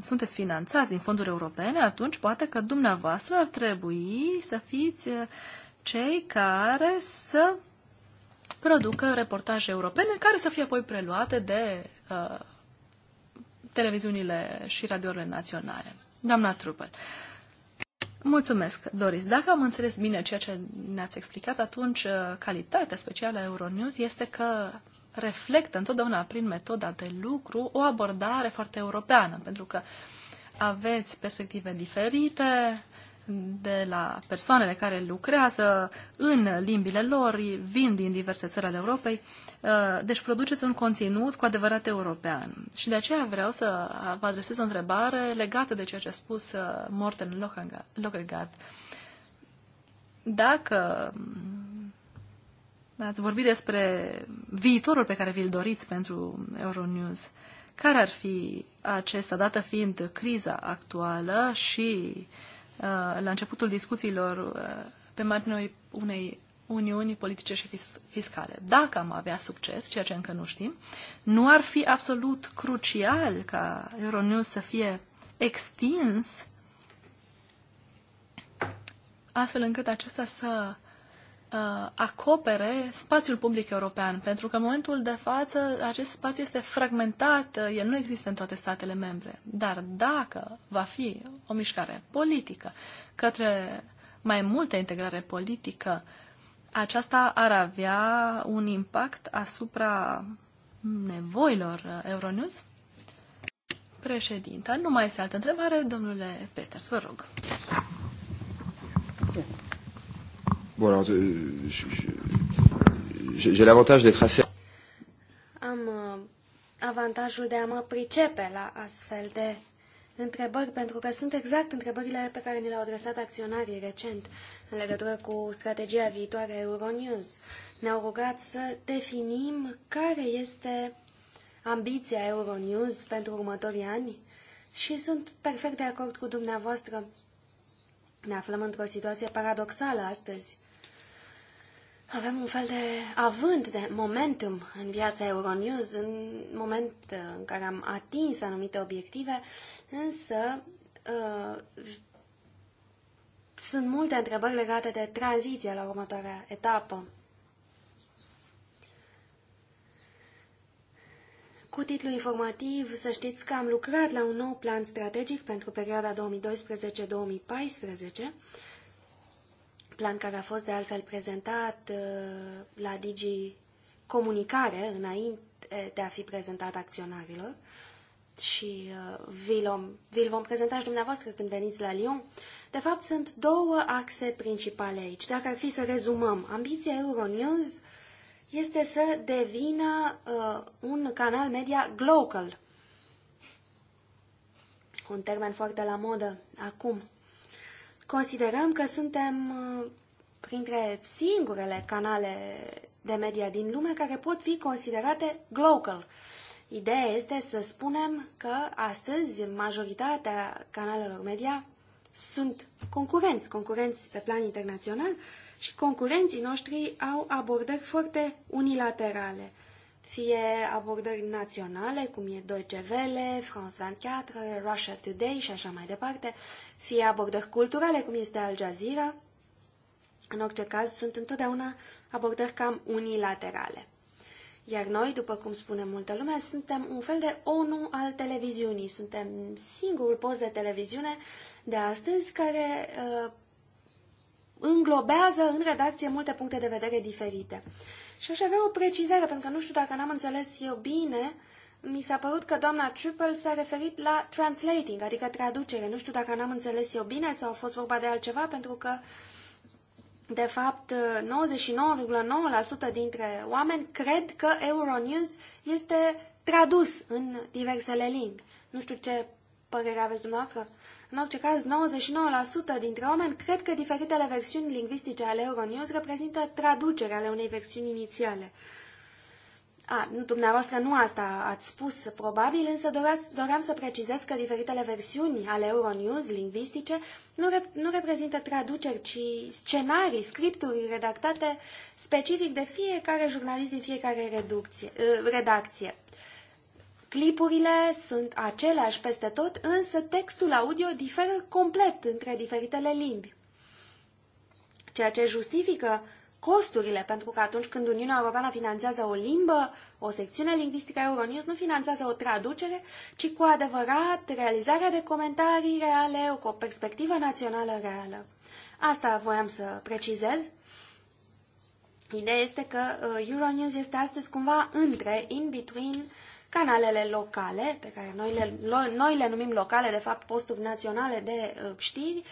sunteți finanțați din fonduri europene, atunci poate că dumneavoastră ar trebui să fiți uh, cei care să producă reportaje europene care să fie apoi preluate de uh, televiziunile și radiourile naționale. Doamna Uh, Mulțumesc, Doris. Dacă am înțeles bine ceea ce ne-ați explicat, atunci uh, calitatea specială a Euronews este că reflectă întotdeauna prin metoda de lucru o abordare foarte europeană, pentru că aveți perspective diferite, de la persoanele care lucrează în limbile lor, vin din diverse țări ale Europei, uh, deci produceți un conținut cu adevărat european. Și de aceea vreau să vă adresez o întrebare legată de ceea ce a spus uh, Morten Lockergard. Dacă mm, ați vorbit despre viitorul pe care vi-l doriți pentru Euronews, care ar fi acesta, dată fiind criza actuală și uh, Uh, la începutul discuțiilor uh, pe marginea unei uniuni politice și fiscale. Dacă am avea succes, ceea ce încă nu știm, nu ar fi absolut crucial ca Euronews să fie extins astfel încât acesta să Uh, acopere spațiul public european, pentru că în momentul de față acest spațiu este fragmentat, uh, el nu există în toate statele membre. Dar dacă va fi o mișcare politică către mai multă integrare politică, aceasta ar avea un impact asupra nevoilor uh, Euronews? Președinta, nu mai este altă întrebare, domnule Peters, vă rog. Bon, alors, euh, j'ai l'avantage d'être assez... Am uh, avantajul de a mă pricepe la astfel de întrebări, pentru că sunt exact întrebările pe care ni le-au adresat acționarii recent în legătură cu strategia viitoare Euronews. Ne-au rugat să definim care este ambiția Euronews pentru următorii ani și sunt perfect de acord cu dumneavoastră. Ne aflăm într-o situație paradoxală astăzi. Avem un fel de avânt, de momentum în viața Euronews, în moment uh, în care am atins anumite obiective, însă uh, sunt multe întrebări legate de tranziția la următoarea etapă. Cu titlu informativ, să știți că am lucrat la un nou plan strategic pentru perioada 2012-2014, plan care a fost de altfel prezentat uh, la Digi Comunicare înainte de a fi prezentat acționarilor și uh, vi-l vom prezenta și dumneavoastră când veniți la Lyon. De fapt, sunt două axe principale aici. Dacă ar fi să rezumăm, ambiția Euronews este să devină uh, un canal media global. Un termen foarte la modă acum. Considerăm că suntem uh, printre singurele canale de media din lume care pot fi considerate global. Ideea este să spunem că astăzi majoritatea canalelor media sunt concurenți, concurenți pe plan internațional și concurenții noștri au abordări foarte unilaterale fie abordări naționale, cum e Deutsche Welle, France 24, Russia Today și așa mai departe, fie abordări culturale, cum este Al Jazeera. În orice caz, sunt întotdeauna abordări cam unilaterale. Iar noi, după cum spune multă lume, suntem un fel de ONU al televiziunii. Suntem singurul post de televiziune de astăzi care uh, înglobează în redacție multe puncte de vedere diferite. Și aș avea o precizare, pentru că nu știu dacă n-am înțeles eu bine, mi s-a părut că doamna Triple s-a referit la translating, adică traducere. Nu știu dacă n-am înțeles eu bine sau a fost vorba de altceva, pentru că, de fapt, 99,9% dintre oameni cred că Euronews este tradus în diversele limbi. Nu știu ce Părerea aveți dumneavoastră? În orice caz, 99% dintre oameni cred că diferitele versiuni lingvistice ale Euronews reprezintă traducerea ale unei versiuni inițiale. A, dumneavoastră nu asta ați spus, probabil, însă doreas, doream să precizez că diferitele versiuni ale Euronews lingvistice nu, rep, nu reprezintă traduceri, ci scenarii, scripturi redactate specific de fiecare jurnalist din fiecare reducție, eh, redacție. Clipurile sunt aceleași peste tot, însă textul audio diferă complet între diferitele limbi, ceea ce justifică costurile, pentru că atunci când Uniunea Europeană finanțează o limbă, o secțiune lingvistică a Euronews nu finanțează o traducere, ci cu adevărat realizarea de comentarii reale, cu o perspectivă națională reală. Asta voiam să precizez. Ideea este că uh, Euronews este astăzi cumva între, in between, uh, canalele locale, pe care noi le, noi le numim locale, de fapt posturi naționale de uh, știri,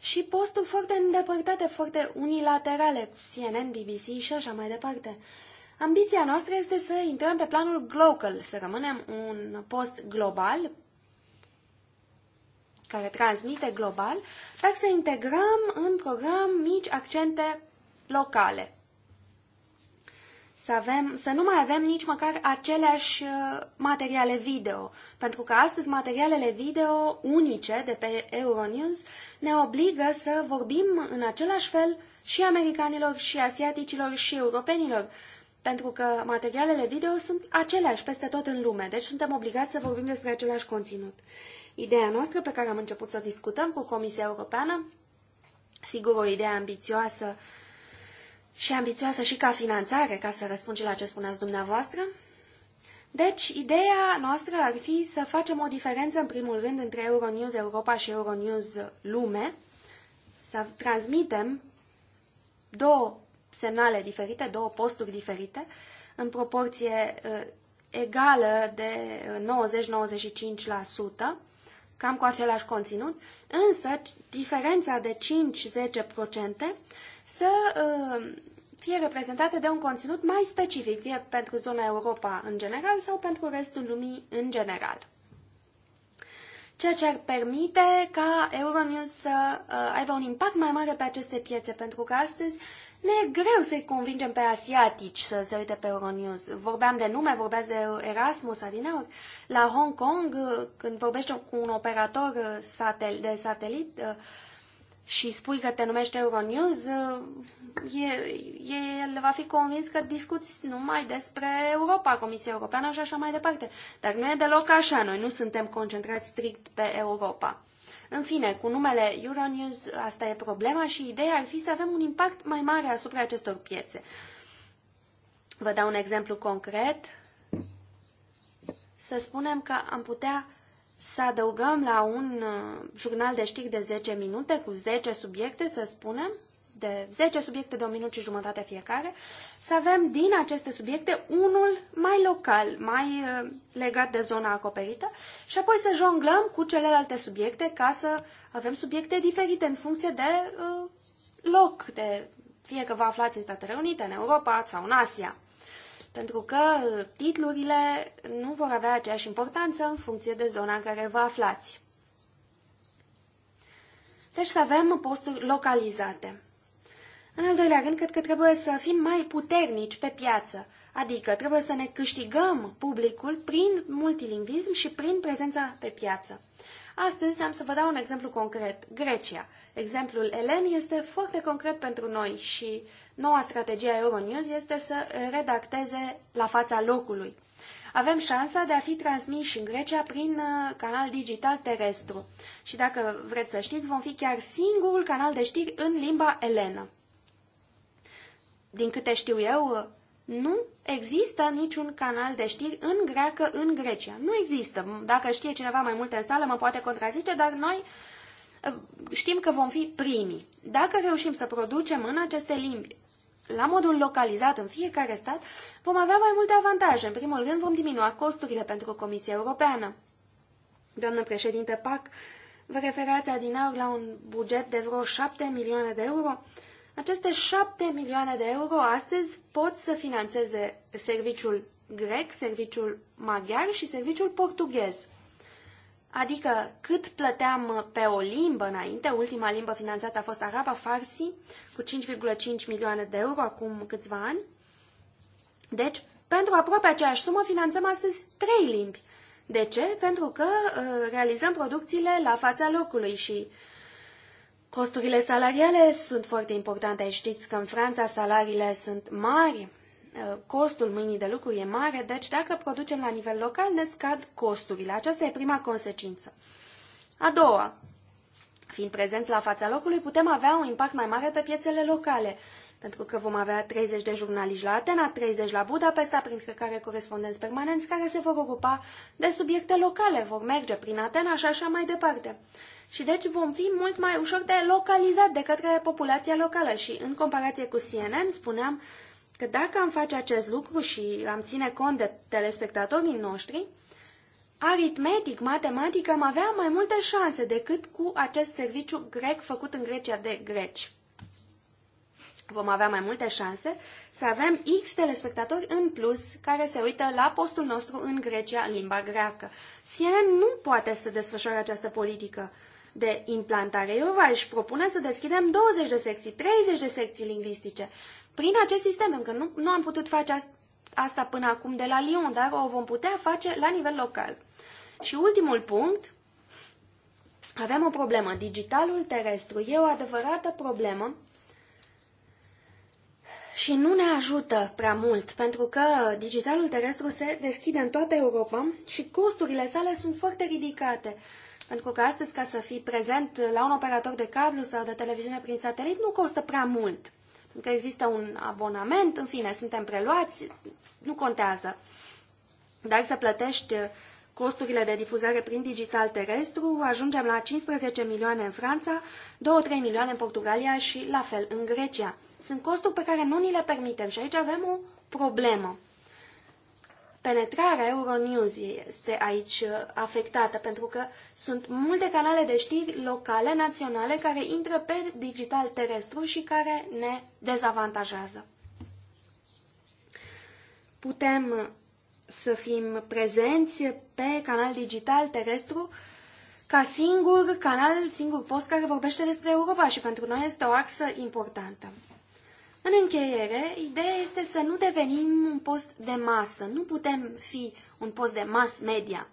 și posturi foarte îndepărtate, foarte unilaterale, cu CNN, BBC și așa mai departe. Ambiția noastră este să intrăm pe planul global, să rămânem un post global, care transmite global, dar să integrăm în program mici accente locale să, avem, să nu mai avem nici măcar aceleași uh, materiale video. Pentru că astăzi materialele video unice de pe Euronews ne obligă să vorbim în același fel și americanilor, și asiaticilor, și europenilor. Pentru că materialele video sunt aceleași peste tot în lume, deci suntem obligați să vorbim despre același conținut. Ideea noastră pe care am început să o discutăm cu Comisia Europeană, sigur o idee ambițioasă, uh, și ambițioasă și ca finanțare, ca să răspund și la ce spuneați dumneavoastră. Deci, ideea noastră ar fi să facem o diferență, în primul rând, între Euronews Europa și Euronews Lume, să transmitem două semnale diferite, două posturi diferite, în proporție uh, egală de 90-95%, cam cu același conținut, însă diferența de 5-10% să uh, fie reprezentate de un conținut mai specific, fie pentru zona Europa în general sau pentru restul lumii în general. Ceea ce ar permite ca Euronews să uh, aibă un impact mai mare pe aceste piețe, pentru că astăzi ne e greu să-i convingem pe asiatici să se uite pe Euronews. Vorbeam de nume, vorbeați de Erasmus adineauri. La Hong Kong, uh, când vorbește cu un operator de satelit, și spui că te numești Euronews, el va fi convins că discuți numai despre Europa, Comisia Europeană și așa mai departe. Dar nu e deloc așa, noi nu suntem concentrați strict pe Europa. În fine, cu numele Euronews, asta e problema și ideea ar fi să avem un impact mai mare asupra acestor piețe. Vă dau un exemplu concret. Să spunem că am putea să adăugăm la un uh, jurnal de știri de 10 minute cu 10 subiecte, să spunem, de 10 subiecte de o minut și jumătate fiecare, să avem din aceste subiecte unul mai local, mai uh, legat de zona acoperită și apoi să jonglăm cu celelalte subiecte ca să avem subiecte diferite în funcție de uh, loc, de fie că vă aflați în Statele Unite, în Europa sau în Asia pentru că uh, titlurile nu vor avea aceeași importanță în funcție de zona în care vă aflați. Deci să avem posturi localizate. În al doilea rând, cred că trebuie să fim mai puternici pe piață, adică trebuie să ne câștigăm publicul prin multilingvism și prin prezența pe piață. Astăzi am să vă dau un exemplu concret, Grecia. Exemplul Elen este foarte concret pentru noi și noua strategie a Euronews este să redacteze la fața locului. Avem șansa de a fi transmiși în Grecia prin uh, canal digital terestru și dacă vreți să știți, vom fi chiar singurul canal de știri în limba elenă. Din câte știu eu, nu există niciun canal de știri în greacă în Grecia. Nu există. Dacă știe cineva mai multe în sală, mă poate contrazice, dar noi uh, știm că vom fi primii. Dacă reușim să producem în aceste limbi la modul localizat în fiecare stat, vom avea mai multe avantaje. În primul rând, vom diminua costurile pentru Comisia Europeană. Doamnă președinte PAC, vă referați adinaur la un buget de vreo 7 milioane de euro? Uh, aceste 7 milioane de euro astăzi pot să financeze serviciul grec, serviciul maghiar și serviciul portughez. Adică cât plăteam pe o limbă înainte, ultima limbă finanțată a fost araba, farsi, cu 5,5 milioane de euro acum câțiva ani. Deci, pentru aproape aceeași sumă finanțăm astăzi trei limbi. De ce? Pentru că uh, realizăm producțiile la fața locului și uh, Costurile salariale sunt foarte importante. Știți că în Franța salariile sunt mari, uh, costul mâinii de lucru e mare, deci dacă producem la nivel local ne scad costurile. Aceasta e prima consecință. A doua, fiind prezenți la fața locului, putem avea un impact mai mare pe piețele locale, pentru că vom avea 30 de jurnaliști la Atena, 30 la Budapesta, printre care corespondenți permanenți care se vor ocupa de subiecte locale, vor merge prin Atena și așa mai departe și deci vom fi mult mai ușor de localizat de către populația locală și în comparație cu CNN spuneam că dacă am face acest lucru și am ține cont de telespectatorii noștri, aritmetic, matematic, am avea mai multe șanse decât cu acest serviciu grec făcut în Grecia de greci. Vom avea mai multe șanse să avem X telespectatori în plus care se uită la postul nostru în Grecia, în limba greacă. CNN nu poate să desfășoare această politică de implantare. Eu v-aș propune să deschidem 20 de secții, 30 de secții lingvistice. Prin acest sistem, încă nu, nu am putut face asta până acum de la Lyon, dar o vom putea face la nivel local. Și ultimul punct, avem o problemă. Digitalul terestru e o adevărată problemă și nu ne ajută prea mult, pentru că digitalul terestru se deschide în toată Europa și costurile sale sunt foarte ridicate. Pentru că astăzi, ca să fii prezent la un operator de cablu sau de televiziune prin satelit, nu costă prea mult. Pentru că există un abonament, în fine, suntem preluați, nu contează. Dar să plătești costurile de difuzare prin digital terestru, ajungem la 15 milioane în Franța, 2-3 milioane în Portugalia și la fel în Grecia. Sunt costuri pe care nu ni le permitem și aici avem o problemă penetrarea Euronews este aici uh, afectată, pentru că sunt multe canale de știri locale, naționale, care intră pe digital terestru și care ne dezavantajează. Putem uh, să fim prezenți pe canal digital terestru ca singur canal, singur post care vorbește despre Europa și pentru noi este o axă importantă. În încheiere, ideea este să nu devenim un post de masă. Nu putem fi un post de mass media.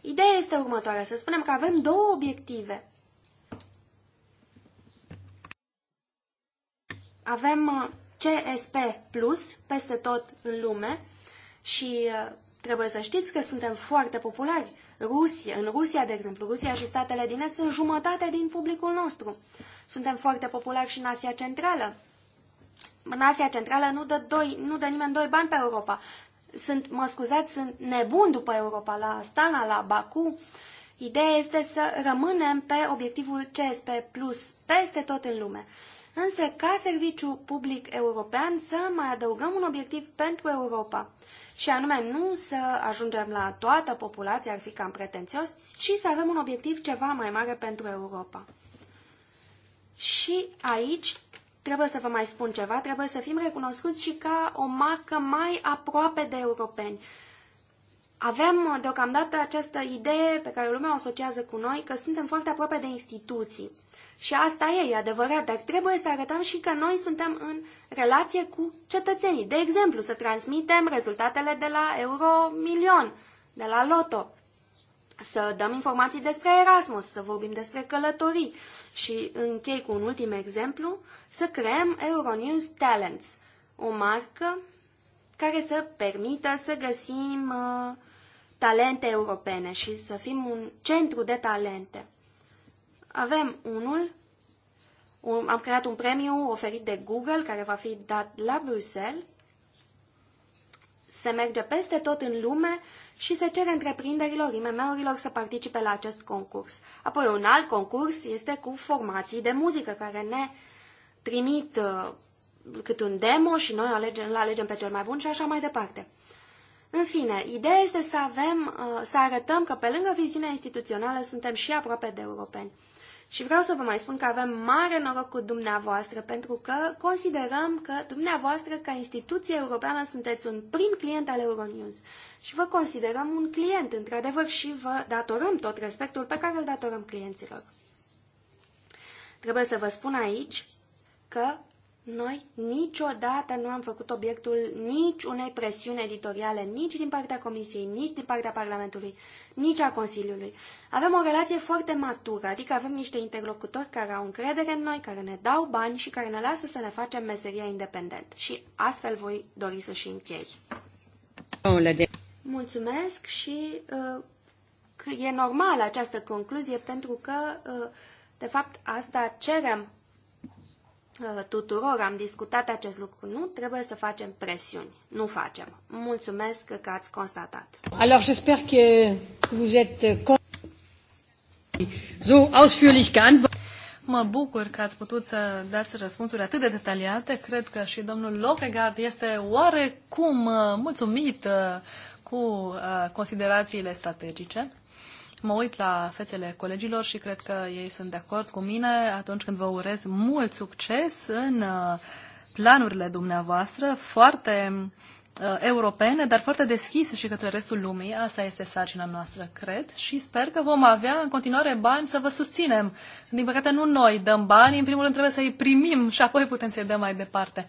Ideea este următoarea, să spunem că avem două obiective. Avem uh, CSP Plus peste tot în lume și uh, trebuie să știți că suntem foarte populari. Rusia, în Rusia, de exemplu, Rusia și statele din Est sunt jumătate din publicul nostru. Suntem foarte populari și în Asia Centrală în Asia Centrală nu dă, doi, nu dă nimeni doi bani pe Europa. Sunt, mă scuzați, sunt nebun după Europa, la Astana, la Baku. Ideea este să rămânem pe obiectivul CSP Plus peste tot în lume. Însă, ca serviciu public european, să mai adăugăm un obiectiv pentru Europa. Și anume, nu să ajungem la toată populația, ar fi cam pretențios, ci să avem un obiectiv ceva mai mare pentru Europa. Și aici Trebuie să vă mai spun ceva, trebuie să fim recunoscuți și ca o marcă mai aproape de europeni. Avem deocamdată această idee pe care lumea o asociază cu noi, că suntem foarte aproape de instituții. Și asta e, e adevărat, dar trebuie să arătăm și că noi suntem în relație cu cetățenii. De exemplu, să transmitem rezultatele de la Euromilion, de la Loto, să dăm informații despre Erasmus, să vorbim despre călătorii. Și închei cu un ultim exemplu, să creăm Euronews Talents, o marcă care să permită să găsim uh, talente europene și să fim un centru de talente. Avem unul, un, am creat un premiu oferit de Google, care va fi dat la Bruxelles, se merge peste tot în lume și se cere întreprinderilor, IMM-urilor să participe la acest concurs. Apoi un alt concurs este cu formații de muzică care ne trimit uh, cât un demo și noi alegem, îl alegem pe cel mai bun și așa mai departe. În fine, ideea este să avem, uh, să arătăm că pe lângă viziunea instituțională suntem și aproape de europeni. Și vreau să vă mai spun că avem mare noroc cu dumneavoastră, pentru că considerăm că dumneavoastră, ca instituție europeană, sunteți un prim client al Euronews. Și vă considerăm un client, într-adevăr, și vă datorăm tot respectul pe care îl datorăm clienților. Trebuie să vă spun aici că noi niciodată nu am făcut obiectul nici unei presiuni editoriale, nici din partea Comisiei, nici din partea Parlamentului, nici a Consiliului. Avem o relație foarte matură, adică avem niște interlocutori care au încredere în noi, care ne dau bani și care ne lasă să ne facem meseria independent. Și astfel voi dori să și închei. Mulțumesc și uh, e normal această concluzie pentru că, uh, de fapt, asta cerem Uh, tuturor. Am discutat acest lucru. Nu trebuie să facem presiuni. Nu facem. Mulțumesc că ați constatat. Alors, j'espère que vous êtes so ausführlich geantwortet. Mă bucur că ați putut să dați răspunsuri atât de detaliate. Cred că și domnul Lopegard este oarecum uh, mulțumit uh, cu considerațiile strategice. Mă uit la fețele colegilor și cred că ei sunt de acord cu mine atunci când vă urez mult succes în uh, planurile dumneavoastră, foarte uh, europene, dar foarte deschise și către restul lumii. Asta este sarcina noastră, cred, și sper că vom avea în continuare bani să vă susținem. Din păcate, nu noi dăm bani, în primul rând trebuie să-i primim și apoi putem să-i dăm mai departe.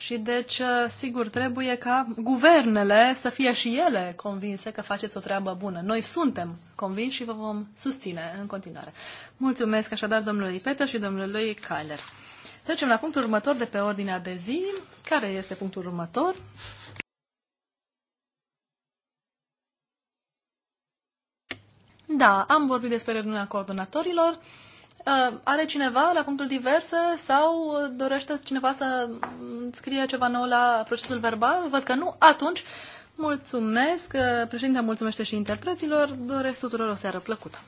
Și deci, uh, sigur, trebuie ca guvernele să fie și ele convinse că faceți o treabă bună. Noi suntem convinși și vă vom susține în continuare. Mulțumesc așadar domnului Peter și domnului Kyler. Trecem la punctul următor de pe ordinea de zi. Care este punctul următor? Da, am vorbit despre reuniunea coordonatorilor. Uh, are cineva la punctul diverse sau dorește cineva să scrie ceva nou la procesul verbal? Văd că nu. Atunci, mulțumesc. Uh, Președinta mulțumește și interpreților. Doresc tuturor o seară plăcută.